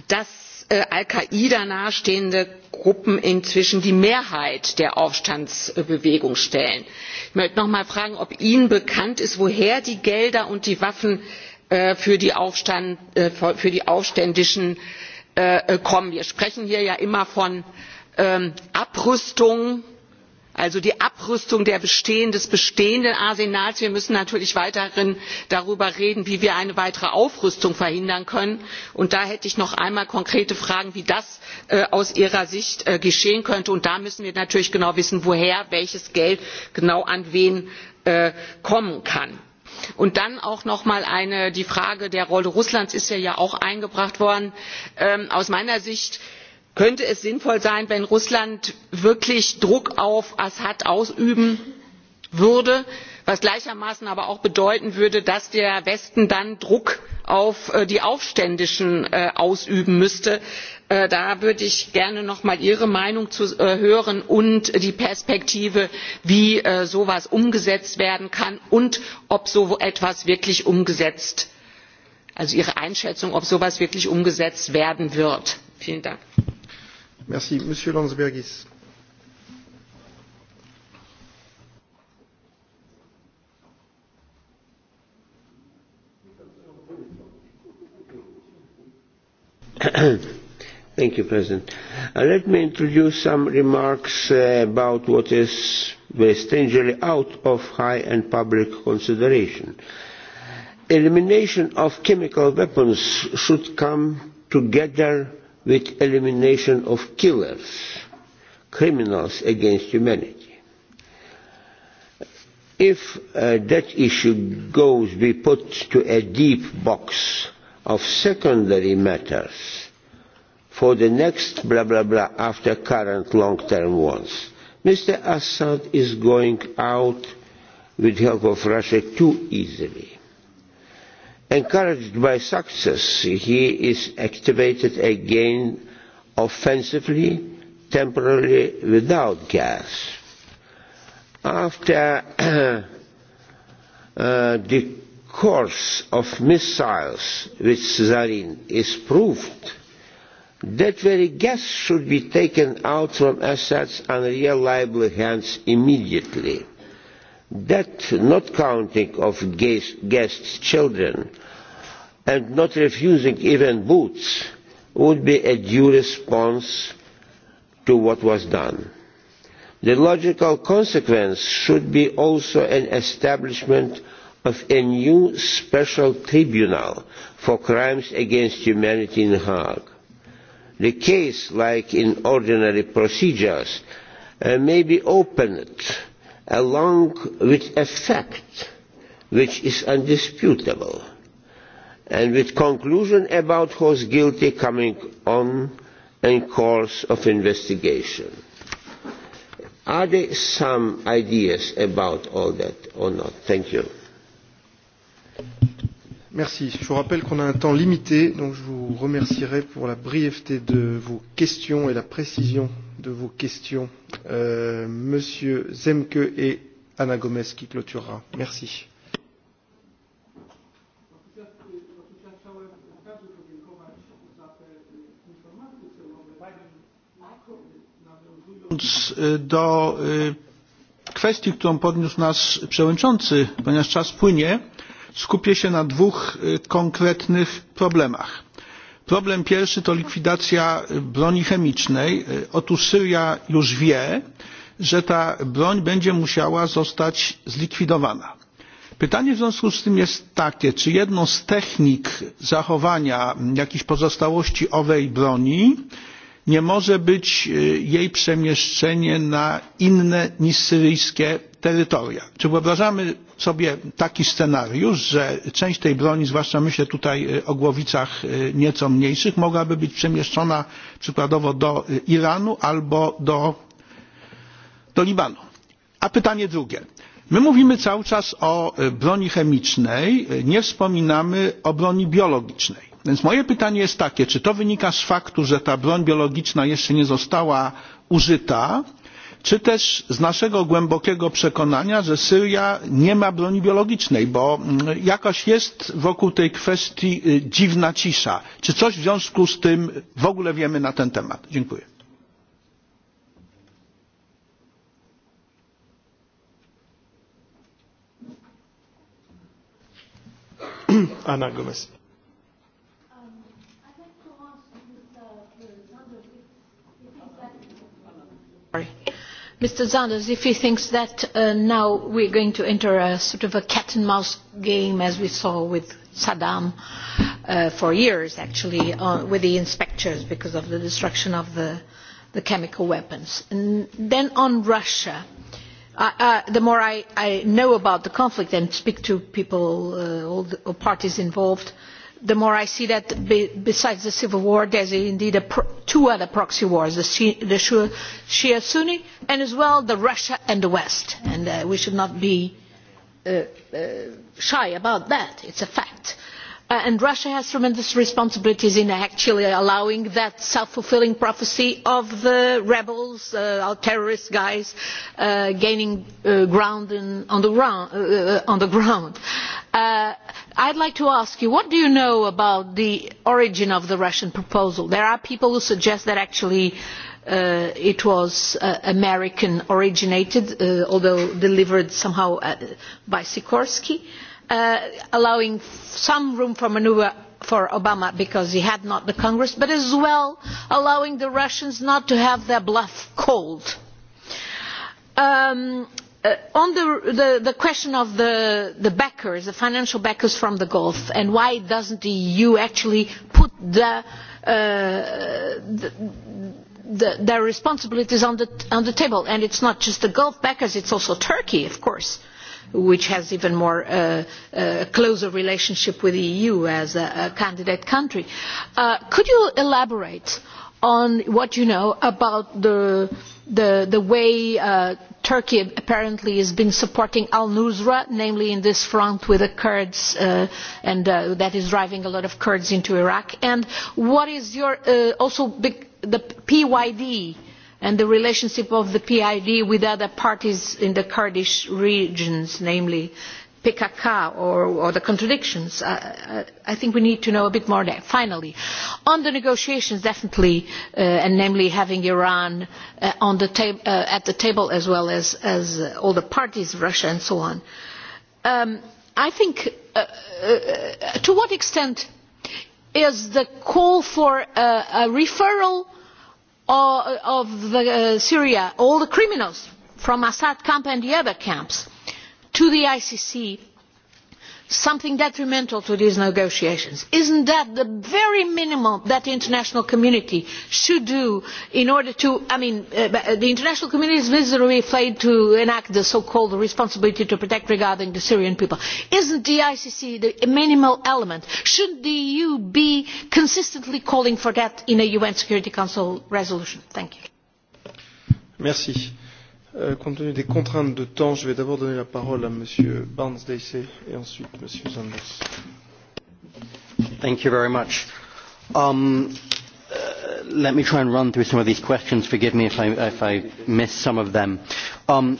dass al qaida nahestehende gruppen inzwischen die mehrheit der aufstandsbewegung stellen. ich möchte noch einmal fragen ob ihnen bekannt ist woher die gelder und die waffen für die aufständischen kommen. wir sprechen hier ja immer von abrüstung also die abrüstung des bestehenden arsenals wir müssen natürlich weiterhin darüber reden wie wir eine weitere aufrüstung verhindern können und da hätte ich noch einmal konkrete fragen wie das aus ihrer sicht geschehen könnte und da müssen wir natürlich genau wissen woher welches geld genau an wen kommen kann. und dann auch noch mal die frage der rolle russlands ist ja auch eingebracht worden aus meiner sicht könnte es sinnvoll sein wenn russland wirklich druck auf assad ausüben würde was gleichermaßen aber auch bedeuten würde dass der westen dann druck auf die aufständischen ausüben müsste. da würde ich gerne noch mal ihre meinung zu hören und die perspektive wie so etwas umgesetzt werden kann und ob so etwas wirklich umgesetzt also ihre einschätzung ob so etwas wirklich umgesetzt werden wird. vielen dank. Monsieur Landsbergis. Thank you, President. Uh, let me introduce some remarks uh, about what is very strangely out of high-end public consideration. Elimination of chemical weapons should come together with elimination of killers, criminals against humanity. If uh, that issue goes be put to a deep box of secondary matters for the next blah blah blah after current long term ones, Mr. Assad is going out with the help of Russia too easily Encouraged by success, he is activated again offensively, temporarily without gas. After uh, the course of missiles with Cesarin is proved, that very gas should be taken out from Assad's unreliable hands immediately That not counting of guests' children and not refusing even boots would be a due response to what was done. The logical consequence should be also an establishment of a new special tribunal for crimes against humanity in Hague. The case, like in ordinary procedures, may be opened along with a fact which is undisputable and with conclusion about who's guilty coming on in course of investigation. Are there some ideas about all that or not? Thank you. Merci. Je vous rappelle qu'on a un temps limité, donc je vous remercierai pour la brièveté de vos questions et la précision de vos questions. Euh, Monsieur Zemke et Anna Gomez qui clôturera. Merci. do kwestii, którą podniósł nasz przewodniczący, ponieważ czas płynie skupię się na dwóch konkretnych problemach. Problem pierwszy to likwidacja broni chemicznej. Otóż Syria już wie, że ta broń będzie musiała zostać zlikwidowana. Pytanie w związku z tym jest takie, czy jedną z technik zachowania jakichś pozostałości owej broni nie może być jej przemieszczenie na inne niż syryjskie terytoria. Czy wyobrażamy sobie taki scenariusz, że część tej broni, zwłaszcza myślę tutaj o głowicach nieco mniejszych, mogłaby być przemieszczona przykładowo do Iranu albo do, do Libanu. A pytanie drugie. My mówimy cały czas o broni chemicznej, nie wspominamy o broni biologicznej. Więc moje pytanie jest takie, czy to wynika z faktu, że ta broń biologiczna jeszcze nie została użyta, czy też z naszego głębokiego przekonania że syria nie ma broni biologicznej bo jakoś jest wokół tej kwestii dziwna cisza. czy coś w związku z tym w ogóle wiemy na ten temat? dziękuję. Mr. Zanders, if he thinks that now we are going to enter a sort of a cat and mouse game, as we saw with Saddam for years, actually, with the inspectors because of the destruction of the, chemical weapons. then on Russia, I, uh, the more I, know about the conflict and speak to people, uh, all the parties involved, the more i see that besides the civil war there are indeed two other proxy wars the shia sunni and as well the russia and the west and we should not be shy about that it is a fact. russia has tremendous responsibilities in actually allowing that self fulfilling prophecy of the rebels our terrorist guys gaining ground on the ground i would like to ask you what do you know about the origin of the russian proposal? there are people who suggest that actually it was american originated although delivered somehow by sikorsky allowing some room for manoeuvre for obama because he had not the congress but as well allowing the russians not to have their bluff called on the question of the backers the financial backers from the gulf and why does the eu actually put their responsibilities on the table and it is not just the gulf backers it is also turkey of course which has an even more closer relationship with the eu as a candidate country. could you elaborate on what you know about the way turkey apparently has been supporting al nusra namely in this front with the kurds and that is driving a lot of kurds into iraq and what is your also the pyd and the relationship of the pyd with other parties in the kurdish regions namely PKK or, the contradictions. I think we need to know a bit more there. Finally, on the negotiations, definitely, and namely having Iran at the table as well as, all the parties, Russia and so on. I think to what extent is the call for a referral of Syria, all the criminals from Assad camp and the other camps, to the icc something detrimental to these negotiations? is that not the very minimum that the international community should do in order to i mean the international community is miserably failed to enact the so called responsibility to protect regarding the syrian people. is not the icc the minimal element? should the eu be consistently calling for that in a un security council resolution? compte tenu des contraintes de temps, je vais d'abord donner la parole à Monsieur Barnes Daisy et ensuite Monsieur Sanders. Thank you very much. Um, uh, let me try and run through some of these questions. Forgive me if I, if I miss some of them. Um,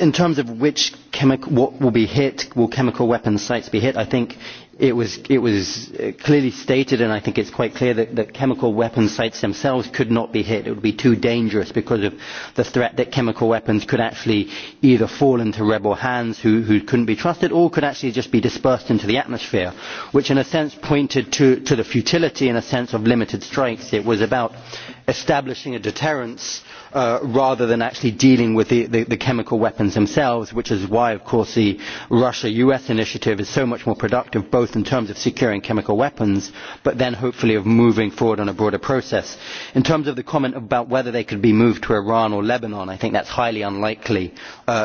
in terms of which chemical, what will be hit, will chemical weapons sites be hit? I think it was, it was clearly stated, and I think it's quite clear, that, that chemical weapon sites themselves could not be hit. It would be too dangerous because of the threat that chemical weapons could actually either fall into rebel hands who, who couldn't be trusted or could actually just be dispersed into the atmosphere, which in a sense pointed to, to the futility, in a sense, of limited strikes. It was about establishing a deterrence rather than actually dealing with the, chemical weapons themselves, which is why, of course, the Russia-US initiative is so much more productive, both in terms of securing chemical weapons, but then hopefully of moving forward on a broader process. In terms of the comment about whether they could be moved to Iran or Lebanon, I think that is highly unlikely.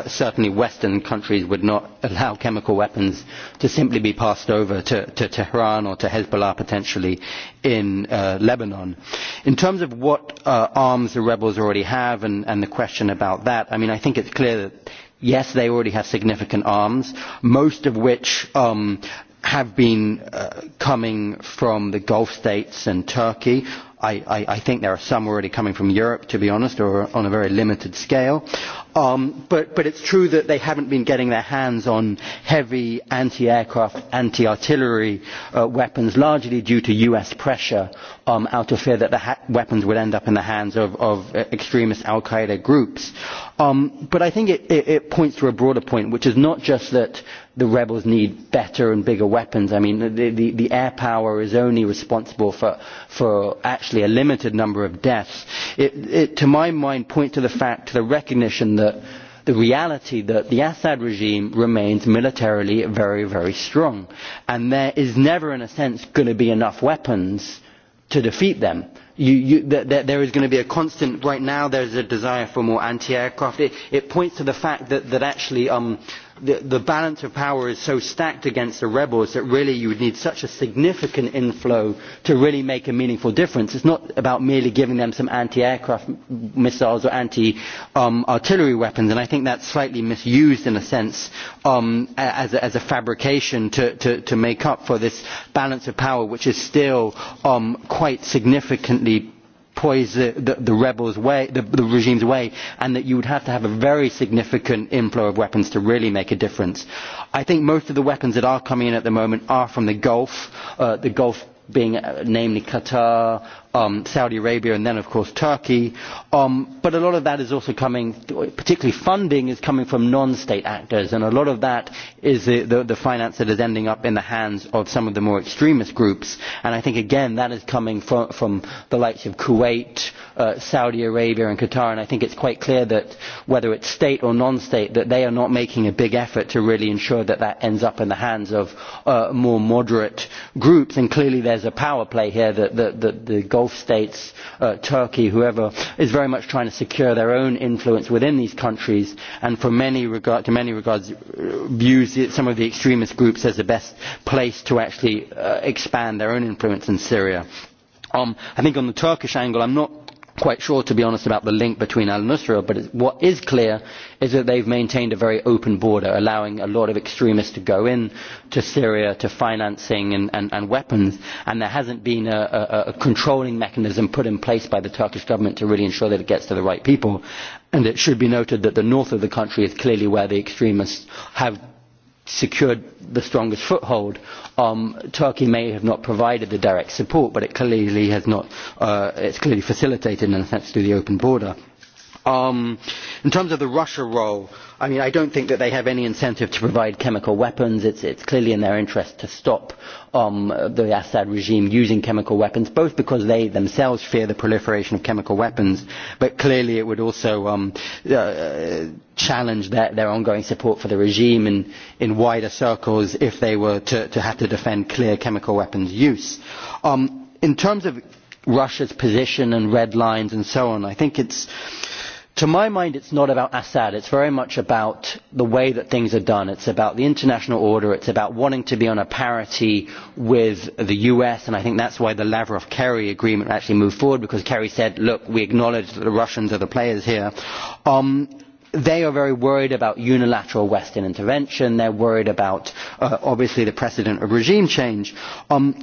certainly Western countries would not allow chemical weapons to simply be passed over to, Tehran or to Hezbollah potentially in Lebanon. In terms of what arms the rebels already have, have and, and the question about that, I mean, I think it's clear that, yes, they already have significant arms, most of which um, have been uh, coming from the Gulf states and Turkey I, I, I think there are some already coming from Europe, to be honest, or on a very limited scale. Um, but, but it's true that they haven't been getting their hands on heavy anti-aircraft, anti-artillery uh, weapons, largely due to US pressure um, out of fear that the ha- weapons would end up in the hands of, of extremist Al-Qaeda groups. Um, but I think it, it, it points to a broader point, which is not just that the rebels need better and bigger weapons. I mean, the, the, the air power is only responsible for, for actually a limited number of deaths. It, it, to my mind, points to the fact, to the recognition that the reality that the Assad regime remains militarily very, very strong. And there is never, in a sense, going to be enough weapons to defeat them. You, you, th- th- there is going to be a constant, right now there's a desire for more anti-aircraft. It, it points to the fact that, that actually um, the, balance of power is so stacked against the rebels that really you would need such a significant inflow to really make a meaningful difference. It is not about merely giving them some anti-aircraft missiles or anti-artillery weapons, and I think that is slightly misused in a sense um, as, a, as a fabrication to, to, to make up for this balance of power, which is still um, quite significantly poise the, the, rebels' way, the, the regime's way, and that you would have to have a very significant inflow of weapons to really make a difference. I think most of the weapons that are coming in at the moment are from the Gulf, uh, the Gulf being uh, namely Qatar, Saudi Arabia and then of course Turkey. but a lot of that is also coming, particularly funding is coming from non-state actors and a lot of that is the, finance that is ending up in the hands of some of the more extremist groups and I think again that is coming from, from the likes of Kuwait, Saudi Arabia and Qatar and I think it is quite clear that whether it is state or non-state that they are not making a big effort to really ensure that that ends up in the hands of more moderate groups and clearly is a power play here that the Gulf states, Turkey, whoever, is very much trying to secure their own influence within these countries and for many regard, to many regards views some of the extremist groups as the best place to actually expand their own influence in Syria. I think on the Turkish angle, I am not quite sure, to be honest, about the link between al Nusra, but what is clear is that they've maintained a very open border, allowing a lot of extremists to go in to Syria, to financing and, and, and weapons, and there hasn't been a, a, a controlling mechanism put in place by the Turkish government to really ensure that it gets to the right people. And it should be noted that the north of the country is clearly where the extremists have secured the strongest foothold. um Turkey may have not provided the direct support, but it clearly has not, uh, it's clearly facilitated in a sense through the open border. Um in terms of the Russia role, I mean, I don't think that they have any incentive to provide chemical weapons. It's, it's clearly in their interest to stop um, the Assad regime using chemical weapons, both because they themselves fear the proliferation of chemical weapons, but clearly it would also um, uh, challenge their, their ongoing support for the regime in, in wider circles if they were to, to have to defend clear chemical weapons use. Um, in terms of Russia's position and red lines and so on, I think it's to my mind it is not about assad it is very much about the way that things are done it is about the international order it is about wanting to be on a parity with the us and i think that is why the lavrov kerry agreement actually moved forward because kerry said look we acknowledge that the russians are the players here. they are very worried about unilateral western intervention they are worried about obviously the precedent of regime change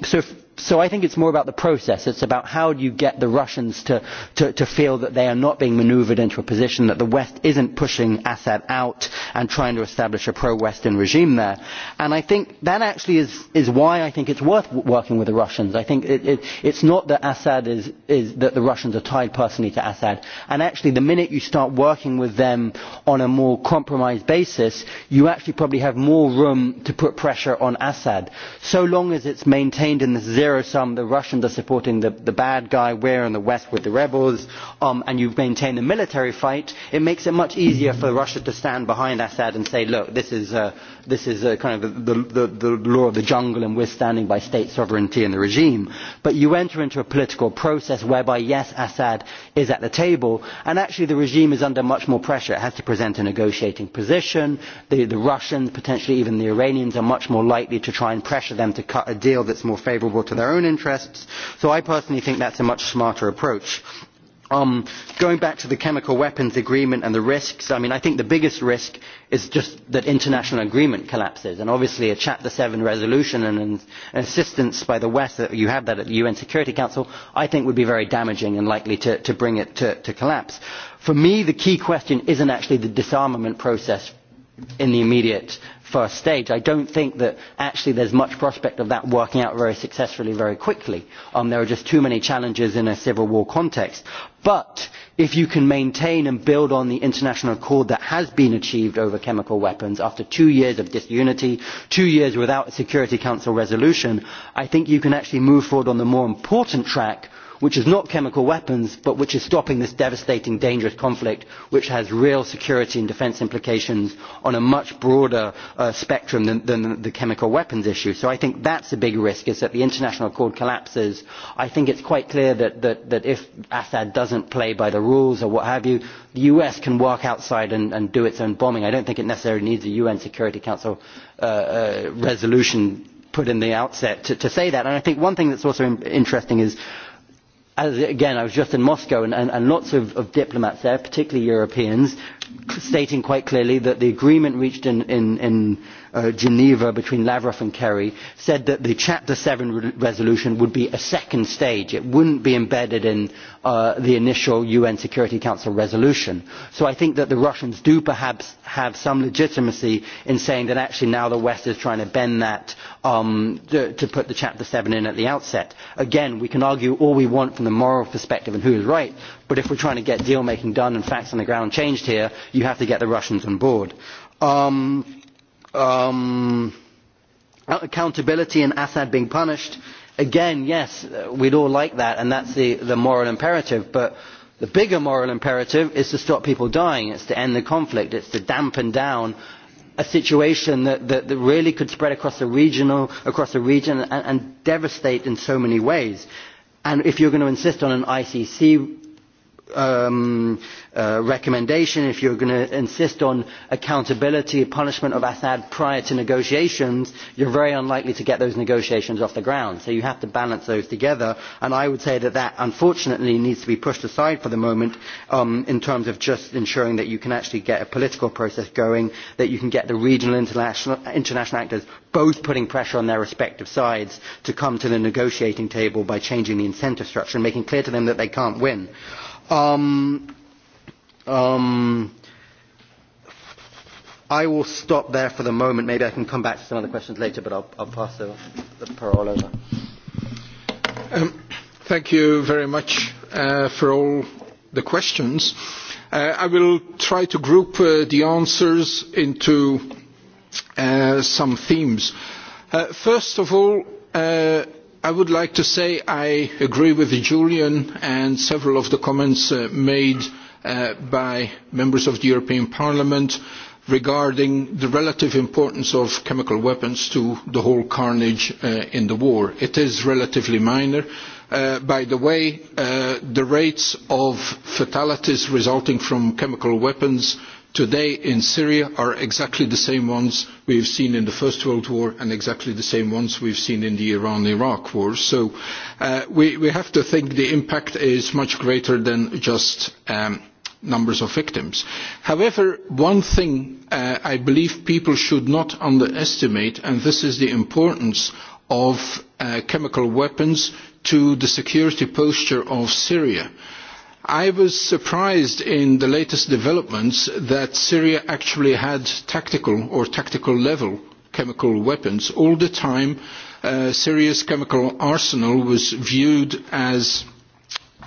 so so i think it is more about the process it is about how you get the russians to feel that they are not being manoeuvred into a position that the west is not pushing assad out and trying to establish a pro western regime there. i think that actually is why i think it is worth working with the russians. i think it is not that the russians are tied personally to assad and actually the minute you start working with them on a more compromised basis you actually probably have more room to put pressure on assad so long as it is maintained in this there are some, the Russians are supporting the, the bad guy, we're in the West with the rebels, um, and you maintain a military fight, it makes it much easier for Russia to stand behind Assad and say, look, this is, uh, this is uh, kind of the, the, the law of the jungle and we're standing by state sovereignty and the regime. But you enter into a political process whereby, yes, Assad is at the table, and actually the regime is under much more pressure. It has to present a negotiating position. The, the Russians, potentially even the Iranians, are much more likely to try and pressure them to cut a deal that's more favourable to their own interests so i personally think that is a much smarter approach. going back to the chemical weapons agreement and the risks i think the biggest risk is just that international agreement collapses and obviously a chapter seven resolution and an assistance by the west that you have that at the un security council i think would be very damaging and likely to bring it to collapse. for me the key question is not actually the disarmament process in the immediate first stage, I don't think that actually there's much prospect of that working out very successfully very quickly. Um, there are just too many challenges in a civil war context. But if you can maintain and build on the international accord that has been achieved over chemical weapons after two years of disunity, two years without a Security Council resolution, I think you can actually move forward on the more important track which is not chemical weapons but which is stopping this devastating dangerous conflict which has real security and defence implications on a much broader spectrum than the chemical weapons issue. so i think that is a big risk that the international accord collapses. i think it is quite clear that if assad does not play by the rules or what have you the us can work outside and do its own bombing. i do not think it necessarily needs a un security council resolution put in the outset to say that. i think one thing that is also interesting is as again, I was just in Moscow and, and, and lots of, of diplomats there, particularly Europeans, stating quite clearly that the agreement reached in, in, in Geneva between Lavrov and Kerry said that the Chapter seven resolution would be a second stage. It would not be embedded in the initial UN Security Council resolution. So I think that the Russians do perhaps have some legitimacy in saying that actually now the West is trying to bend that to, put the Chapter seven in at the outset. Again, we can argue all we want from the moral perspective and who is right, but if we are trying to get deal making done and facts on the ground changed here, you have to get the Russians on board. Um, um, accountability and Assad being punished. Again, yes, we'd all like that, and that's the, the moral imperative. But the bigger moral imperative is to stop people dying. It's to end the conflict. It's to dampen down a situation that, that, that really could spread across the, regional, across region and, and devastate in so many ways. And if you're going to insist on an ICC um, uh, recommendation, if you're going to insist on accountability, punishment of Assad prior to negotiations, you're very unlikely to get those negotiations off the ground. So you have to balance those together. And I would say that that, unfortunately, needs to be pushed aside for the moment um, in terms of just ensuring that you can actually get a political process going, that you can get the regional international, international actors both putting pressure on their respective sides to come to the negotiating table by changing the incentive structure and making clear to them that they can't win Um, um, I will stop there for the moment. Maybe I can come back to some other questions later, but I'll, I'll pass the, the parole over. Um, thank you very much uh, for all the questions. Uh, I will try to group uh, the answers into uh, some themes. Uh, first of all, uh, I would like to say I agree with Julian and several of the comments made by members of the European Parliament regarding the relative importance of chemical weapons to the whole carnage in the war. It is relatively minor. by the way, the rates of fatalities resulting from chemical weapons today in Syria are exactly the same ones we have seen in the First World War and exactly the same ones we have seen in the Iran-Iraq war. So we, have to think the impact is much greater than just numbers of victims. However, one thing I believe people should not underestimate, and this is the importance of chemical weapons to the security posture of Syria. I was surprised in the latest developments that Syria actually had tactical or tactical level chemical weapons. All the time, Syria's chemical arsenal was viewed as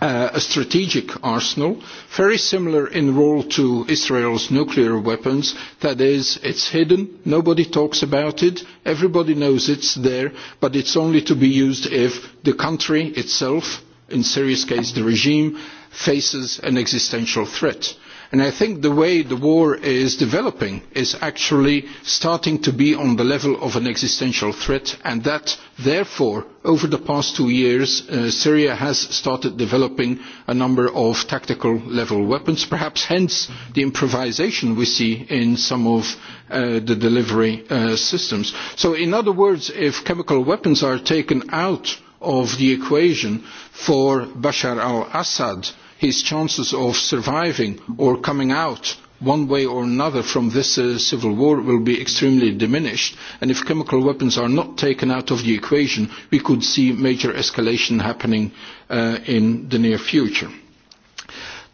a strategic arsenal, very similar in role to Israel's nuclear weapons. That is, it's hidden, nobody talks about it, everybody knows it's there, but it's only to be used if the country itself, in Syria's case the regime, faces an existential threat. And I think the way the war is developing is actually starting to be on the level of an existential threat, and that, therefore, over the past two years, Syria has started developing a number of tactical level weapons, perhaps hence the improvisation we see in some of the delivery systems. So, in other words, if chemical weapons are taken out of the equation for Bashar al-Assad, his chances of surviving or coming out one way or another from this civil war will be extremely diminished. And if chemical weapons are not taken out of the equation, we could see major escalation happening in the near future.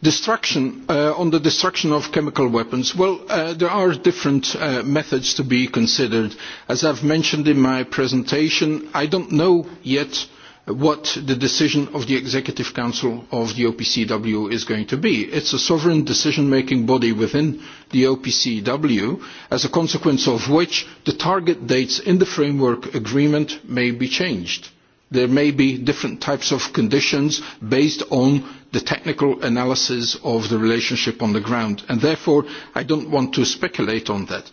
Destruction, on the destruction of chemical weapons, well, there are different methods to be considered. As I have mentioned in my presentation, I do not know yet what the decision of the Executive Council of the OPCW is going to be. It's a sovereign decision-making body within the OPCW, as a consequence of which the target dates in the framework agreement may be changed. There may be different types of conditions based on the technical analysis of the relationship on the ground, and therefore I don't want to speculate on that.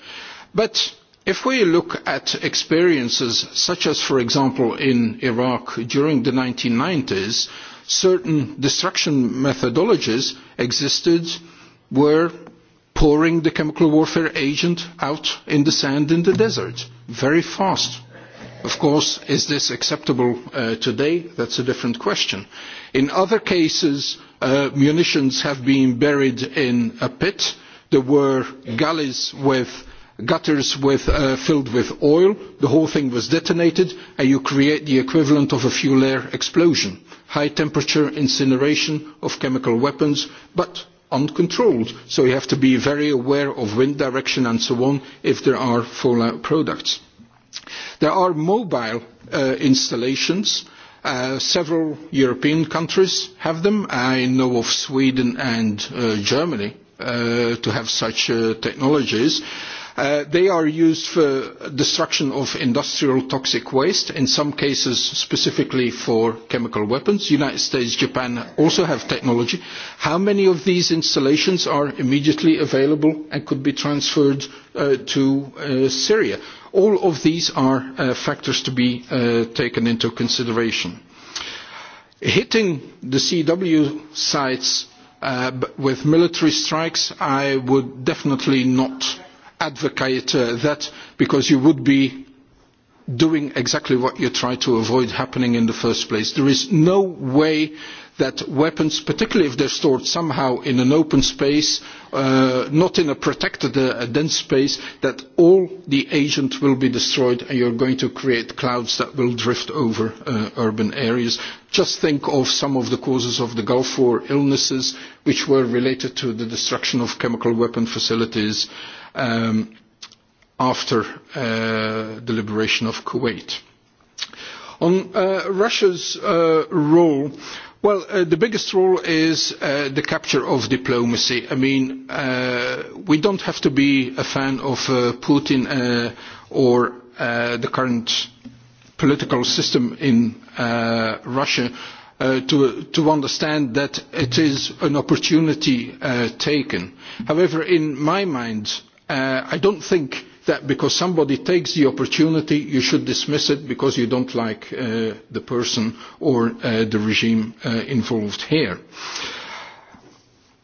But If we look at experiences such as, for example, in Iraq during the 1990s, certain destruction methodologies existed were pouring the chemical warfare agent out in the sand in the desert very fast. Of course, is this acceptable uh, today? That's a different question. In other cases, uh, munitions have been buried in a pit. There were galleys with gutters filled with oil, the whole thing was detonated, and you create the equivalent of a fuel air explosion. High temperature incineration of chemical weapons, but uncontrolled. So you have to be very aware of wind direction and so on if there are fallout products. There are mobile installations. several European countries have them. I know of Sweden and Germany to have such technologies they are used for destruction of industrial toxic waste, in some cases specifically for chemical weapons. United States, Japan also have technology. How many of these installations are immediately available and could be transferred to Syria? All of these are factors to be taken into consideration. Hitting the CW sites with military strikes, I would definitely not advocate that because you would be doing exactly what you try to avoid happening in the first place. There is no way that weapons, particularly if they are stored somehow in an open space, not in a protected, uh, dense space, that all the agent will be destroyed and you are going to create clouds that will drift over urban areas. Just think of some of the causes of the Gulf War illnesses which were related to the destruction of chemical weapon facilities. Um, after the liberation of Kuwait. On Russia's role, well, the biggest role is the capture of diplomacy. I mean, we don't have to be a fan of Putin or the current political system in Russia to understand that it is an opportunity taken. However, in my mind, I don't think that because somebody takes the opportunity, you should dismiss it because you don't like uh, the person or uh, the regime uh, involved here.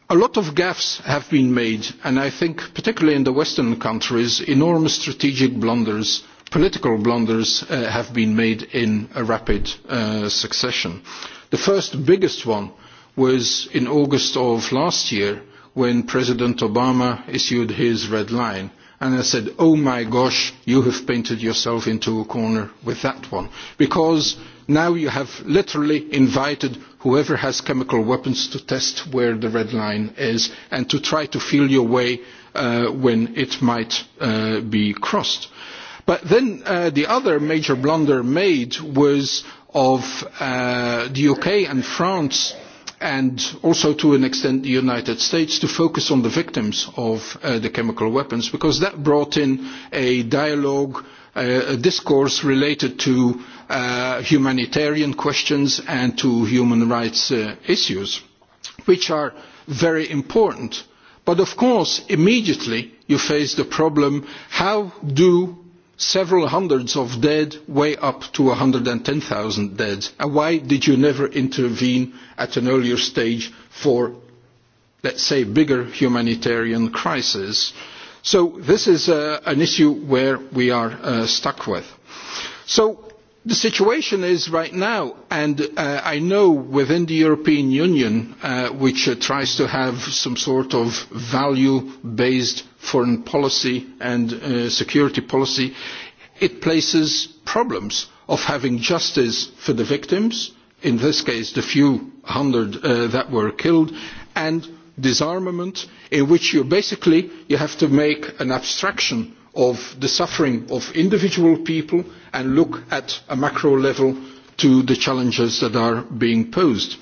A lot of gaffes have been made, and I think particularly in the Western countries, enormous strategic blunders, political blunders uh, have been made in a rapid uh, succession. The first biggest one was in August of last year when President Obama issued his red line And I said, oh my gosh, you have painted yourself into a corner with that one. Because now you have literally invited whoever has chemical weapons to test where the red line is and to try to feel your way when it might be crossed. But then the other major blunder made was of the UK and France and also to an extent the United States to focus on the victims of the chemical weapons because that brought in a dialogue, a discourse related to humanitarian questions and to human rights issues, which are very important. But of course, immediately you face the problem, how do several hundreds of dead way up to one hundred and ten 110,000 dead? And why did you never intervene at an earlier stage for, let's say, bigger humanitarian crisis? So this is an issue where we are stuck with. So The situation is right now, and I know within the European Union, which tries to have some sort of value-based foreign policy and security policy, it places problems of having justice for the victims, in this case the few hundred that were killed, and disarmament, in which you basically you have to make an abstraction of the suffering of individual people and look at a macro level to the challenges that are being posed.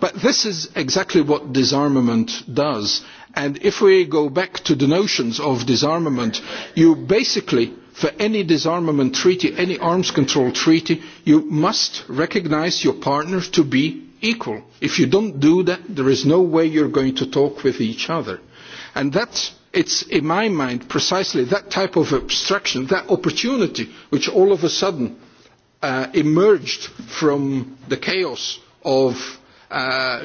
But this is exactly what disarmament does. And if we go back to the notions of disarmament, you basically, for any disarmament treaty, any arms control treaty, you must recognise your partner to be equal. If you don't do that, there is no way you are going to talk with each other. And that It is in my mind, precisely that type of obstruction, that opportunity which all of a sudden emerged from the chaos of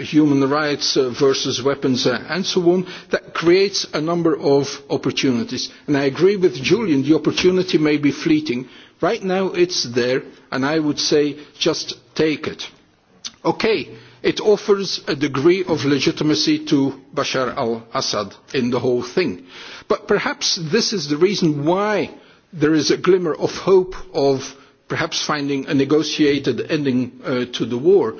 human rights versus weapons and so on, that creates a number of opportunities. And I agree with Julian, the opportunity may be fleeting. Right now it is there, and I would say just take it. Okay, It offers a degree of legitimacy to Bashar al-Assad in the whole thing. But perhaps this is the reason why there is a glimmer of hope of perhaps finding a negotiated ending to the war.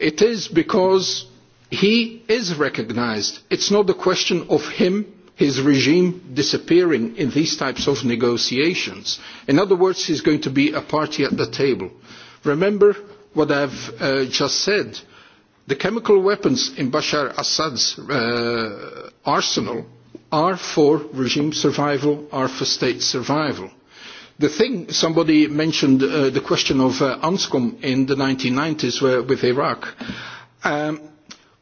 It is because he is recognised. It is not a question of him, his regime disappearing in these types of negotiations. In other words, he is going to be a party at the table. Remember what I have just said The chemical weapons in Bashar Assad's uh, arsenal are for regime survival, are for state survival. The thing, somebody mentioned uh, the question of uh, ANSCOM in the 1990s where, with Iraq. Um,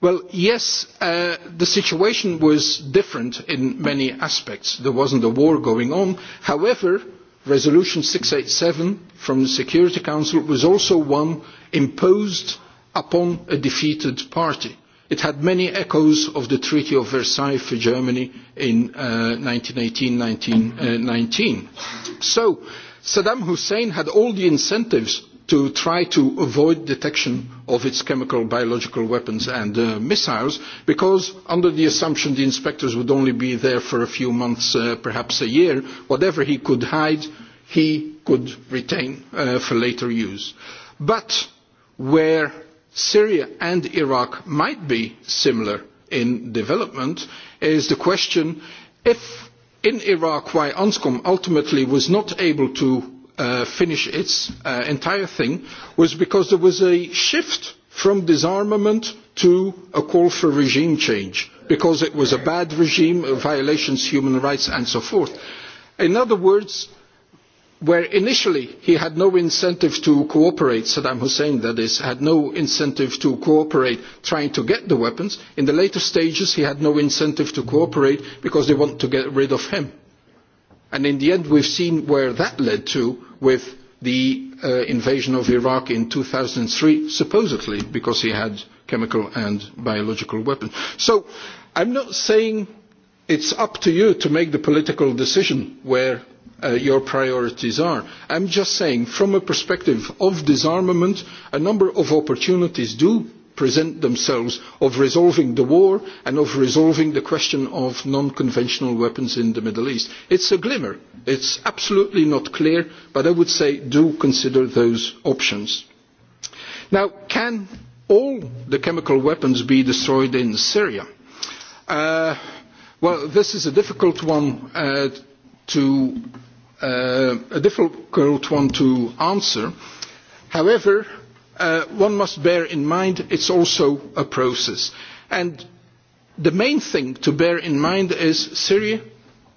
well, yes, uh, the situation was different in many aspects. There wasn't a war going on. However, Resolution 687 from the Security Council was also one imposed upon a defeated party. It had many echoes of the Treaty of Versailles for Germany in eighteen 1919 So Saddam Hussein had all the incentives to try to avoid detection of its chemical, biological weapons and uh, missiles, because under the assumption the inspectors would only be there for a few months, uh, perhaps a year, whatever he could hide, he could retain uh, for later use. But where Syria and Iraq might be similar in development is the question if in Iraq why ONSCOM ultimately was not able to finish its entire thing was because there was a shift from disarmament to a call for regime change because it was a bad regime, violations of human rights and so forth. In other words, where initially he had no incentive to cooperate, Saddam Hussein that is, had no incentive to cooperate trying to get the weapons, in the later stages he had no incentive to cooperate because they want to get rid of him. And in the end we have seen where that led to with the invasion of Iraq in two thousand three, supposedly because he had chemical and biological weapons. So I am not saying it is up to you to make the political decision where your priorities are. I am just saying, from a perspective of disarmament, a number of opportunities do present themselves of resolving the war and of resolving the question of non-conventional weapons in the Middle East. It's a glimmer. It's absolutely not clear, but I would say do consider those options. Now, can all the chemical weapons be destroyed in Syria? well, this is a difficult one to a difficult one to answer. However, one must bear in mind it is also a process. And the main thing to bear in mind is Syria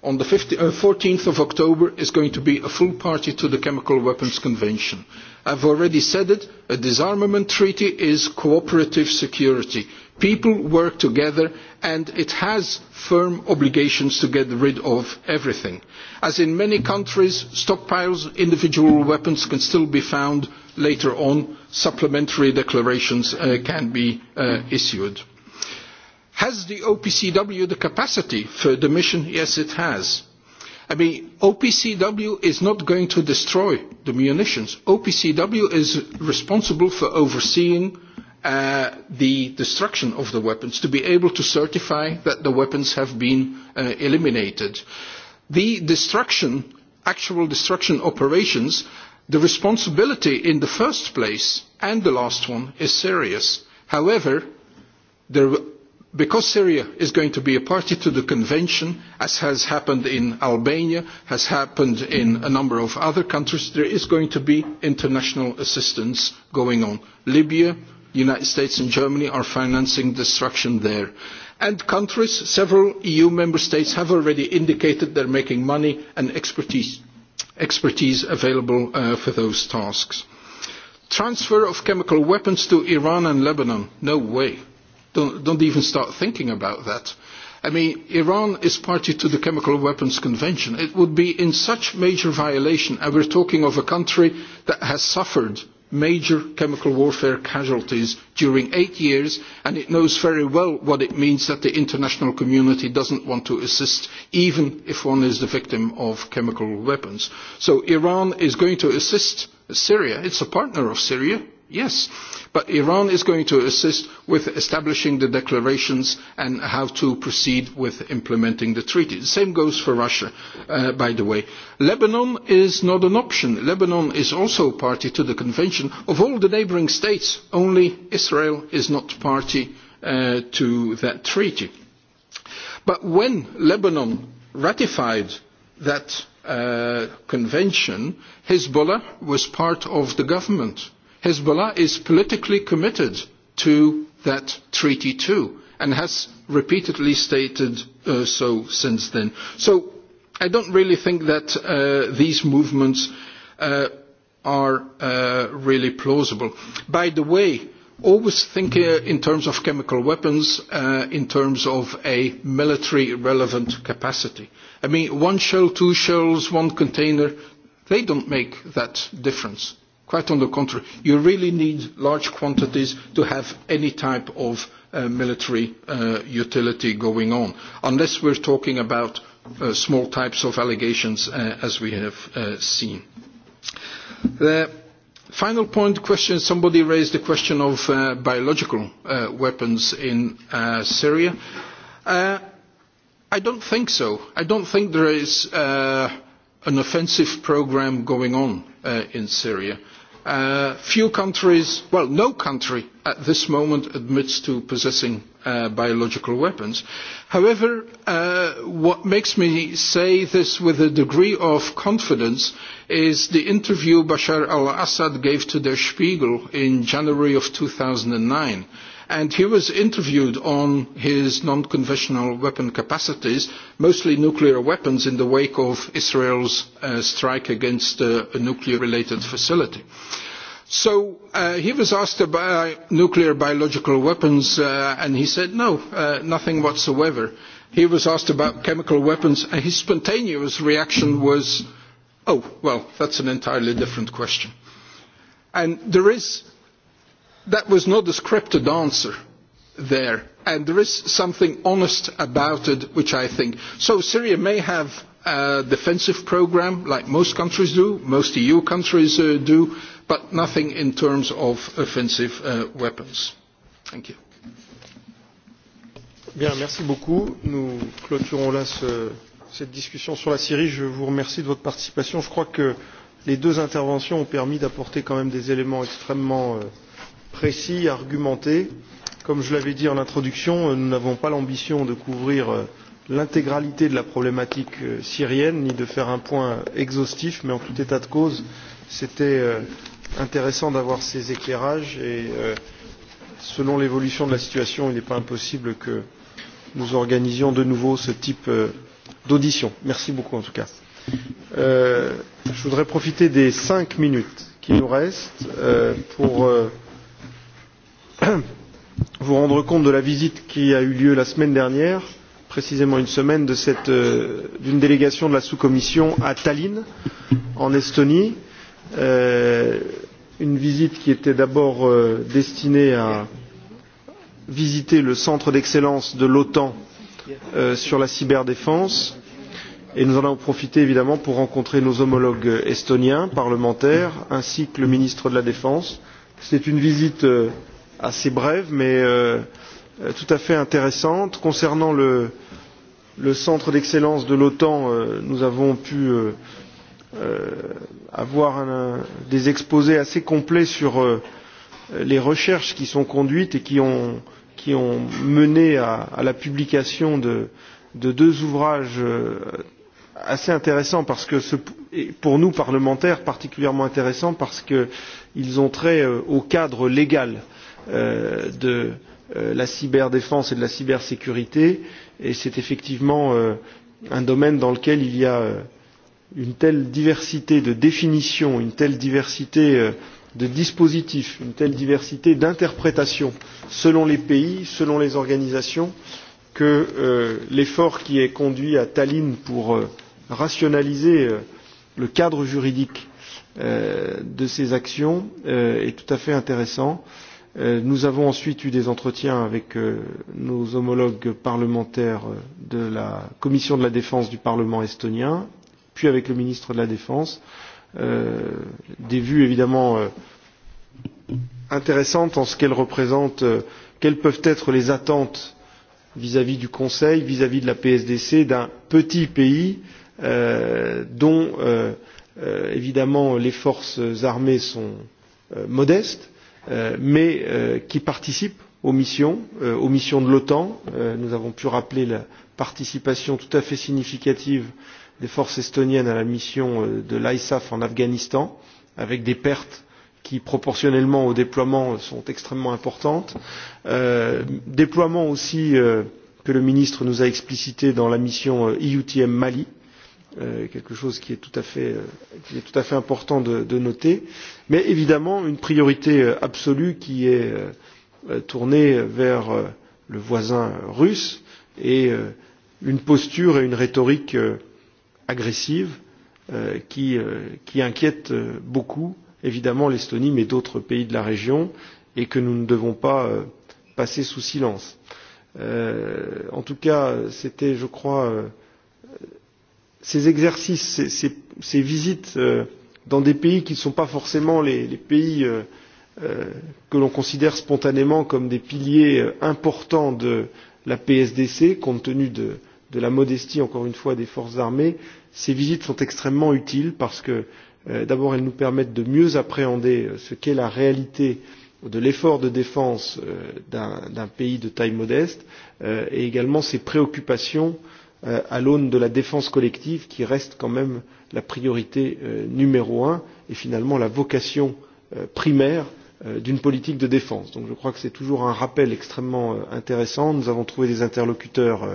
on the 15, uh, 14th of October is going to be a full party to the Chemical Weapons Convention. I have already said it, a disarmament treaty is cooperative security people work together and it has firm obligations to get rid of everything. as in many countries stockpiles of individual weapons can still be found later on supplementary declarations can be issued. has the opcw the capacity for the mission? yes it has. I mean, OPCW is not going to destroy the munitions. OPCW is responsible for overseeing the destruction of the weapons, to be able to certify that the weapons have been eliminated. The destruction, actual destruction operations, the responsibility in the first place and the last one is serious. However, because Syria is going to be a party to the convention, as has happened in Albania, has happened in a number of other countries, there is going to be international assistance going on. Libya, United States and Germany are financing destruction there. And countries, several EU member states have already indicated they are making money and expertise, available for those tasks. Transfer of chemical weapons to Iran and Lebanon. No way. Don't, don't even start thinking about that. I mean, Iran is party to the Chemical Weapons Convention. It would be in such major violation, and we are talking of a country that has suffered major chemical warfare casualties during eight years and it knows very well what it means that the international community does not want to assist even if one is the victim of chemical weapons. So Iran is going to assist Syria. It is a partner of Syria Yes, but Iran is going to assist with establishing the declarations and how to proceed with implementing the treaty. The same goes for Russia, by the way. Lebanon is not an option. Lebanon is also party to the convention. Of all the neighbouring states, only Israel is not party to that treaty. But when Lebanon ratified that convention, Hezbollah was part of the government Hezbollah is politically committed to that treaty too, and has repeatedly stated uh, so since then. So I don't really think that uh, these movements uh, are uh, really plausible. By the way, always think uh, in terms of chemical weapons, uh, in terms of a military relevant capacity. I mean, one shell, two shells, one container, they don't make that difference Quite on the contrary, you really need large quantities to have any type of military utility going on, unless we are talking about small types of allegations as we have seen. The final point question, somebody raised the question of biological weapons in Syria. I don't think so. I don't think there is an offensive programme going on in Syria few countries, well, no country at this moment admits to possessing biological weapons. However, what makes me say this with a degree of confidence is the interview Bashar al-Assad gave to Der Spiegel in January of two thousand nine and he was interviewed on his non-conventional weapon capacities, mostly nuclear weapons in the wake of Israel's strike against a nuclear-related facility. Uh, So uh, he was asked about nuclear biological weapons, uh, and he said no, uh, nothing whatsoever. He was asked about chemical weapons, and his spontaneous reaction was, oh, well, that's an entirely different question. And there is, that was not a scripted answer there, and there is something honest about it, which I think. So Syria may have a defensive program, like most countries do, most EU countries uh, do but nothing in terms of offensive weapons. Thank you. Bien, merci beaucoup. Nous clôturons là ce, cette discussion sur la Syrie. Je vous remercie de votre participation. Je crois que les deux interventions ont permis d'apporter quand même des éléments extrêmement précis, argumentés. Comme je l'avais dit en introduction, nous n'avons pas l'ambition de couvrir l'intégralité de la problématique syrienne ni de faire un point exhaustif, mais en tout état de cause, c'était intéressant d'avoir ces éclairages et selon l'évolution de la situation, il n'est pas impossible que nous organisions de nouveau ce type d'audition. Merci beaucoup en tout cas. Euh, je voudrais profiter des cinq minutes qui nous restent euh, pour euh, vous rendre compte de la visite qui a eu lieu la semaine dernière, précisément une semaine, d'une euh, délégation de la sous-commission à Tallinn, en Estonie, euh, une visite qui était d'abord destinée à visiter le centre d'excellence de l'OTAN sur la cyberdéfense et nous en avons profité évidemment pour rencontrer nos homologues estoniens parlementaires ainsi que le ministre de la défense. c'est une visite assez brève mais tout à fait intéressante. concernant le centre d'excellence de l'otan nous avons pu avoir un, des exposés assez complets sur euh, les recherches qui sont conduites et qui ont, qui ont mené à, à la publication de, de deux ouvrages euh, assez intéressants parce que ce, et pour nous parlementaires particulièrement intéressants parce qu'ils ont trait euh, au cadre légal euh, de la cyberdéfense et de la cybersécurité et c'est effectivement euh, un domaine dans lequel il y a euh, une telle diversité de définitions, une telle diversité de dispositifs, une telle diversité d'interprétations selon les pays, selon les organisations, que l'effort qui est conduit à Tallinn pour rationaliser le cadre juridique de ces actions est tout à fait intéressant. Nous avons ensuite eu des entretiens avec nos homologues parlementaires de la Commission de la défense du Parlement estonien puis avec le ministre de la Défense. Euh, des vues évidemment euh, intéressantes en ce qu'elles représentent, euh, quelles peuvent être les attentes vis-à-vis du Conseil, vis-à-vis de la PSDC, d'un petit pays euh, dont euh, euh, évidemment les forces armées sont euh, modestes, euh, mais euh, qui participent aux missions, euh, aux missions de l'OTAN. Euh, nous avons pu rappeler la participation tout à fait significative euh, des forces estoniennes à la mission de l'ISAF en Afghanistan, avec des pertes qui proportionnellement au déploiement sont extrêmement importantes. Euh, déploiement aussi euh, que le ministre nous a explicité dans la mission EUTM Mali, quelque chose qui est tout à fait, qui est tout à fait important de, de noter, mais évidemment une priorité absolue qui est tournée vers le voisin russe et une posture et une rhétorique agressive qui, inquiète beaucoup évidemment l'Estonie mais d'autres pays de la région et que nous ne devons pas passer sous silence. en tout cas, c'était, je crois, ces exercices, ces, visites dans des pays qui ne sont pas forcément les, pays que l'on considère spontanément comme des piliers importants de la PSDC, compte tenu de, la modestie, encore une fois, des forces armées, Ces visites sont extrêmement utiles parce que d'abord elles nous permettent de mieux appréhender ce qu'est la réalité de l'effort de défense d'un pays de taille modeste et également ses préoccupations à l'aune de la défense collective qui reste quand même la priorité numéro un et finalement la vocation primaire d'une politique de défense. Donc je crois que c'est toujours un rappel extrêmement intéressant. Nous avons trouvé des interlocuteurs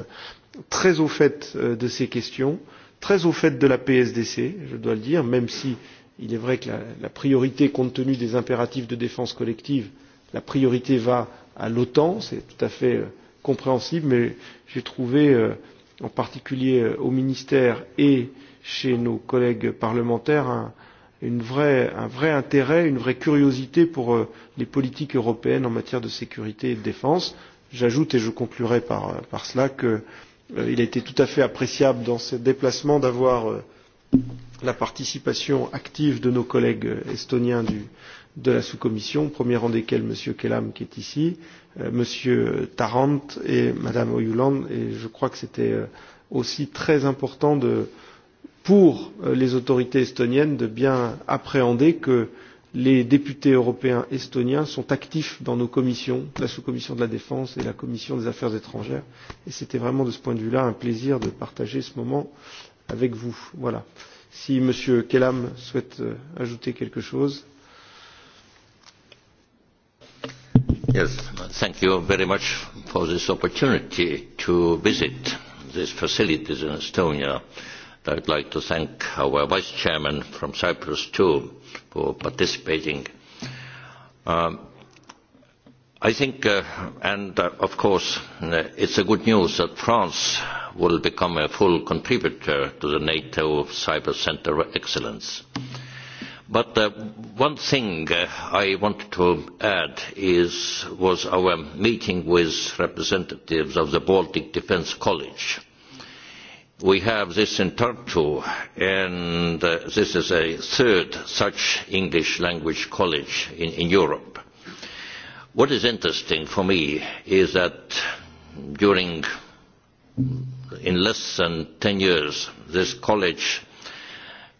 très au fait de ces questions très au fait de la PSDC, je dois le dire, même si il est vrai que la, la priorité, compte tenu des impératifs de défense collective, la priorité va à l'OTAN, c'est tout à fait euh, compréhensible, mais j'ai trouvé, euh, en particulier euh, au ministère et chez nos collègues parlementaires, un, une vraie, un vrai intérêt, une vraie curiosité pour euh, les politiques européennes en matière de sécurité et de défense. J'ajoute, et je conclurai par, par cela, que euh, il a été tout à fait appréciable dans ses déplacements d'avoir la participation active de nos collègues estoniens du, de la sous-commission, au premier rang desquels M. Kellam qui est ici, M. Tarrant et Mme Oyuland. Et je crois que c'était aussi très important de, pour les autorités estoniennes de bien appréhender que les députés européens estoniens sont actifs dans nos commissions, la sous-commission de la défense et la commission des affaires étrangères. Et c'était vraiment de ce point de vue-là un plaisir de partager ce moment avec vous. Voilà. Si M. Kellam souhaite ajouter quelque chose. Yes, thank you very much for this opportunity to visit these facilities in Estonia. I would like to thank our Vice Chairman from Cyprus too for participating. Um, I think, uh, and uh, of course, uh, it's a good news that France will become a full contributor to the NATO Cyber Centre of Excellence. But uh, one thing uh, I wanted to add is, was our meeting with representatives of the Baltic Defence College we have this in Tartu, and this is a third such English language college in, in Europe. What is interesting for me is that during, in less than 10 years, this college,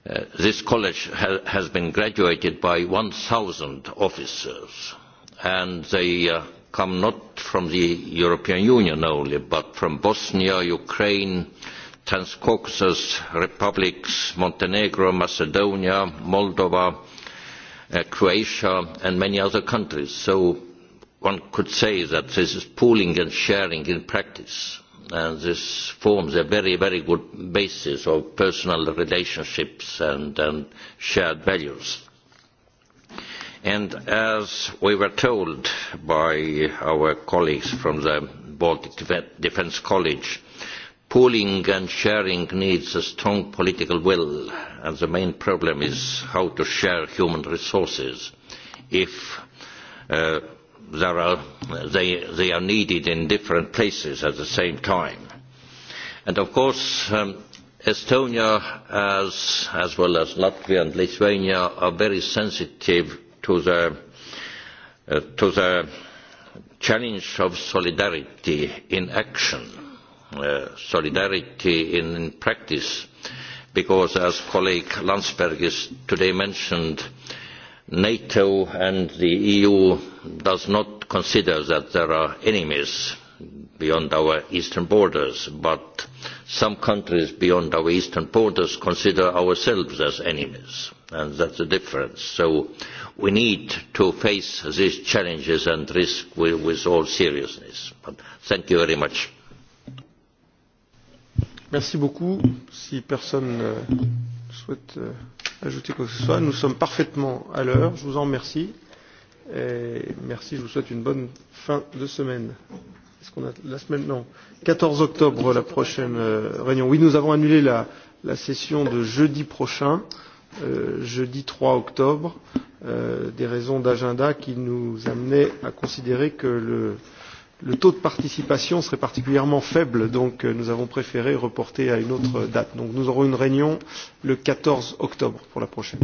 uh, this college ha has been graduated by 1,000 officers, and they uh, come not from the European Union only, but from Bosnia, Ukraine, uh, Transcaucasus republics, Montenegro, Macedonia, Moldova, Croatia, and many other countries. So one could say that this is pooling and sharing in practice. And this forms a very, very good basis of personal relationships and, and shared values. And as we were told by our colleagues from the Baltic Defence College, pooling and sharing needs a strong political will, and the main problem is how to share human resources if uh, there are, they, they are needed in different places at the same time. And of course, um, Estonia, as, as well as Latvia and Lithuania, are very sensitive to the, uh, to the challenge of solidarity in action solidarity in, practice because as colleague Landsbergis today mentioned, NATO and the EU does not consider that there are enemies beyond our eastern borders, but some countries beyond our eastern borders consider ourselves as enemies, and that's the difference. So we need to face these challenges and risks with, all seriousness. But thank you very much. Merci beaucoup. Si personne ne souhaite ajouter quoi que ce soit, nous sommes parfaitement à l'heure. Je vous en remercie. Et merci, je vous souhaite une bonne fin de semaine. Est-ce qu'on a la semaine Non. 14 octobre, la prochaine réunion. Oui, nous avons annulé la, la session de jeudi prochain, euh, jeudi 3 octobre, euh, des raisons d'agenda qui nous amenaient à considérer que le le taux de participation serait particulièrement faible, donc nous avons préféré reporter à une autre date. Donc nous aurons une réunion le 14 octobre pour la prochaine.